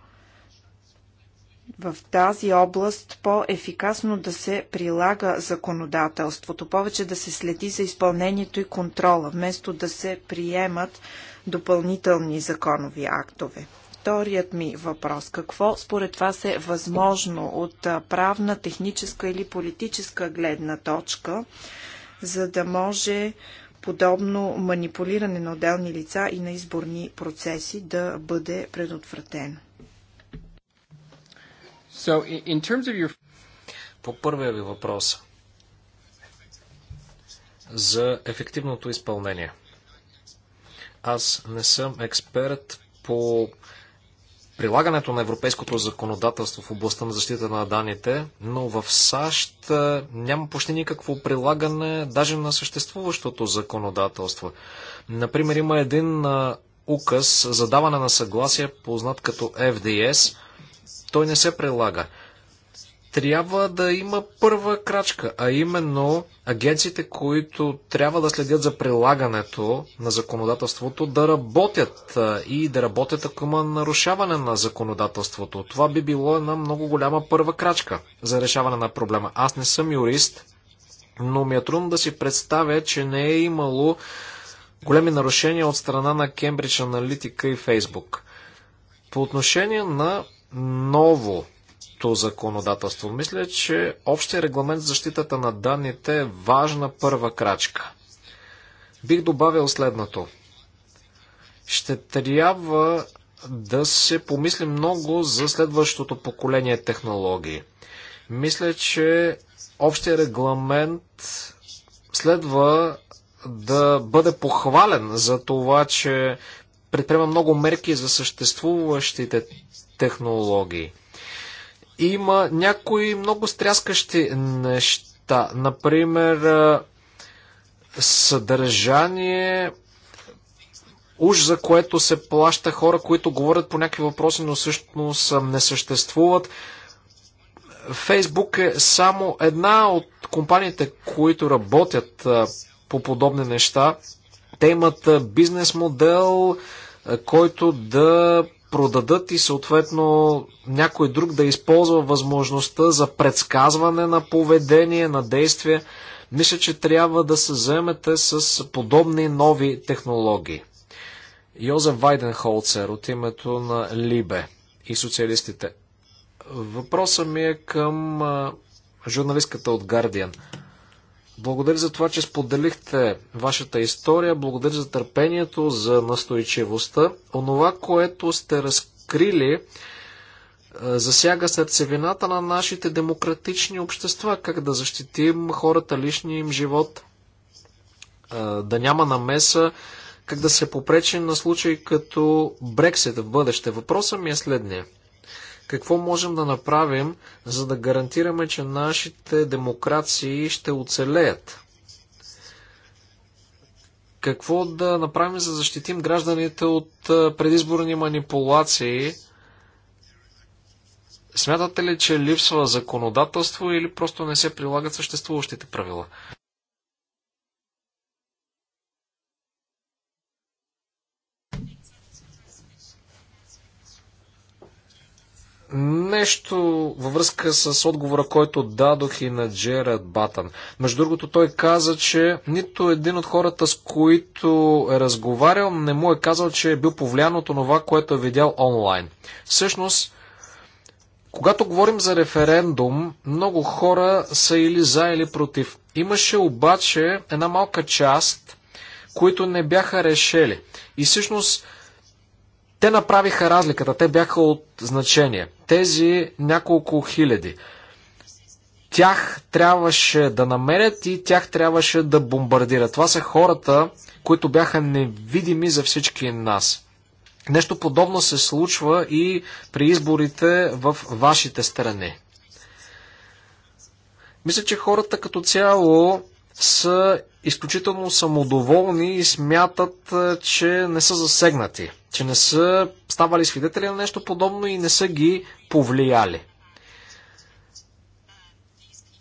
в тази област по-ефикасно да се прилага законодателството, повече да се следи за изпълнението и контрола, вместо да се приемат допълнителни законови актове. Вторият ми въпрос. Какво според вас е възможно от правна, техническа или политическа гледна точка, за да може подобно манипулиране на отделни лица и на изборни процеси да бъде предотвратено. So, in terms of your... По първия ви въпрос за ефективното изпълнение. Аз не съм експерт по прилагането на европейското законодателство в областта на защита на данните, но в САЩ няма почти никакво прилагане даже на съществуващото законодателство. Например, има един указ за даване на съгласие, познат като FDS. Той не се прилага трябва да има първа крачка, а именно агенциите, които трябва да следят за прилагането на законодателството, да работят и да работят, ако има нарушаване на законодателството. Това би било една много голяма първа крачка за решаване на проблема. Аз не съм юрист, но ми е трудно да си представя, че не е имало големи нарушения от страна на Кембридж Аналитика и Фейсбук. По отношение на ново общото законодателство. Мисля, че общия регламент за защитата на данните е важна първа крачка. Бих добавил следното. Ще трябва да се помисли много за следващото поколение технологии. Мисля, че общия регламент следва да бъде похвален за това, че предприема много мерки за съществуващите технологии има някои много стряскащи неща. Например, съдържание, уж за което се плаща хора, които говорят по някакви въпроси, но всъщност не съществуват. Фейсбук е само една от компаниите, които работят по подобни неща. Те имат бизнес модел, който да продадат и съответно някой друг да използва възможността за предсказване на поведение, на действие. Мисля, че трябва да се заемете с подобни нови технологии. Йозеф Вайденхолцер от името на Либе и социалистите. Въпросът ми е към журналистката от Guardian. Благодаря за това, че споделихте вашата история. Благодаря за търпението, за настойчивостта. Онова, което сте разкрили, е, засяга сърцевината на нашите демократични общества. Как да защитим хората, лишния им живот, е, да няма намеса, как да се попречи на случаи като Брексит в бъдеще. Въпросът ми е следния. Какво можем да направим, за да гарантираме, че нашите демокрации ще оцелеят? Какво да направим, за да защитим гражданите от предизборни манипулации? Смятате ли, че липсва законодателство или просто не се прилагат съществуващите правила? Нещо във връзка с отговора, който дадох и на Джерард Батън. Между другото, той каза, че нито един от хората, с които е разговарял, не му е казал, че е бил повлиян от това, което е видял онлайн. Всъщност, когато говорим за референдум, много хора са или за, или против. Имаше обаче една малка част, които не бяха решели. И всъщност те направиха разликата, те бяха от значение. Тези няколко хиляди. Тях трябваше да намерят и тях трябваше да бомбардират. Това са хората, които бяха невидими за всички нас. Нещо подобно се случва и при изборите в вашите страни. Мисля, че хората като цяло са изключително самодоволни и смятат, е, че не са засегнати, че не са ставали свидетели на нещо подобно и не са ги повлияли.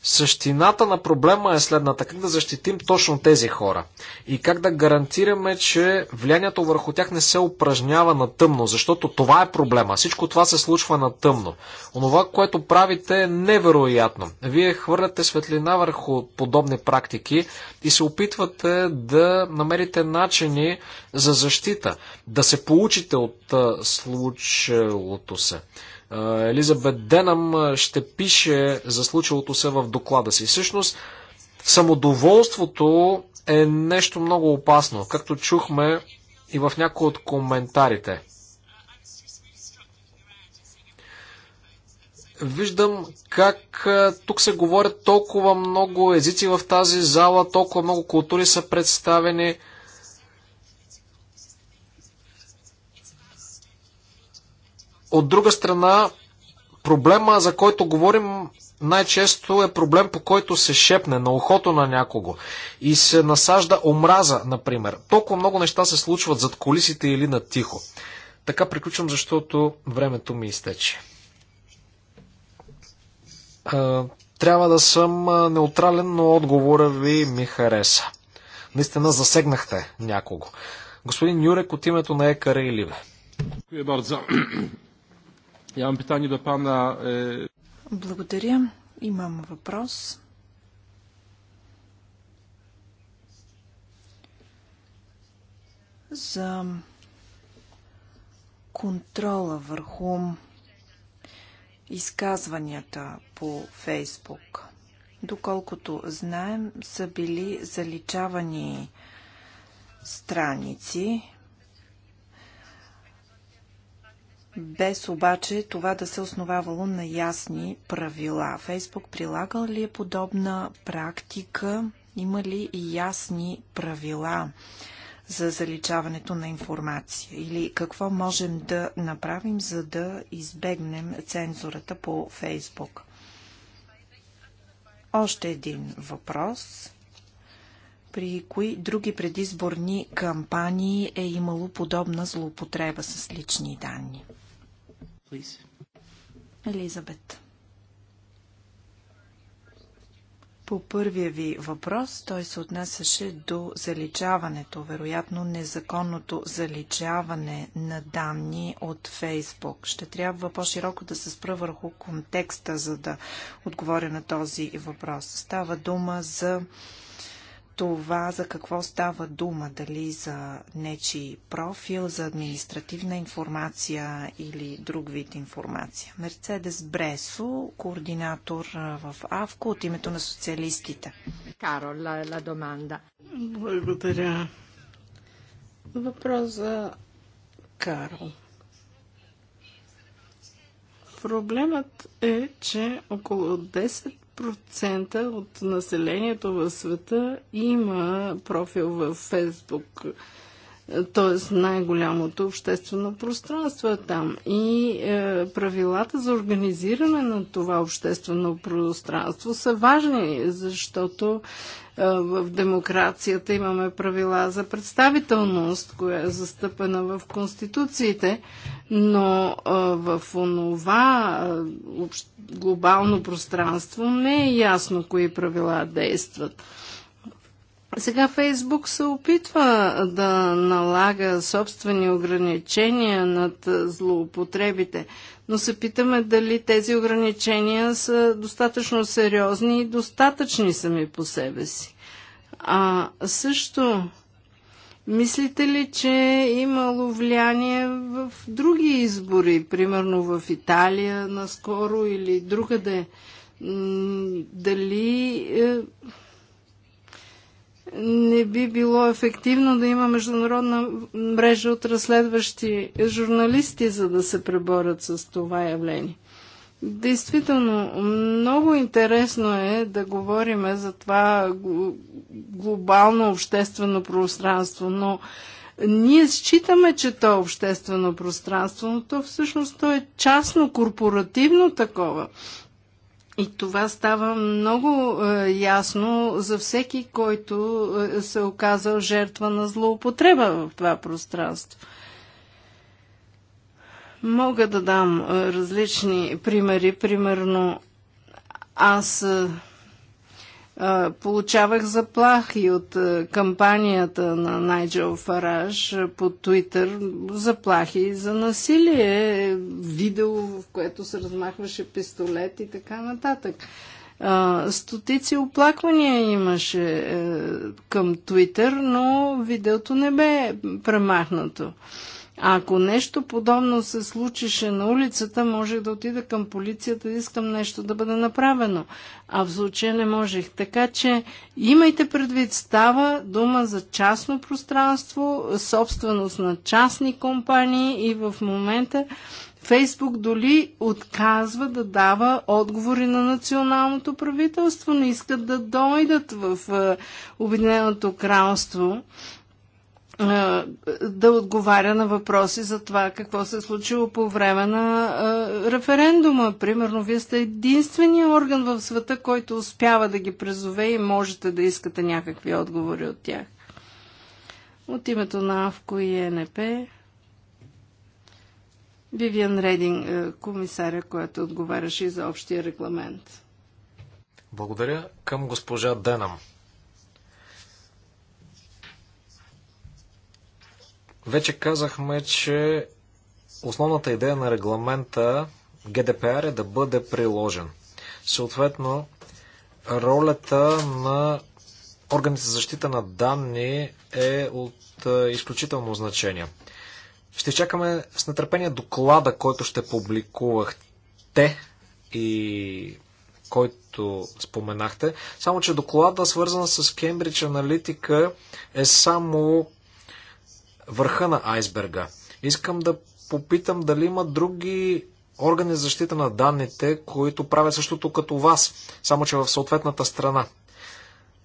Същината на проблема е следната. Как да защитим точно тези хора? И как да гарантираме, че влиянието върху тях не се упражнява на тъмно? Защото това е проблема. Всичко това се случва на тъмно. Онова, което правите е невероятно. Вие хвърляте светлина върху подобни практики и се опитвате да намерите начини за защита. Да се получите от случилото се. Елизабет Денам ще пише за случилото се в доклада си. Всъщност, самодоволството е нещо много опасно, както чухме и в някои от коментарите. виждам как тук се говорят толкова много езици в тази зала, толкова много култури са представени. От друга страна, проблема, за който говорим, най-често е проблем, по който се шепне на ухото на някого и се насажда омраза, например. Толкова много неща се случват зад колисите или на тихо. Така приключвам, защото времето ми изтече. Трябва да съм неутрален, но отговора ви ми хареса. Наистина засегнахте някого. Господин Юрек от името на Екаре и Ливе. Я имам питание до пана... Е... Благодаря. Имам въпрос. За контрола върху изказванията по Фейсбук. Доколкото знаем, са били заличавани страници, без обаче това да се основавало на ясни правила. Фейсбук прилагал ли е подобна практика? Има ли и ясни правила за заличаването на информация? Или какво можем да направим, за да избегнем цензурата по Фейсбук? Още един въпрос при кои други предизборни кампании е имало подобна злоупотреба с лични данни please. Елизабет. По първия ви въпрос, той се отнасяше до заличаването, вероятно незаконното заличаване на данни от Фейсбук. Ще трябва по-широко да се спра върху контекста, за да отговоря на този въпрос. Става дума за това за какво става дума, дали за нечи профил, за административна информация или друг вид информация. Мерцедес Бресо, координатор в АВКО от името на социалистите. Карол, ла, ла доманда. Благодаря. Въпрос за Карол. Проблемът е, че около 10 процента от населението в света има профил в Фейсбук, т.е. най-голямото обществено пространство е там. И е, правилата за организиране на това обществено пространство са важни, защото е, в демокрацията имаме правила за представителност, която е застъпена в конституциите, но е, в онова е, глобално пространство не е ясно кои правила действат. Сега Фейсбук се опитва да налага собствени ограничения над злоупотребите, но се питаме дали тези ограничения са достатъчно сериозни и достатъчни сами по себе си. А също, мислите ли, че е имало влияние в други избори, примерно в Италия наскоро или другаде? Дали е, не би било ефективно да има международна мрежа от разследващи журналисти, за да се преборят с това явление. Действително, много интересно е да говорим за това глобално обществено пространство, но ние считаме, че то е обществено пространство, но то всъщност то е частно, корпоративно такова. И това става много е, ясно за всеки, който е, се е оказал жертва на злоупотреба в това пространство. Мога да дам е, различни примери. Примерно, аз. Е, Получавах заплахи от кампанията на Найджел Фараж по Твитър, заплахи за насилие, видео, в което се размахваше пистолет и така нататък. Стотици оплаквания имаше е, към Твитър, но видеото не бе премахнато. Ако нещо подобно се случише на улицата, може да отида към полицията и искам нещо да бъде направено. А в случая не можех. Така че имайте предвид, става дума за частно пространство, собственост на частни компании и в момента Фейсбук доли отказва да дава отговори на националното правителство. Не искат да дойдат в е, Обединеното кралство да отговаря на въпроси за това какво се е случило по време на референдума. Примерно, вие сте единствения орган в света, който успява да ги призове и можете да искате някакви отговори от тях. От името на АВКО и ЕНП Вивиан Рединг, комисаря, която отговаряше и за общия регламент. Благодаря към госпожа Денам. Вече казахме, че основната идея на регламента ГДПР е да бъде приложен. Съответно, ролята на органите за защита на данни е от е, изключително значение. Ще чакаме с нетърпение доклада, който ще публикувахте и който споменахте. Само, че доклада, свързан с Кембридж Аналитика, е само върха на айсберга. Искам да попитам дали има други органи за защита на данните, които правят същото като вас, само че в съответната страна,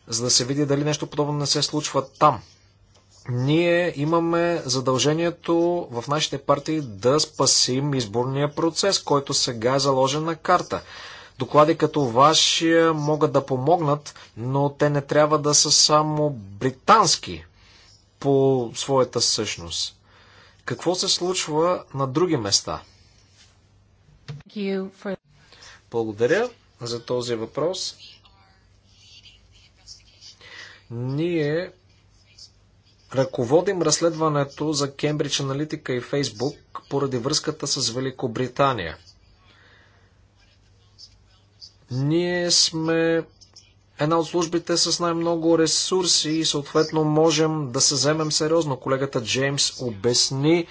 за да се види дали нещо подобно не се случва там. Ние имаме задължението в нашите партии да спасим изборния процес, който сега е заложен на карта. Доклади като вашия могат да помогнат, но те не трябва да са само британски по своята същност. Какво се случва на други места? Благодаря за този въпрос. Ние ръководим разследването за Кембридж Аналитика и Фейсбук поради връзката с Великобритания. Ние сме една от службите с най-много ресурси и съответно можем да се вземем сериозно. Колегата Джеймс обясни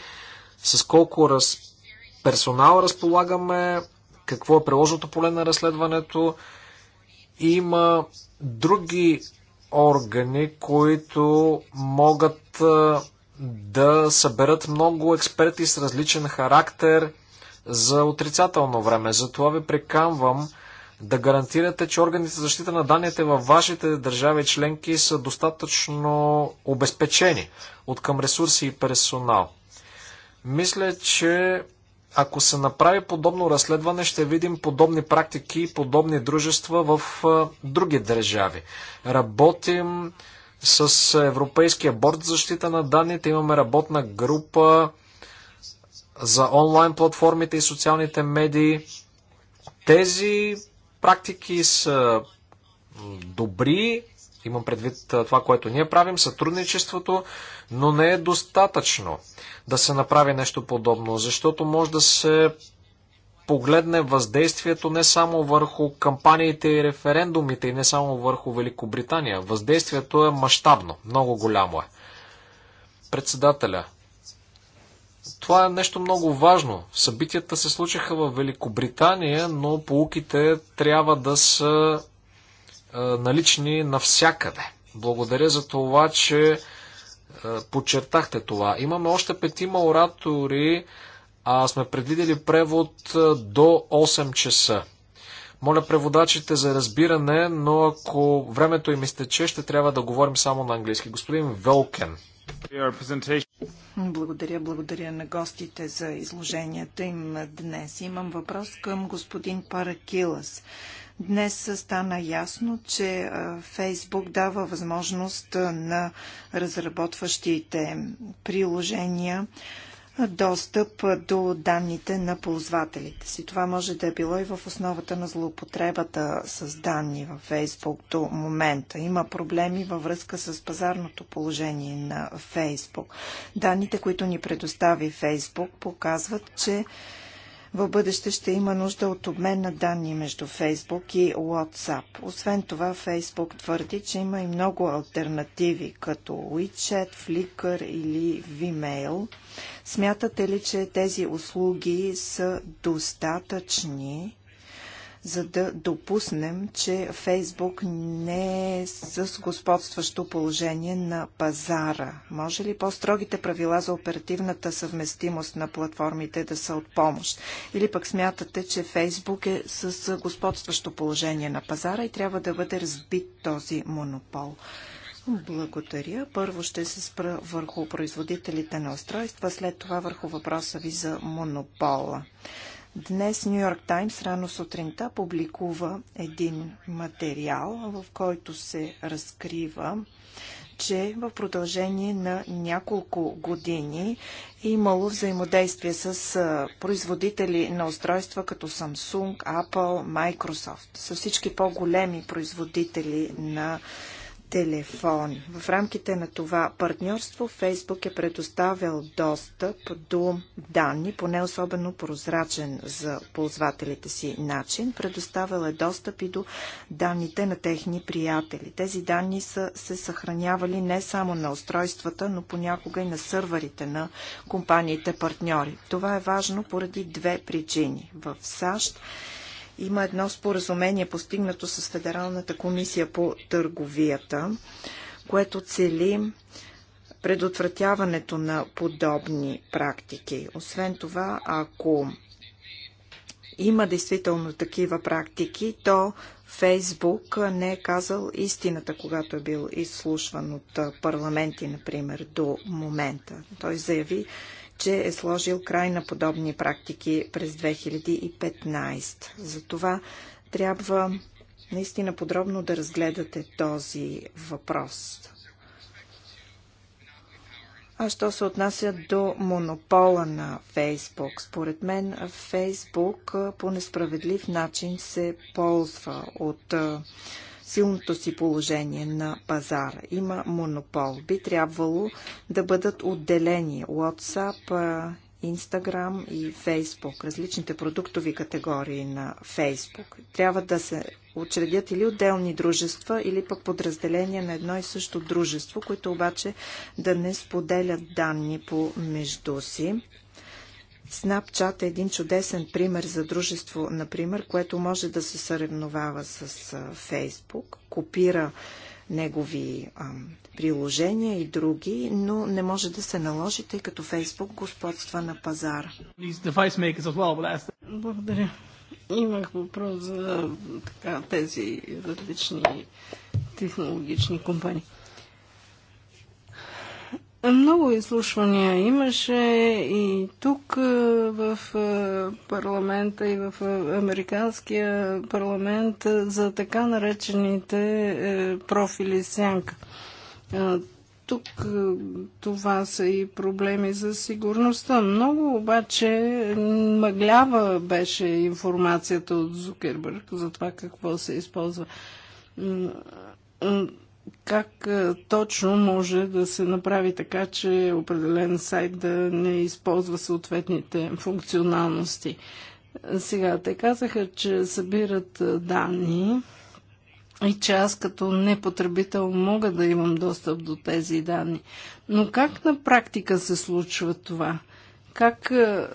с колко раз... персонал разполагаме, какво е приложното поле на разследването. Има други органи, които могат да съберат много експерти с различен характер за отрицателно време. Затова ви приканвам да гарантирате, че органите за защита на данните във вашите държави членки са достатъчно обезпечени от към ресурси и персонал. Мисля, че ако се направи подобно разследване, ще видим подобни практики и подобни дружества в други държави. Работим с Европейския борт за защита на данните, имаме работна група за онлайн платформите и социалните медии. Тези практики са добри, имам предвид това, което ние правим, сътрудничеството, но не е достатъчно да се направи нещо подобно, защото може да се погледне въздействието не само върху кампаниите и референдумите и не само върху Великобритания. Въздействието е мащабно, много голямо е. Председателя, това е нещо много важно. Събитията се случиха в Великобритания, но полуките трябва да са е, налични навсякъде. Благодаря за това, че е, подчертахте това. Имаме още петима оратори, а сме предвидели превод до 8 часа. Моля преводачите за разбиране, но ако времето им изтече, ще трябва да говорим само на английски. Господин Велкен. Благодаря, благодаря на гостите за изложенията им днес. Имам въпрос към господин Паракилас. Днес стана ясно, че Фейсбук дава възможност на разработващите приложения достъп до данните на ползвателите си. Това може да е било и в основата на злоупотребата с данни във Фейсбук до момента. Има проблеми във връзка с пазарното положение на Фейсбук. Данните, които ни предостави Фейсбук, показват, че в бъдеще ще има нужда от обмен на данни между Фейсбук и WhatsApp. Освен това, Фейсбук твърди, че има и много альтернативи, като WeChat, Flickr или Vmail. Смятате ли, че тези услуги са достатъчни за да допуснем, че Фейсбук не е с господстващо положение на пазара? Може ли по-строгите правила за оперативната съвместимост на платформите да са от помощ? Или пък смятате, че Фейсбук е с господстващо положение на пазара и трябва да бъде разбит този монопол? Благодаря. Първо ще се спра върху производителите на устройства, след това върху въпроса ви за монопола. Днес Нью Йорк Таймс рано сутринта публикува един материал, в който се разкрива, че в продължение на няколко години е имало взаимодействие с производители на устройства като Samsung, Apple, Microsoft, с всички по-големи производители на устройства телефони. В рамките на това партньорство Фейсбук е предоставил достъп до данни поне особено прозрачен за ползвателите си начин. Предоставял е достъп и до данните на техни приятели. Тези данни са се съхранявали не само на устройствата, но понякога и на сървърите на компаниите партньори. Това е важно поради две причини. В САЩ има едно споразумение, постигнато с Федералната комисия по търговията, което цели предотвратяването на подобни практики. Освен това, ако има действително такива практики, то Фейсбук не е казал истината, когато е бил изслушван от парламенти, например, до момента. Той заяви, че е сложил край на подобни практики през 2015. Затова трябва наистина подробно да разгледате този въпрос. А що се отнася до монопола на Фейсбук? Според мен Фейсбук по несправедлив начин се ползва от силното си положение на пазара. Има монопол. Би трябвало да бъдат отделени WhatsApp, Instagram и Facebook, различните продуктови категории на Facebook. Трябва да се учредят или отделни дружества, или пък подразделения на едно и също дружество, които обаче да не споделят данни по между си. Snapchat е един чудесен пример за дружество, например, което може да се съревновава с Фейсбук, копира негови а, приложения и други, но не може да се наложи, тъй като Фейсбук господства на пазара. Благодаря. Имах въпрос за така, тези различни технологични компании. Много изслушвания имаше и тук е, в е, парламента и в е, Американския парламент за така наречените профили сянка. Тук това са и проблеми за сигурността. Много обаче мъглява беше информацията от Зукербърг за това какво се използва как е, точно може да се направи така, че определен сайт да не използва съответните функционалности. Сега, те казаха, че събират е, данни и че аз като непотребител мога да имам достъп до тези данни. Но как на практика се случва това? Как е,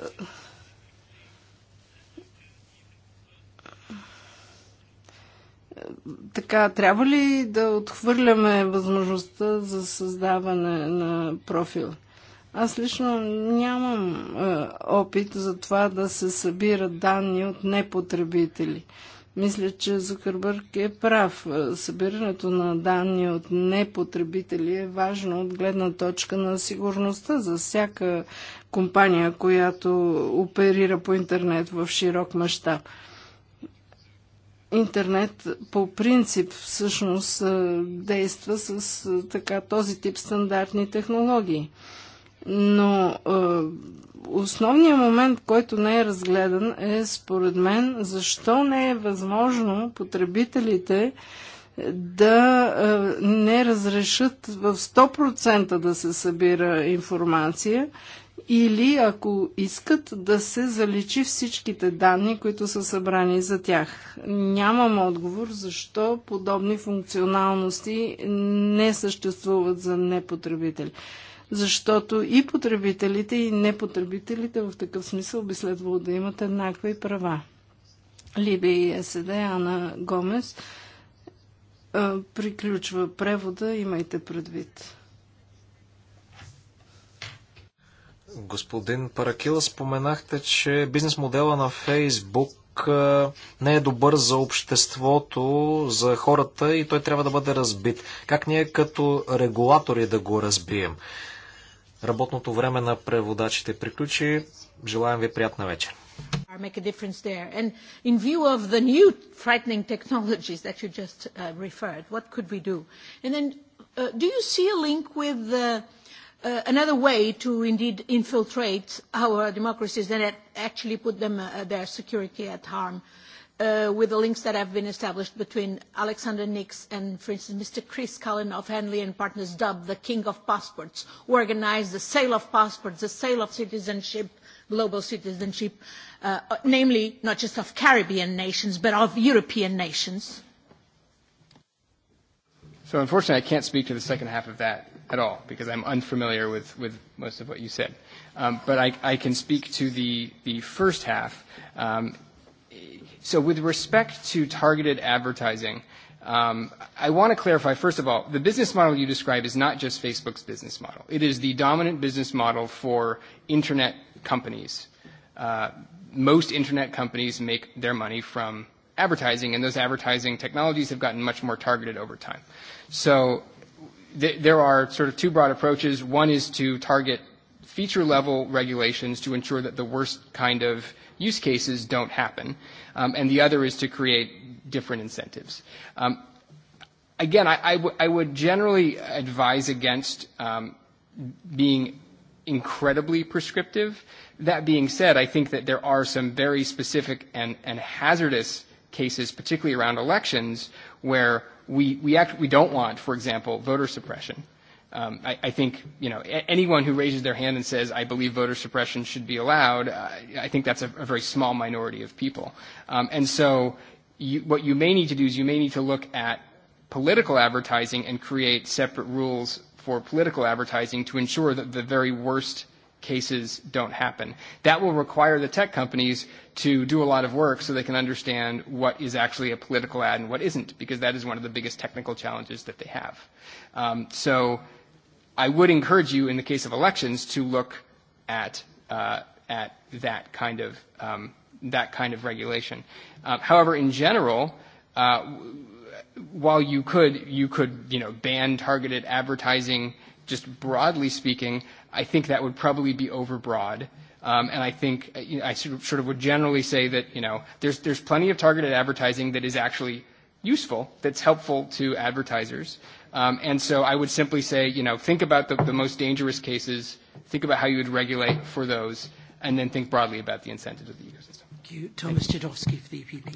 така, трябва ли да отхвърляме възможността за създаване на профил? Аз лично нямам е, опит за това да се събират данни от непотребители. Мисля, че Зукърбърг е прав. Е, събирането на данни от непотребители е важно от гледна точка на сигурността за всяка компания, която оперира по интернет в широк мащаб интернет по принцип всъщност е, действа с е, така този тип стандартни технологии. Но е, основният момент, който не е разгледан, е според мен защо не е възможно потребителите е, да е, не разрешат в 100% да се събира информация или ако искат да се заличи всичките данни, които са събрани за тях. Нямам отговор защо подобни функционалности не съществуват за непотребители. Защото и потребителите, и непотребителите в такъв смисъл би следвало да имат еднакви права. Либия и СД, Ана Гомес, приключва превода, имайте предвид. Господин Паракила, споменахте, че бизнес модела на Фейсбук не е добър за обществото, за хората и той трябва да бъде разбит. Как ние като регулатори да го разбием? Работното време на преводачите приключи. Желаем ви приятна вечер. Make a difference there. And in view of the new frightening technologies that you just uh, referred, what could we do? And then, uh, do you see a link with the uh, another way to indeed infiltrate our democracies and actually put them, their security at harm with the links that have been established between Alexander Nix and, for instance, Mr. Chris Cullen of Henley and Partners, dubbed the King of Passports, who organised the sale of passports, the sale of citizenship, global citizenship, namely not just of Caribbean nations, but of European nations. So unfortunately, I can't speak to the second half of that at all because I'm unfamiliar with, with most of what you said. Um, but I, I can speak to the, the first half. Um, so with respect to targeted advertising, um, I want to clarify, first of all, the business model you describe is not just Facebook's business model. It is the dominant business model for Internet companies. Uh, most Internet companies make their money from advertising, and those advertising technologies have gotten much more targeted over time. So th- there are sort of two broad approaches. One is to target feature level regulations to ensure that the worst kind of use cases don't happen. Um, and the other is to create different incentives. Um, again, I, I, w- I would generally advise against um, being incredibly prescriptive. That being said, I think that there are some very specific and, and hazardous cases, particularly around elections, where we, we, act, we don't want, for example, voter suppression. Um, I, I think you know anyone who raises their hand and says I believe voter suppression should be allowed. Uh, I think that's a, a very small minority of people, um, and so you, what you may need to do is you may need to look at political advertising and create separate rules for political advertising to ensure that the very worst cases don't happen. That will require the tech companies to do a lot of work so they can understand what is actually a political ad and what isn't, because that is one of the biggest technical challenges that they have. so I would encourage you, in the case of elections, to look at, uh, at that kind of, um, that kind of regulation. however, in general, uh, while you could, you could, you know, ban targeted advertising, just broadly speaking, I think that would probably be overbroad. Um, and I think I sort of would generally say that you know there's there's plenty of targeted advertising that is actually useful, that's helpful to advertisers. Um, and so I would simply say, you know, think about the, the most dangerous cases, think about how you would regulate for those, and then think broadly about the incentives of the ecosystem. Thank you, Thomas Jadowski for the EPP.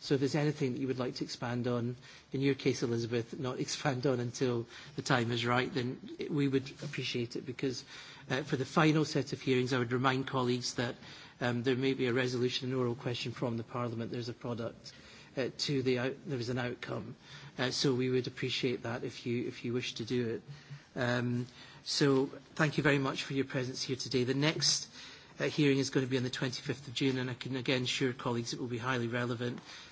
So if there's anything that you would like to expand on, in your case, Elizabeth, not expand on until the time is right, then we would appreciate it because uh, for the final set of hearings, I would remind colleagues that um, there may be a resolution, an oral question from the Parliament. There's a product uh, to the out, there is an outcome. Uh, so we would appreciate that if you, if you wish to do it. Um, so thank you very much for your presence here today. The next uh, hearing is going to be on the 25th of June, and I can again assure colleagues it will be highly relevant